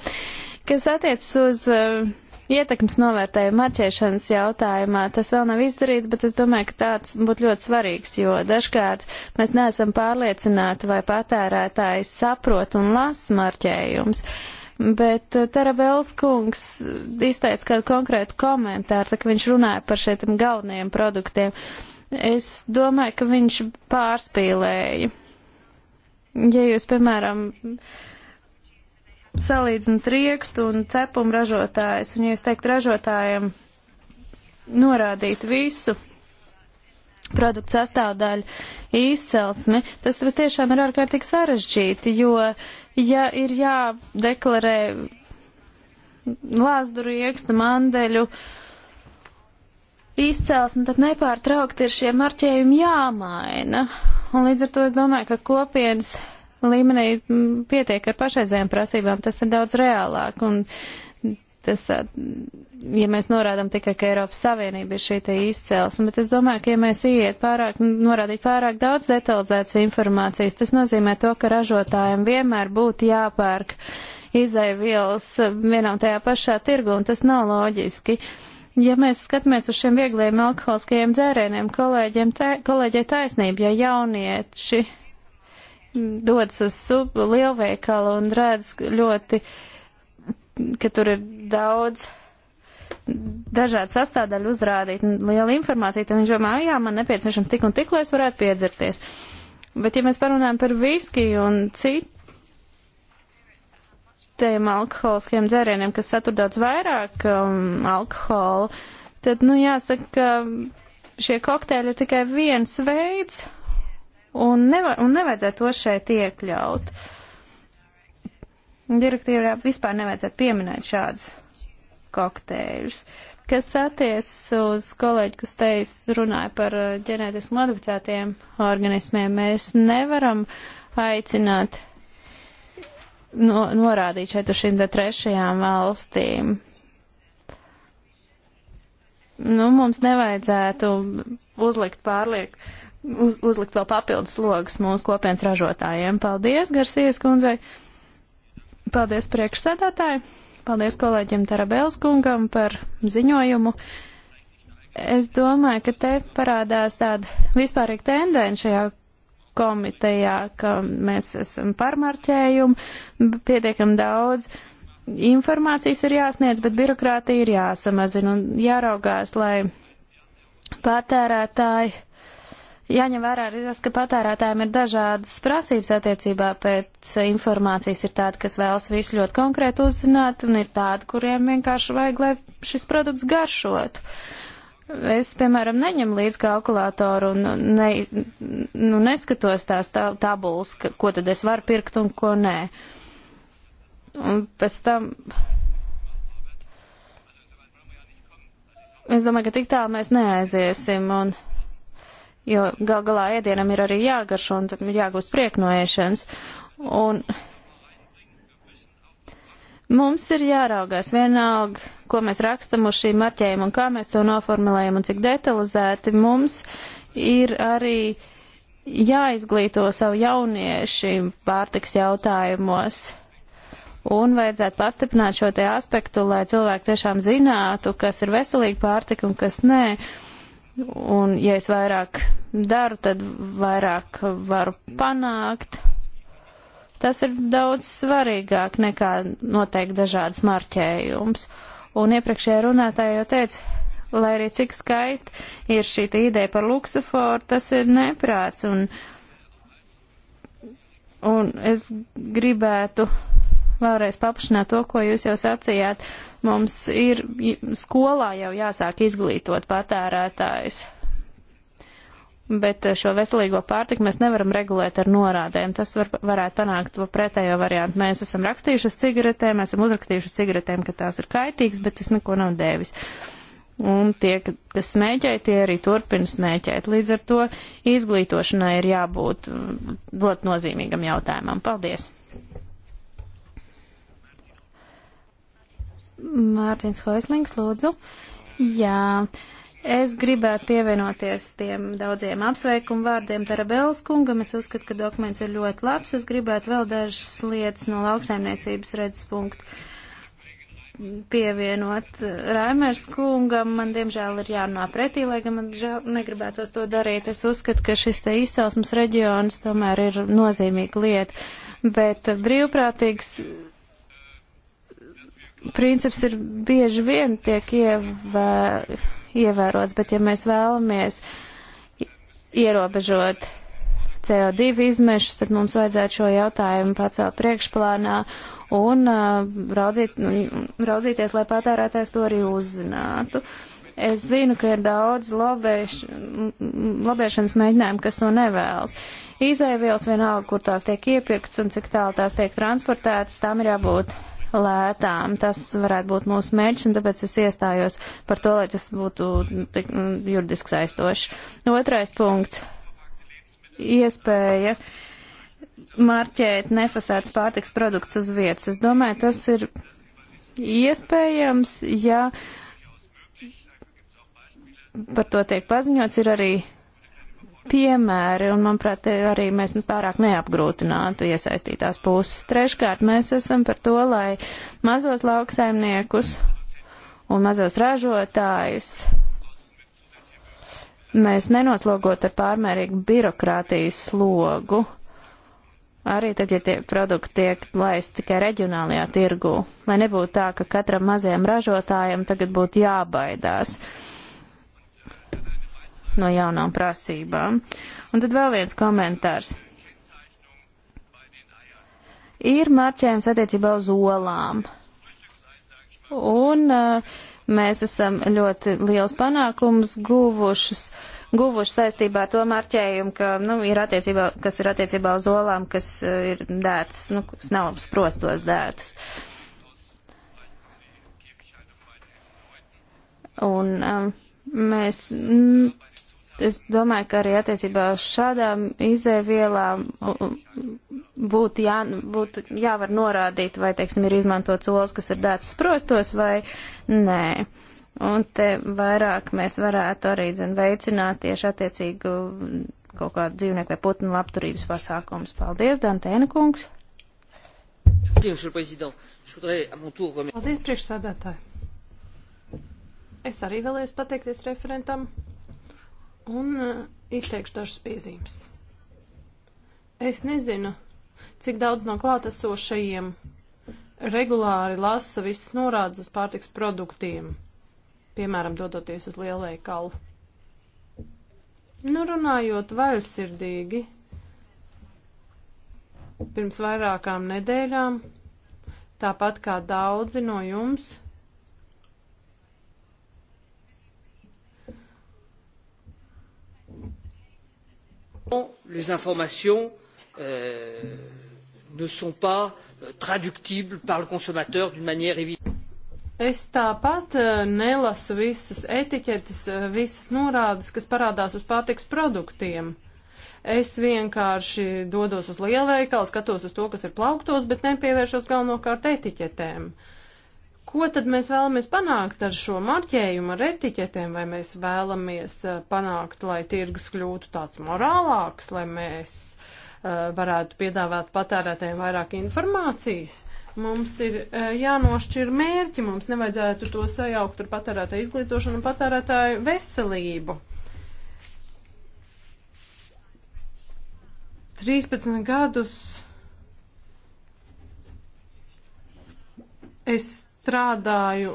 kas attiecas uz uh, ietekmes novērtējumu marķēšanas jautājumā. Tas vēl nav izdarīts, bet es domāju, ka tāds būtu ļoti svarīgs, jo dažkārt mēs neesam pārliecināti, vai patērētājs saprot un lasa marķējums. Bet eh, Tarabels kungs izteica kādu konkrētu komentāru, tā ka viņš runāja par šiem galvenajiem produktiem. Es domāju, ka viņš pārspīlēja. Ja jūs, piemēram, uh, salīdzināt riekstu un cepumu ražotājus, un ja es teiktu ražotājiem norādīt visu produktu sastāvdaļu izcelsmi, tas tiešām ir ārkārtīgi sarežģīti, jo, ja ir jādeklarē lāzdu riekstu, mandeļu, izcelsme, tad nepārtraukti ir šie marķējumi jāmaina. Un līdz ar to es domāju, ka kopienas līmenī pietiek ar pašreizējām prasībām, tas ir daudz reālāk. Un tas, ja mēs norādām tikai, ka Eiropas Savienība ir šī te izcelsme, bet es domāju, ka ja mēs iet pārāk, norādīt pārāk daudz detalizētas informācijas, tas nozīmē to, ka ražotājiem vienmēr būtu jāpērk izaivielas vienā un tajā pašā tirgu, un tas nav loģiski. Ja mēs skatāmies uz šiem viegliem alkoholiskajiem dzērieniem, kolēģiem, tā, kolēģiem taisnība, ja jaunieši dodas uz lielveikalu un redz ļoti, ka tur ir daudz dažādi sastāvdaļu uzrādīt liela informācija, tad viņš domā, jā, man nepieciešams tik un tik, lai es varētu piedzerties. Bet, ja mēs parunājam par viskiju un citiem alkoholiskiem dzērieniem, kas satur daudz vairāk um, alkoholu, tad, nu, jāsaka, ka šie kokteļi ir tikai viens veids, un, neva, un nevajadzētu to šeit iekļaut. Direktīvā vispār nevajadzētu pieminēt šādus kokteļus. Kas attiecas uz kolēģi, kas teica, runāja par uh, ģenētiski modificētiem organismiem, mēs nevaram aicināt no, norādīt šeit uz šīm trešajām valstīm. Nu, mums nevajadzētu uzlikt pārlieku uz, uzlikt vēl papildus logus mūsu kopienas ražotājiem. Paldies, Garsies kundzei! Paldies priekšsēdētāji! Paldies kolēģiem Tarabēls kungam par ziņojumu. Es domāju, ka te parādās tāda vispārīga tendence šajā komitejā, ka mēs esam par marķējumu, pietiekam daudz informācijas ir jāsniedz, bet birokrātija ir jāsamazina un jāraugās, lai patērētāji Jāņem vērā arī tas, ka patērētājiem ir dažādas prasības attiecībā pēc informācijas. Ir tādi, kas vēlas visu ļoti konkrēti uzzināt, un ir tādi, kuriem vienkārši vajag, lai šis produkts garšotu. Es, piemēram, neņemu līdzi kalkulātoru un ne, nu, neskatos tās tabulas, ka, ko tad es varu pirkt un ko nē. Un pēc tam Es domāju, ka tik tā mēs neaiziesim. Un jo gal galā ēdienam ir arī jāgaršo un tam ir jāgūst prieku no ēšanas. Un mums ir jāraugās vienalga, ko mēs rakstam uz šīm marķējumiem un kā mēs to noformulējam un cik detalizēti mums ir arī jāizglīto savu jaunieši pārtiks jautājumos. Un vajadzētu pastiprināt šo te aspektu, lai cilvēki tiešām zinātu, kas ir veselīga pārtika un kas nē. Uh, Un, ja es vairāk daru, tad vairāk varu panākt. Tas ir daudz svarīgāk nekā noteikti dažādas marķējums. Un iepriekšējā runātāja jau teica, lai arī cik skaisti ir šī ideja par luksuforu, tas ir neprāts. Un, un es gribētu vēlreiz paplašināt to, ko jūs jau sacījāt. Mums ir skolā jau jāsāk izglītot patērētājs. Bet šo veselīgo pārtiku mēs nevaram regulēt ar norādēm. Tas var, varētu panākt to pretējo variantu. Mēs esam rakstījuši uz cigaretēm, mēs esam uzrakstījuši uz cigaretēm, ka tās ir kaitīgas, bet tas neko nav devis. Un tie, kas smēķē, tie arī turpina smēķēt. Līdz ar to izglītošanai ir jābūt ļoti nozīmīgam jautājumam. Paldies! Mārtiņš Hoislings, lūdzu. Jā, es gribētu pievienoties tiem daudziem apsveikumu vārdiem Tarabels kungam. Es uzskatu, ka dokuments ir ļoti labs. Es gribētu vēl dažas lietas no lauksaimniecības redzes punktu pievienot Raimers kungam. Man, diemžēl, ir jārunā pretī, lai gan man žēl negribētos to darīt. Es uzskatu, ka šis te izcelsmes reģions tomēr ir nozīmīga lieta, bet brīvprātīgs princips ir bieži vien tiek ievē, ievērots, bet ja mēs vēlamies ierobežot CO2 izmešus, tad mums vajadzētu šo jautājumu pacelt priekšplānā un uh, raudzīt, raudzīties, lai patērētājs to arī uzzinātu. Es zinu, ka ir daudz lobēš, lobēšanas mēģinājumu, kas to nevēlas. Izēvielas vienalga, kur tās tiek iepirktas un cik tālu tās tiek transportētas, tam ir jābūt lētām. Tas varētu būt mūsu mērķis, un tāpēc es iestājos par to, lai tas būtu mm, tik, mm, juridiski saistošs. Otrais punkts - iespēja marķēt nefasētas pārtiks produkts uz vietas. Es domāju, tas ir iespējams, ja par to tiek paziņots, ir arī piemēri, un, manuprāt, arī mēs nu pārāk neapgrūtinātu iesaistītās puses. Treškārt, mēs esam par to, lai mazos lauksaimniekus un mazos ražotājus mēs nenoslogot ar pārmērīgu birokrātijas slogu, arī tad, ja tie produkti tiek laisti tikai reģionālajā tirgū, lai nebūtu tā, ka katram mazajam ražotājam tagad būtu jābaidās. Uh, no jaunām prasībām. Un tad vēl viens komentārs. Ir marķējums attiecībā uz olām. Un uh, mēs esam ļoti liels panākums guvušus, guvuši saistībā ar to marķējumu, ka, nu, ir attiecībā, kas ir attiecībā uz olām, kas uh, ir dētas, nu, kas nav sprostos dētas. Un um, mēs. Mm, Es domāju, ka arī attiecībā uz šādām izēvielām būtu, jā, būtu jāvar norādīt, vai, teiksim, ir izmantots olas, kas ir dēts sprostos vai nē. Un te vairāk mēs varētu arī, zin, veicināt tieši attiecīgu kaut kādu dzīvnieku vai putnu labturības pasākumus. Paldies, Dantēna kungs! Paldies, priekšsādātāji! Es arī vēlējos pateikties referentam un eh, izteikšu dažas piezīmes. Es nezinu, cik daudz no klātesošajiem regulāri lasa visas norādes uz pārtiks produktiem, piemēram, dodoties uz lielveikalu. Nu, runājot vaļsirdīgi, pirms vairākām nedēļām, tāpat kā daudzi no jums, Les informations euh, ne sont pas euh, traductibles par le consommateur d'une manière évidente. Es tāpat euh, nelasu visas etiķetes, euh, visas norādes, kas parādās uz pārtiks produktiem. Es vienkārši dodos uz lielveikalu, skatos uz to, kas ir plauktos, bet nepievēršos galvenokārt etiķetēm. Uh, Ko tad mēs vēlamies panākt ar šo marķējumu, ar etiķetēm? Vai mēs vēlamies eh, panākt, lai tirgus kļūtu tāds morālāks, lai mēs uh, varētu piedāvāt patērētēm vairāk informācijas? Mums ir uh, jānošķir mērķi, mums nevajadzētu to sajaukt ar patērētāju izglītošanu un patērētāju veselību. 13 gadus es strādāju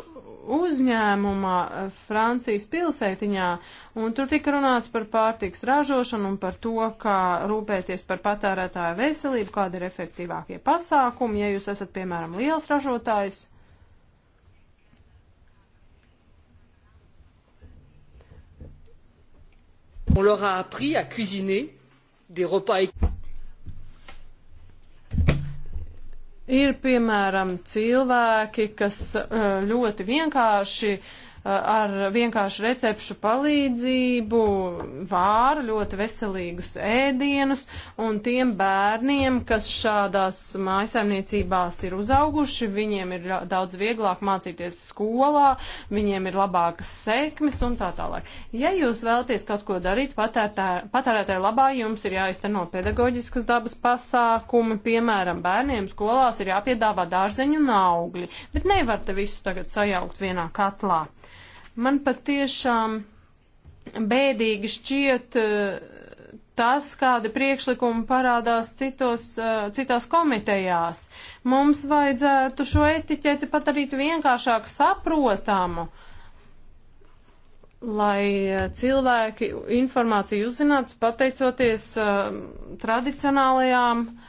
uzņēmumā eh, Francijas pilsētiņā, un tur tika runāts par pārtiks ražošanu un par to, kā rūpēties par patērētāju veselību, kādi ir efektīvākie pasākumi, ja jūs esat, piemēram, liels ražotājs. On leur a appris à cuisiner des repas Ir, piemēram, cilvēki, kas eh, ļoti vienkārši uh, ar vienkāršu recepšu palīdzību vāra ļoti veselīgus ēdienus, un tiem bērniem, kas šādās mājasaimniecībās ir uzauguši, viņiem ir daudz vieglāk mācīties skolā, viņiem ir labākas sekmes un tā tālāk. Ja jūs vēlaties kaut ko darīt patērētāju labā, jums ir jāizteno pedagoģiskas dabas pasākumi, piemēram, bērniem skolās ir jāpiedāvā dārzeņu un augļi, bet nevar te visus tagad sajaukt vienā katlā. Man patiešām bēdīgi šķiet eh, tas, kādi priekšlikumi parādās citos, eh, citās komitejās. Mums vajadzētu šo etiķeti padarīt vienkāršāk saprotamu, lai eh, cilvēki informāciju uzzinātu pateicoties uh, tradicionālajām uh,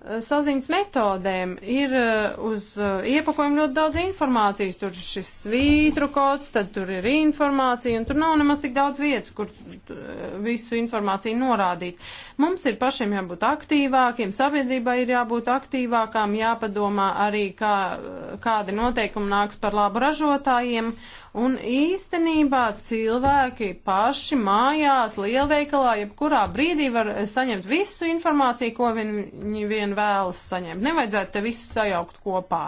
saziņas metodēm ir eh, uz eh, iepakojuma ļoti daudz informācijas. Tur ir šis svītru kods, tad tur ir informācija, un tur nav nemaz tik daudz vietas, kur eh, visu informāciju norādīt. Mums ir pašiem jābūt aktīvākiem, sabiedrībai ir jābūt aktīvākām, jāpadomā arī, kā, kādi noteikumi nāks par labu ražotājiem. Un īstenībā cilvēki paši mājās, lielveikalā, jebkurā brīdī var saņemt visu informāciju, ko viņi vien vēlas saņemt. Nevajadzētu te visu sajaukt kopā.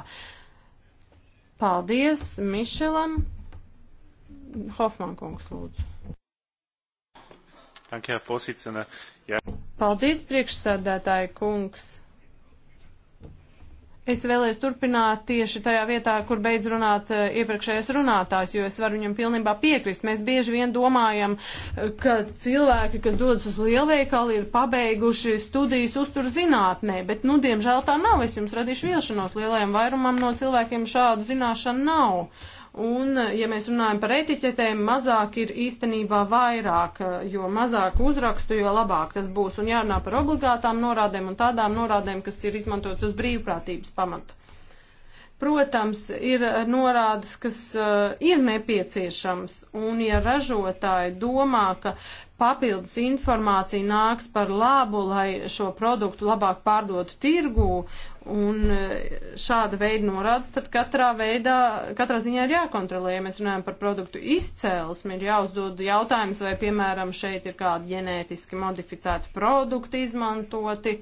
Paldies Mišelam. Hofman kungs lūdzu. Danke, Herr Vorsitzender. Paldies, priekšsēdētāji kungs. Es vēlējos turpināt tieši tajā vietā, kur beidz runāt eh, iepriekšējais runātājs, jo es varu viņam pilnībā piekrist. Mēs bieži vien domājam, eh, ka cilvēki, kas dodas uz lielveikalu, ir pabeiguši studijas uztur zinātnē, bet, nu, diemžēl tā nav. Es jums radīšu vilšanos lielajam vairumam no cilvēkiem šādu zināšanu nav. Uh, Un, ja mēs runājam par etiķetēm, mazāk ir īstenībā vairāk, jo mazāk uzrakstu, jo labāk tas būs. Un jārunā par obligātām norādēm un tādām norādēm, kas ir izmantotas uz brīvprātības pamatu. Protams, ir norādes, kas uh, ir nepieciešams, un ja ražotāji domā, ka papildus informācija nāks par labu, lai šo produktu labāk pārdotu tirgū Un eh, šāda veida norādes tad katrā veidā, katrā ziņā ir jākontrolē. Ja mēs runājam par produktu izcēlesmi, ir jāuzdod jautājums, vai, piemēram, šeit ir kādi ģenētiski modificēti produkti izmantoti,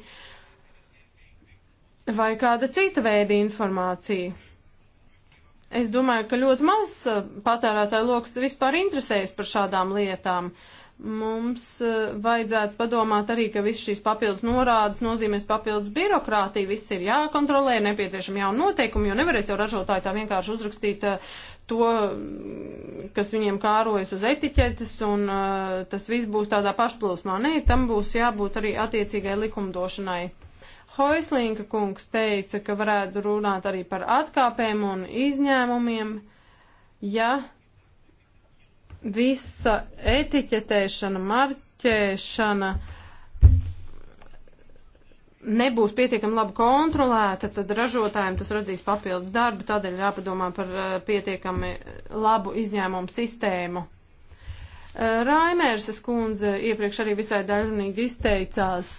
vai kāda cita veida informācija. Es domāju, ka ļoti maz eh, patērētāju lokus vispār interesējas par šādām lietām. Uh, Mums eh, vajadzētu padomāt arī, ka viss šīs papildus norādes nozīmēs papildus birokrātiju, viss ir jākontrolē, nepieciešami jauni noteikumi, jo nevarēs jau ražotāji tā vienkārši uzrakstīt eh, to, kas viņiem kārojas uz etiķetes, un eh, tas viss būs tādā pašplūsmā. Nē, tam būs jābūt arī attiecīgai likumdošanai. Hoislinka kungs teica, ka varētu runāt arī par atkāpēm un izņēmumiem, ja visa etiķetēšana, marķēšana nebūs pietiekami labi kontrolēta, tad ražotājiem tas radīs papildus darbu, tādēļ jāpadomā par eh, pietiekami labu izņēmumu sistēmu. Eh, Raimērses kundze iepriekš arī visai dažunīgi izteicās.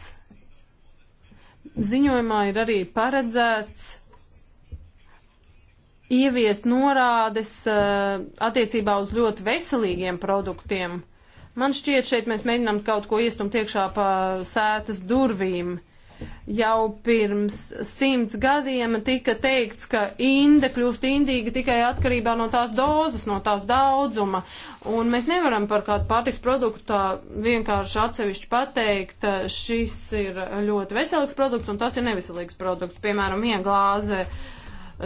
Ziņojumā ir arī paredzēts ieviest norādes eh, attiecībā uz ļoti veselīgiem produktiem. Man šķiet, šeit mēs mēģinām kaut ko iestumt iekšā pa sētas durvīm. Jau pirms simts gadiem tika teikts, ka inde kļūst indīga tikai atkarībā no tās dozes, no tās daudzuma. Un mēs nevaram par kādu pārtiks produktu vienkārši atsevišķi pateikt, eh, šis ir ļoti veselīgs produkts un tas ir neveselīgs produkts. Piemēram, viena glāze uh,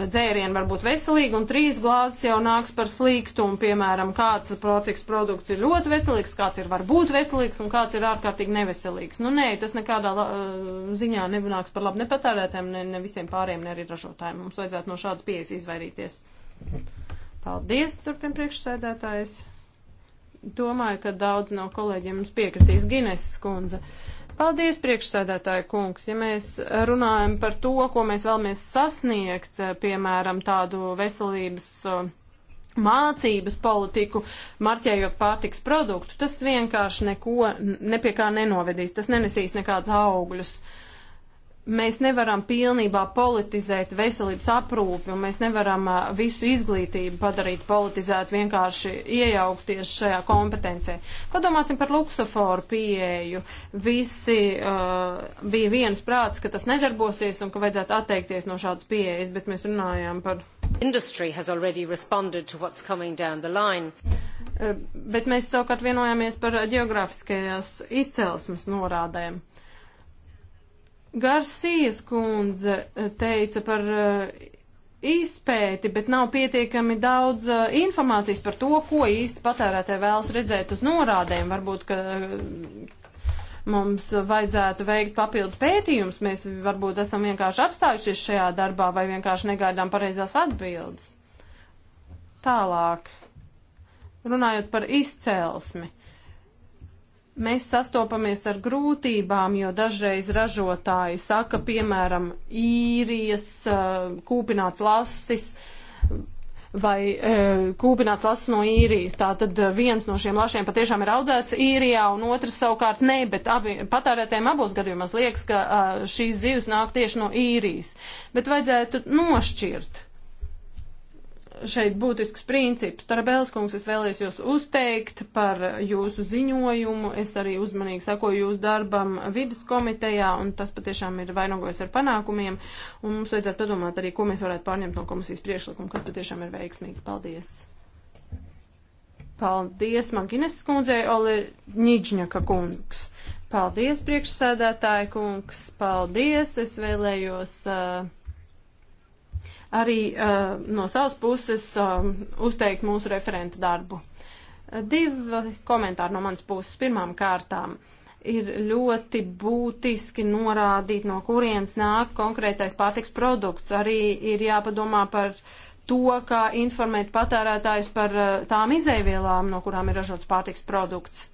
dzērieni var būt veselīgi, un trīs glāzes jau nāks par sliktu, un, piemēram, kāds pārtiks produkts ir ļoti veselīgs, kāds ir varbūt veselīgs, un kāds ir ārkārtīgi neveselīgs. Nu, nē, tas nekādā la, eh, ziņā nevanāks par labu ne patērētājiem, ne, ne visiem pāriem, ne arī ražotājiem. Mums vajadzētu no šādas pieejas izvairīties. Paldies, turpin priekšsēdētājs. Domāju, ka daudz no kolēģiem mums piekritīs Gines skundze. Uh, Paldies, priekšsēdētāja kungs. Ja mēs runājam par to, ko mēs vēlamies sasniegt, piemēram, tādu veselības uh, mācības politiku, marķējot pārtiks produktu, tas vienkārši neko, nepie kā nenovedīs, tas nenesīs nekādas augļus. Uh, mēs nevaram pilnībā politizēt veselības aprūpi un mēs nevaram visu izglītību padarīt politizētu, vienkārši iejaukties šajā kompetencē. Padomāsim par luksoforu pieeju. Visi uh, bija viens prāts, ka tas nedarbosies un ka vajadzētu atteikties no šādas pieejas, bet mēs runājām par. Industry has already responded to what's coming down the line. Uh, bet mēs savukārt vienojāmies par geogrāfiskajās izcelsmes norādēm. Uh, Garsijas kundze eh, teica par eh, izpēti, bet nav pietiekami daudz eh, informācijas par to, ko īsti patērētāji vēlas redzēt uz norādēm. Varbūt, ka mums vajadzētu veikt papildus pētījumus. Mēs varbūt esam vienkārši apstājušies šajā darbā vai vienkārši negaidām pareizās atbildes. Tālāk. Runājot par izcēlesmi mēs sastopamies ar grūtībām, jo dažreiz ražotāji saka, piemēram, īrijas, eh, kūpināts lasis vai e, kūpināts lasis no īrijas. Tātad eh, viens no šiem lašiem patiešām ir audzēts īrijā, un otrs savukārt nē, bet abi, patērētēm abos gadījumos liekas, ka a, šīs zivs nāk tieši no īrijas. Bet vajadzētu nošķirt šeit būtisks princips. Tarabēlis kungs, es vēlēs jūs uzteikt par jūsu ziņojumu. Es arī uzmanīgi sakoju jūsu darbam vidas komitejā, un tas patiešām ir vainagojas ar panākumiem. Un mums vajadzētu padomāt arī, ko mēs varētu pārņemt no komisijas priešlikuma, kas patiešām ir veiksmīgi. Paldies! Paldies, Magines skundzei, Ole Ņiģņaka kungs. Paldies, priekšsēdētāja kungs. Paldies, es vēlējos. Uh, arī uh, no savas puses uh, uzteikt mūsu referenta darbu. Uh, divi komentāri no manas puses. Pirmām kārtām ir ļoti būtiski norādīt, no kurienes nāk konkrētais pārtiks produkts. Arī ir jāpadomā par to, kā informēt patērētājus par uh, tām izēvielām, no kurām ir ražots pārtiks produkts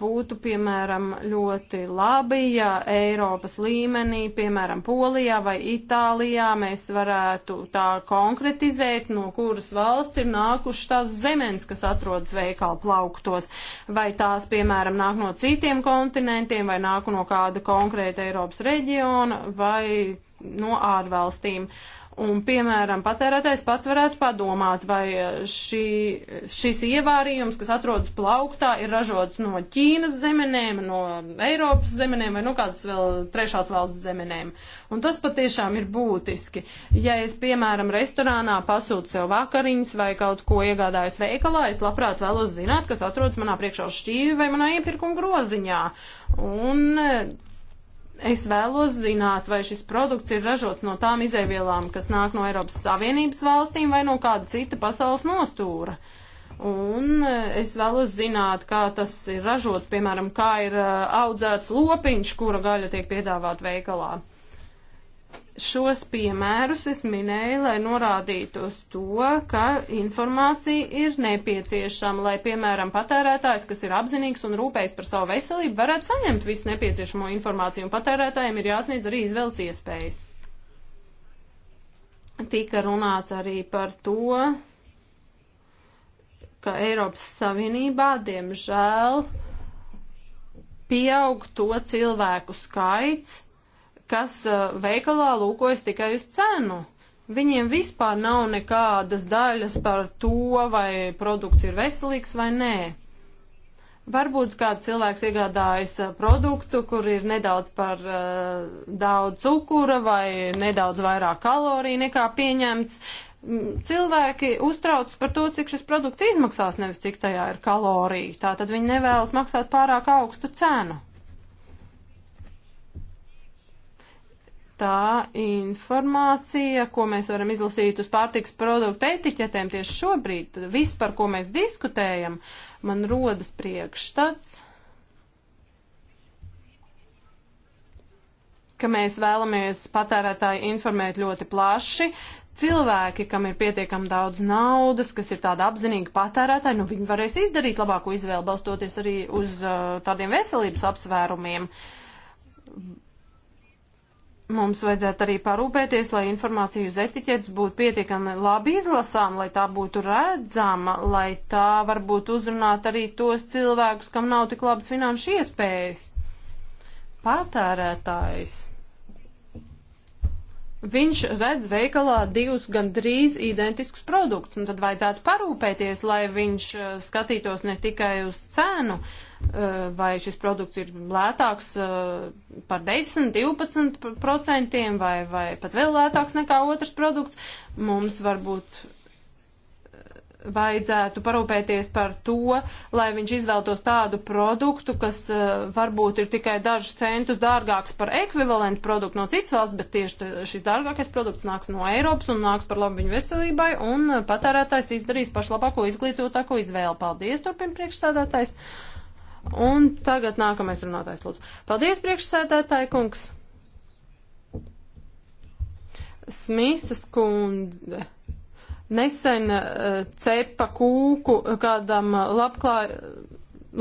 būtu, piemēram, ļoti labi, ja Eiropas līmenī, piemēram, Polijā vai Itālijā, mēs varētu tā konkretizēt, no kuras valsts ir nākušas tās zemes, kas atrodas veikalu plauktos, vai tās, piemēram, nāk no citiem kontinentiem, vai nāk no kāda konkrēta Eiropas reģiona, vai no ārvalstīm. Uh, Un, piemēram, patērētājs pats varētu padomāt, vai eh, šī, šis ievārījums, kas atrodas plauktā, ir ražots no Ķīnas zemenēm, no Eiropas zemenēm vai no kādas vēl trešās valsts zemenēm. Un tas patiešām ir būtiski. Ja es, piemēram, restorānā pasūtu sev vakariņas vai kaut ko iegādājos veikalā, es labprāt vēlos zināt, kas atrodas manā priekšā uz šķīvi vai manā iepirkuma groziņā. Un eh, Es vēlos zināt, vai šis produkts ir ražots no tām izēvielām, kas nāk no Eiropas Savienības valstīm vai no kāda cita pasaules nostūra. Un eh, es vēlos zināt, kā tas ir ražots, piemēram, kā ir eh, audzēts lopiņš, kura gaļa tiek piedāvāta veikalā. Šos piemērus es minēju, lai norādītu uz to, ka informācija ir nepieciešama, lai, piemēram, patērētājs, kas ir apzinīgs un rūpējis par savu veselību, varētu saņemt visu nepieciešamo informāciju, un patērētājiem ir jāsniedz arī izvēles iespējas. Tika runāts arī par to, ka Eiropas Savienībā, diemžēl, pieaug to cilvēku skaits, kas eh, veikalā lūkojas tikai uz cenu. Viņiem vispār nav nekādas daļas par to, vai produkts ir veselīgs vai nē. Varbūt kāds cilvēks iegādājas eh, produktu, kur ir nedaudz par uh, daudz cukura vai nedaudz vairāk kaloriju nekā pieņemts. Cilvēki uztraucas par to, cik šis produkts izmaksās, nevis cik tajā ir kaloriju. Tā tad viņi nevēlas maksāt pārāk augstu cenu. tā informācija, ko mēs varam izlasīt uz pārtiks produktu etiķetēm tieši šobrīd, viss, par ko mēs diskutējam, man rodas priekšstats, ka mēs vēlamies patērētāju informēt ļoti plaši. Cilvēki, kam ir pietiekami daudz naudas, kas ir tāda apzinīga patērētāja, nu viņi varēs izdarīt labāko izvēlu, balstoties arī uz uh, tādiem veselības apsvērumiem. Uh, mums vajadzētu arī parūpēties, lai informācija uz etiķetes būtu pietiekami labi izlasām, lai tā būtu redzama, lai tā varbūt uzrunāt arī tos cilvēkus, kam nav tik labas finanšu iespējas. Patērētājs. Viņš redz veikalā divus gandrīz identiskus produktus, un tad vajadzētu parūpēties, lai viņš eh, skatītos ne tikai uz cenu, uh, Eh, vai šis produkts ir lētāks eh, par 10, 12% vai, vai pat vēl lētāks nekā otrs produkts. Mums varbūt eh, vajadzētu parūpēties par to, lai viņš izvēltos tādu produktu, kas varbūt ir tikai dažus centus dārgāks par ekvivalentu produktu no citas valsts, bet tieši šis dārgākais produkts nāks no Eiropas un nāks par labu viņu veselībai, un patērētājs izdarīs pašlabāko izglītotāko izvēlu. Paldies, turpin priekšsādātājs. Uh, Un tagad nākamais runātājs lūdzu. Paldies, priekšsēdētāji kungs! Smīsas kundze nesen uh, cepa kūku kādam labklāj,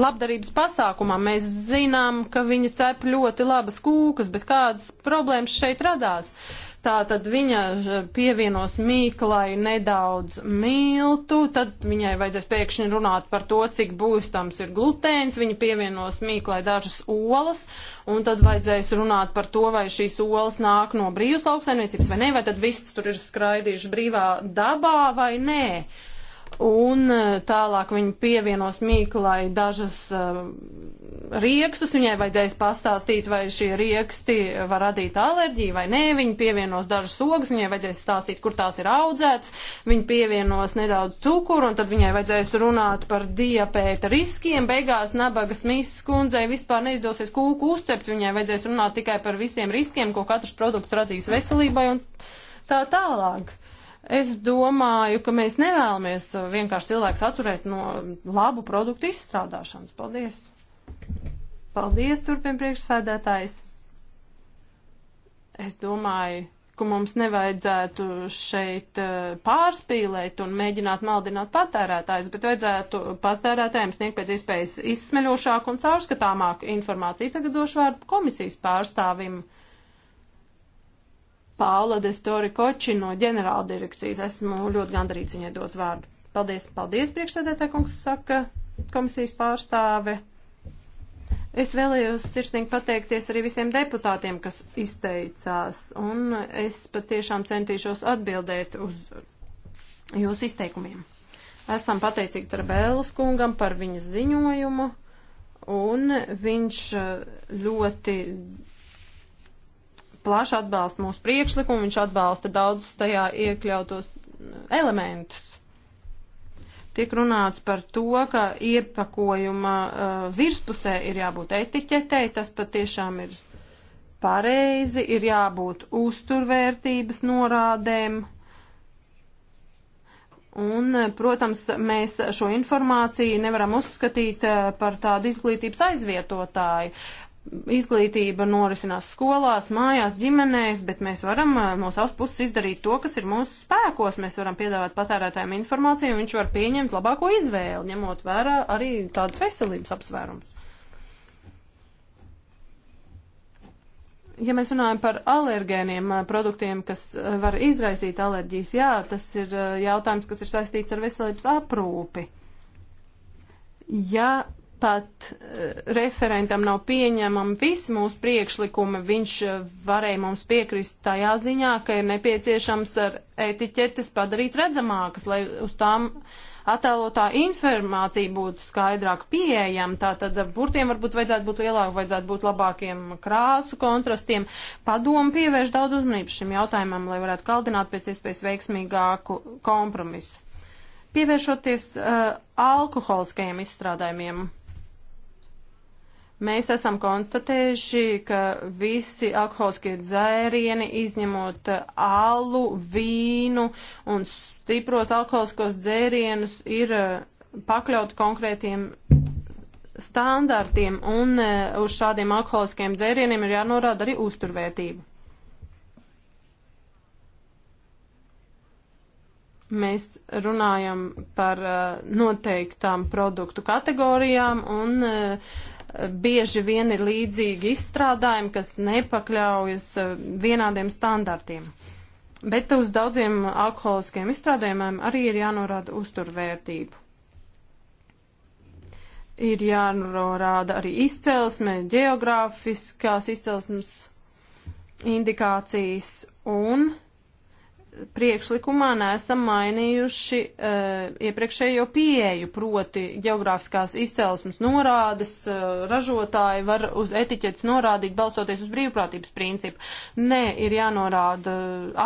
labdarības pasākumam. Mēs zinām, ka viņa cep ļoti labas kūkas, bet kādas problēmas šeit radās? Uh, Tātad viņa eh, pievienos mīklai nedaudz miltu, tad viņai vajadzēs pēkšņi runāt par to, cik būstams ir glutēns, viņa pievienos mīklai dažas olas, un tad vajadzēs runāt par to, vai šīs olas nāk no brīvas lauksainiecības vai nē, vai tad viss tur ir skraidījuši brīvā dabā vai nē. Uh, un eh, tālāk viņa pievienos Mīklai dažas uh, riekstus, viņai vajadzēs pastāstīt, vai šie rieksti var radīt alerģiju vai nē, viņa pievienos dažas ogas, viņai vajadzēs stāstīt, kur tās ir audzētas, viņa pievienos nedaudz cukuru, un tad viņai vajadzēs runāt par diapēta riskiem, beigās nabagas mīsas kundzei vispār neizdosies kūku uzcept, viņai vajadzēs runāt tikai par visiem riskiem, ko katrs produkts radīs veselībai un tā tālāk. Es domāju, ka mēs nevēlamies uh, vienkārši cilvēks atturēt no labu produktu izstrādāšanas. Paldies! Paldies, turpin priekšsēdētājs! Es domāju, ka mums nevajadzētu šeit uh, pārspīlēt un mēģināt maldināt patērētājus, bet vajadzētu patērētājiem sniegt pēc iespējas izsmeļošāku un caurskatāmāku informāciju. Tagad došu vārdu komisijas pārstāvim. Uh, Paula Destori Koči no ģenerāla direkcijas. Esmu ļoti gandarīts viņai dot vārdu. Paldies, paldies, priekšsēdētāj kungs, saka komisijas pārstāve. Es vēlējos sirsnīgi pateikties arī visiem deputātiem, kas izteicās, un es patiešām centīšos atbildēt uz jūsu izteikumiem. Esam pateicīgi Tarbēlas kungam par viņas ziņojumu, un viņš eh, ļoti plaši atbalsta mūsu priekšlikumu, viņš atbalsta daudzus tajā iekļautos elementus. Tiek runāts par to, ka iepakojuma uh, virspusē ir jābūt etiķetei, tas patiešām ir pareizi, ir jābūt uzturvērtības norādēm. Un, uh, protams, mēs šo informāciju nevaram uzskatīt uh, par tādu izglītības aizvietotāju izglītība norisinās skolās, mājās, ģimenēs, bet mēs varam no savas puses izdarīt to, kas ir mūsu spēkos. Mēs varam piedāvāt patērētājiem informāciju, un viņš var pieņemt labāko izvēli, ņemot vērā arī tādas veselības apsvērums. Ja mēs runājam par alergēniem produktiem, kas var izraisīt alerģijas, jā, tas ir jautājums, kas ir saistīts ar veselības aprūpi. Ja pat eh, referentam nav pieņemami visi mūsu priekšlikumi. Viņš eh, varēja mums piekrist tajā ziņā, ka ir nepieciešams ar etiķetes padarīt redzamākas, lai uz tām attēlotā informācija būtu skaidrāk pieejama. Tātad burtiem varbūt vajadzētu būt lielākiem, vajadzētu būt labākiem krāsu kontrastiem. Padomu pievērš daudz uzmanības šim jautājumam, lai varētu kaldināt pēc iespējas veiksmīgāku kompromisu. Pievēršoties uh, alkoholiskajiem izstrādājumiem, Mēs esam konstatējuši, ka visi alkoholiskie dzērieni, izņemot eh, alu, vīnu un stipros alkoholiskos dzērienus, ir eh, pakļauti konkrētiem standartiem, un eh, uz šādiem alkoholiskiem dzērieniem ir jānorāda arī uzturvērtība. mēs runājam par noteiktām produktu kategorijām, un bieži vien ir līdzīgi izstrādājumi, kas nepakļaujas eh, vienādiem standartiem. Bet uz daudziem alkoholiskiem izstrādājumiem arī ir jānorāda uzturvērtību. Ir jānorāda arī izcelsme, geogrāfiskās izcelsmes indikācijas un priekšlikumā neesam mainījuši uh, iepriekšējo pieeju, proti geogrāfiskās izcelsmes norādes, uh, ražotāji var uz etiķetes norādīt, balstoties uz brīvprātības principu. Nē, ir jānorāda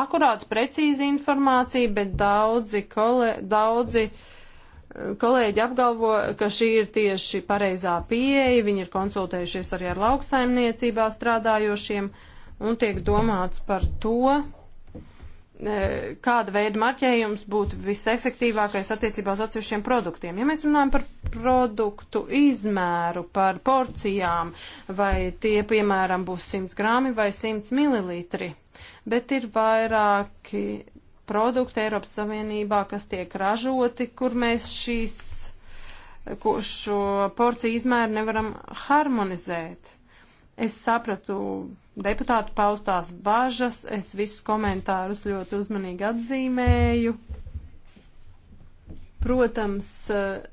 akurāts, precīzi informācija, bet daudzi, kole, daudzi eh, kolēģi apgalvo, ka šī ir tieši pareizā pieeja, viņi ir konsultējušies arī ar lauksaimniecībā strādājošiem un tiek domāts par to, E, kāda veida marķējums būtu visefektīvākais attiecībā uz atsevišķiem produktiem. Ja mēs runājam par produktu izmēru, par porcijām, vai tie, piemēram, būs 100 grāmi vai 100 mililitri, bet ir vairāki produkti Eiropas Savienībā, kas tiek ražoti, kur mēs šīs, ko šo porciju izmēru nevaram harmonizēt. Es sapratu deputātu paustās bažas. Es visus komentārus ļoti uzmanīgi atzīmēju. Protams, eh,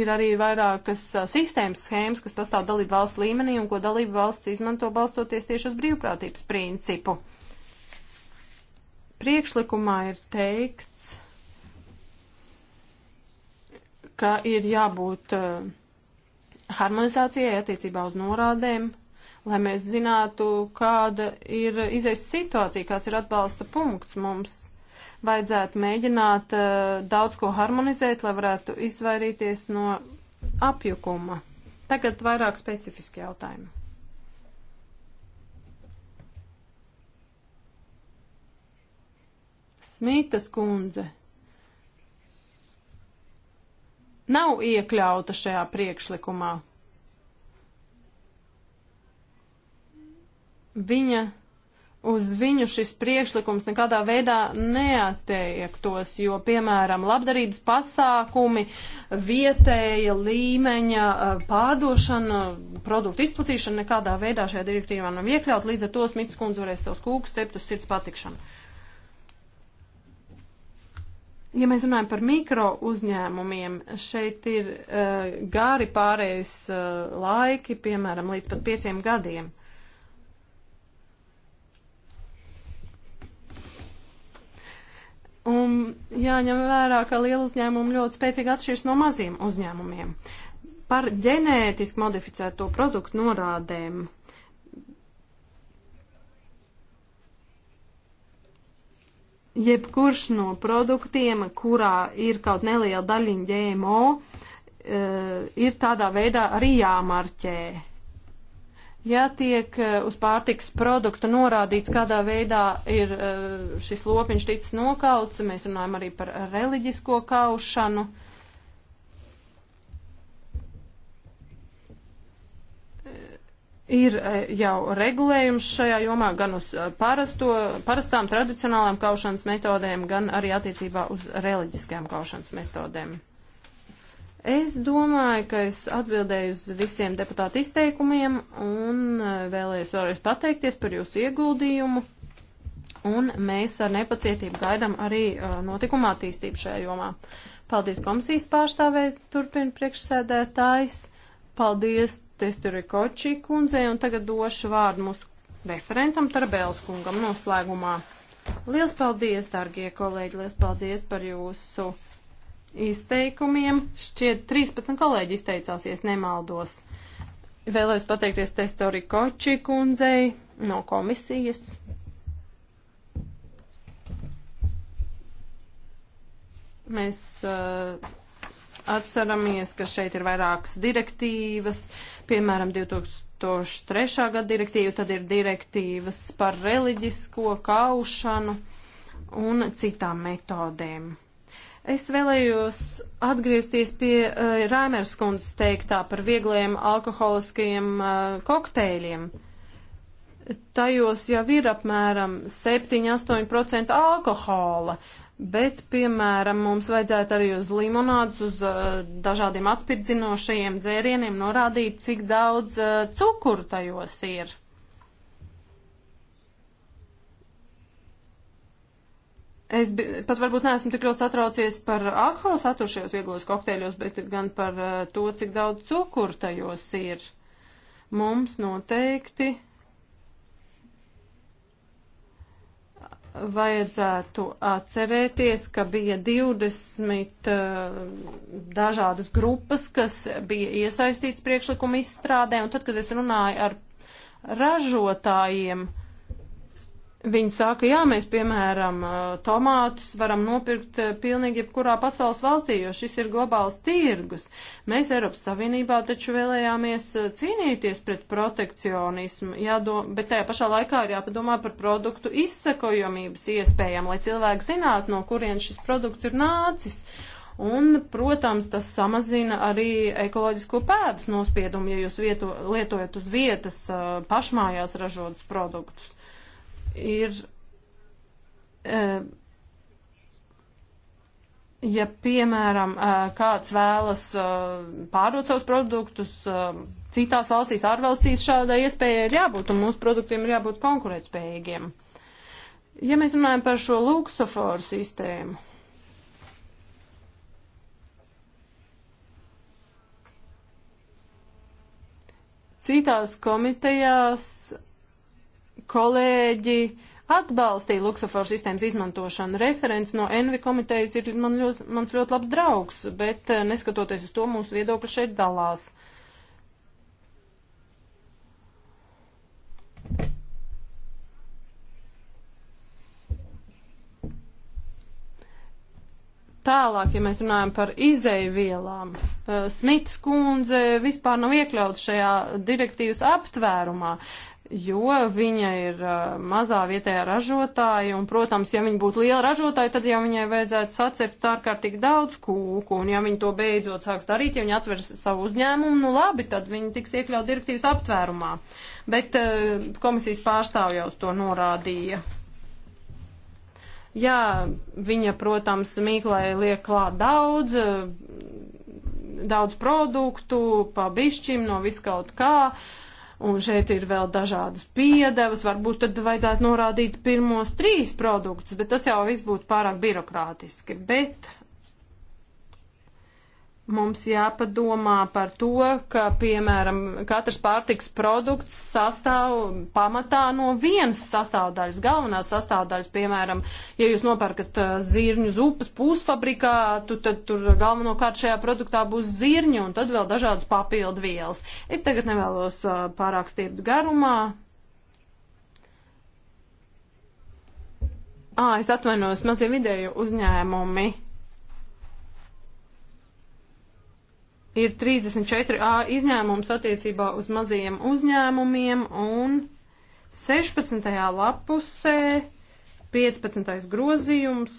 ir arī vairākas eh, sistēmas schēmas, kas pastāv dalību valsts līmenī un ko dalību valsts izmanto balstoties tieši uz brīvprātības principu. Priekšlikumā ir teikts, ka ir jābūt eh, harmonizācijai attiecībā uz norādēm, lai mēs zinātu, kāda ir izejas situācija, kāds ir atbalsta punkts mums. Vajadzētu mēģināt uh, daudz ko harmonizēt, lai varētu izvairīties no apjukuma. Tagad vairāk specifiski jautājumi. Smītas kundze nav iekļauta šajā priekšlikumā. viņa uz viņu šis priekšlikums nekādā veidā neatiektos, jo, piemēram, labdarības pasākumi, vietēja līmeņa eh, pārdošana, produktu izplatīšana nekādā veidā šajā direktīvā nav iekļaut, līdz ar to Smits kundze varēs savus kūkus cept uz sirds patikšanu. Ja mēs runājam par mikro uzņēmumiem, šeit ir uh, eh, gari pārējais uh, laiki, piemēram, līdz pat pieciem gadiem. Un jāņem vērā, ka liela uzņēmuma ļoti spēcīgi atšķiras no maziem uzņēmumiem. Par ģenētiski modificēto produktu norādēm. Jebkurš no produktiem, kurā ir kaut neliela daļiņa ģēmo, eh, ir tādā veidā arī jāmarķē. Ja tiek eh, uz pārtiks produktu norādīts, kādā veidā ir eh, šis lopiņš ticis nokauts, mēs runājam arī par reliģisko kaušanu. Ir eh, jau regulējums šajā jomā gan uz parasto, parastām tradicionālām kaušanas metodēm, gan arī attiecībā uz reliģiskajām kaušanas metodēm. Es domāju, ka es atbildēju uz visiem deputātu izteikumiem un e, vēlējos vēlreiz pateikties par jūsu ieguldījumu. Un mēs ar nepacietību gaidām arī e, notikuma attīstību šajā jomā. Paldies komisijas pārstāvēji, turpina priekšsēdētājs. Paldies Testuri Koči kundzei un tagad došu vārdu mūsu referentam Tarbēls kungam noslēgumā. Liels paldies, dargie kolēģi, liels paldies par jūsu izteikumiem. Šķiet, 13 kolēģi izteicās, ja nemaldos. Vēlējos pateikties Testori Koči kundzei no komisijas. Mēs uh, atceramies, ka šeit ir vairākas direktīvas, piemēram, 2003. gada direktīva, tad ir direktīvas par reliģisko kaušanu un citām metodēm. Es vēlējos atgriezties pie uh, Rāmers kundzes teiktā par viegliem alkoholiskajiem uh, kokteļiem. Tajos jau ir apmēram 7-8% alkohola, bet, piemēram, mums vajadzētu arī uz limonādes, uz uh, dažādiem atspirdzinošajiem dzērieniem norādīt, cik daudz uh, cukuru tajos ir. Es pat varbūt neesmu tik ļoti satraucies par alkohola saturu šajos vieglos kokteļos, bet gan par eh, to, cik daudz cukuru tajos ir. Mums noteikti vajadzētu atcerēties, ka bija 20 uh, eh, dažādas grupas, kas bija iesaistīts priekšlikuma izstrādē, un tad, kad es runāju ar ražotājiem, Viņi saka, jā, mēs, piemēram, tomātus varam nopirkt pilnīgi jebkurā pasaules valstī, jo šis ir globāls tirgus. Mēs Eiropas Savienībā taču vēlējāmies cīnīties pret protekcionismu, jādom, bet tajā pašā laikā ir jāpadomā par produktu izsakojamības iespējām, lai cilvēki zinātu, no kurien šis produkts ir nācis. Un, protams, tas samazina arī ekoloģisko pēdas nospiedumu, ja jūs vieto, lietojat uz vietas pašmājās ražotus produktus ir. Uh, Ja, piemēram, e, kāds vēlas e, pārdot savus produktus citās valstīs, ārvalstīs, šādai iespējai ir jābūt, un mūsu produktiem ir jābūt konkurētspējīgiem. Ja mēs runājam par šo luksoforu sistēmu, citās komitejās kolēģi atbalstīja luksuforu sistēmas izmantošanu. Referents no Envi komitejas ir man ļoti, mans ļoti labs draugs, bet eh, neskatoties uz to, mūsu viedokļi šeit dalās. Tālāk, ja mēs runājam par izēju vielām, eh, Smits kundze vispār nav iekļauts šajā direktīvas aptvērumā. Uh, jo viņa ir uh, mazā vietējā ražotāja, un, protams, ja viņa būtu liela ražotāja, tad jau viņai vajadzētu sacept ārkārtīgi daudz kūku, un ja viņa to beidzot sāks darīt, ja viņa atver savu uzņēmumu, nu labi, tad viņa tiks iekļaut direktīvas aptvērumā. Bet uh, komisijas pārstāvja uz to norādīja. Jā, viņa, protams, mīklai liek klāt daudz, uh, daudz produktu, pa bišķim no viskaut kā. Uh, un šeit ir vēl dažādas piedevas, varbūt tad vajadzētu norādīt pirmos trīs produktus, bet tas jau viss būtu pārāk birokrātiski. Bet mums jāpadomā par to, ka, piemēram, katrs pārtiks produkts sastāv pamatā no vienas sastāvdaļas, galvenās sastāvdaļas, piemēram, ja jūs nopērkat uh, zirņu zupas pusfabrikātu, tad tur galvenokārt šajā produktā būs zirņi un tad vēl dažādas papildu vielas. Es tagad nevēlos uh, pārāk stiept garumā. Ā, es atvainojos, mazie vidēju uzņēmumi ir 34A izņēmums attiecībā uz mazajiem uzņēmumiem un 16. lapusē 15. grozījums.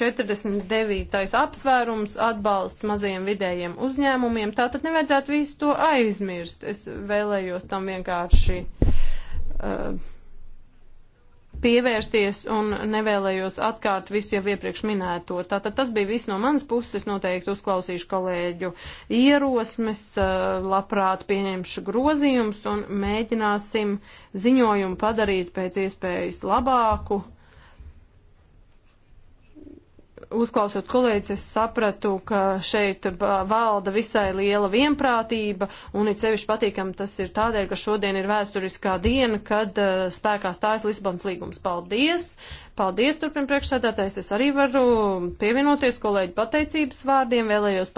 49. apsvērums atbalsts mazajiem vidējiem uzņēmumiem. Tātad nevajadzētu visu to aizmirst. Es vēlējos tam vienkārši uh, pievērsties un nevēlējos atkārt visu jau iepriekš minēto. Tātad tas bija viss no manas puses. Es noteikti uzklausīšu kolēģu ierosmes, eh, labprāt pieņemšu grozījumus un mēģināsim ziņojumu padarīt pēc iespējas labāku uzklausot kolēģis, es sapratu, ka šeit valda visai liela vienprātība, un it sevišķi patīkam tas ir tādēļ, ka šodien ir vēsturiskā diena, kad uh, spēkā stājas Lisbonas līgums. Paldies! Paldies, turpin priekšsēdētājs, es arī varu pievienoties kolēģi pateicības vārdiem, vēlējos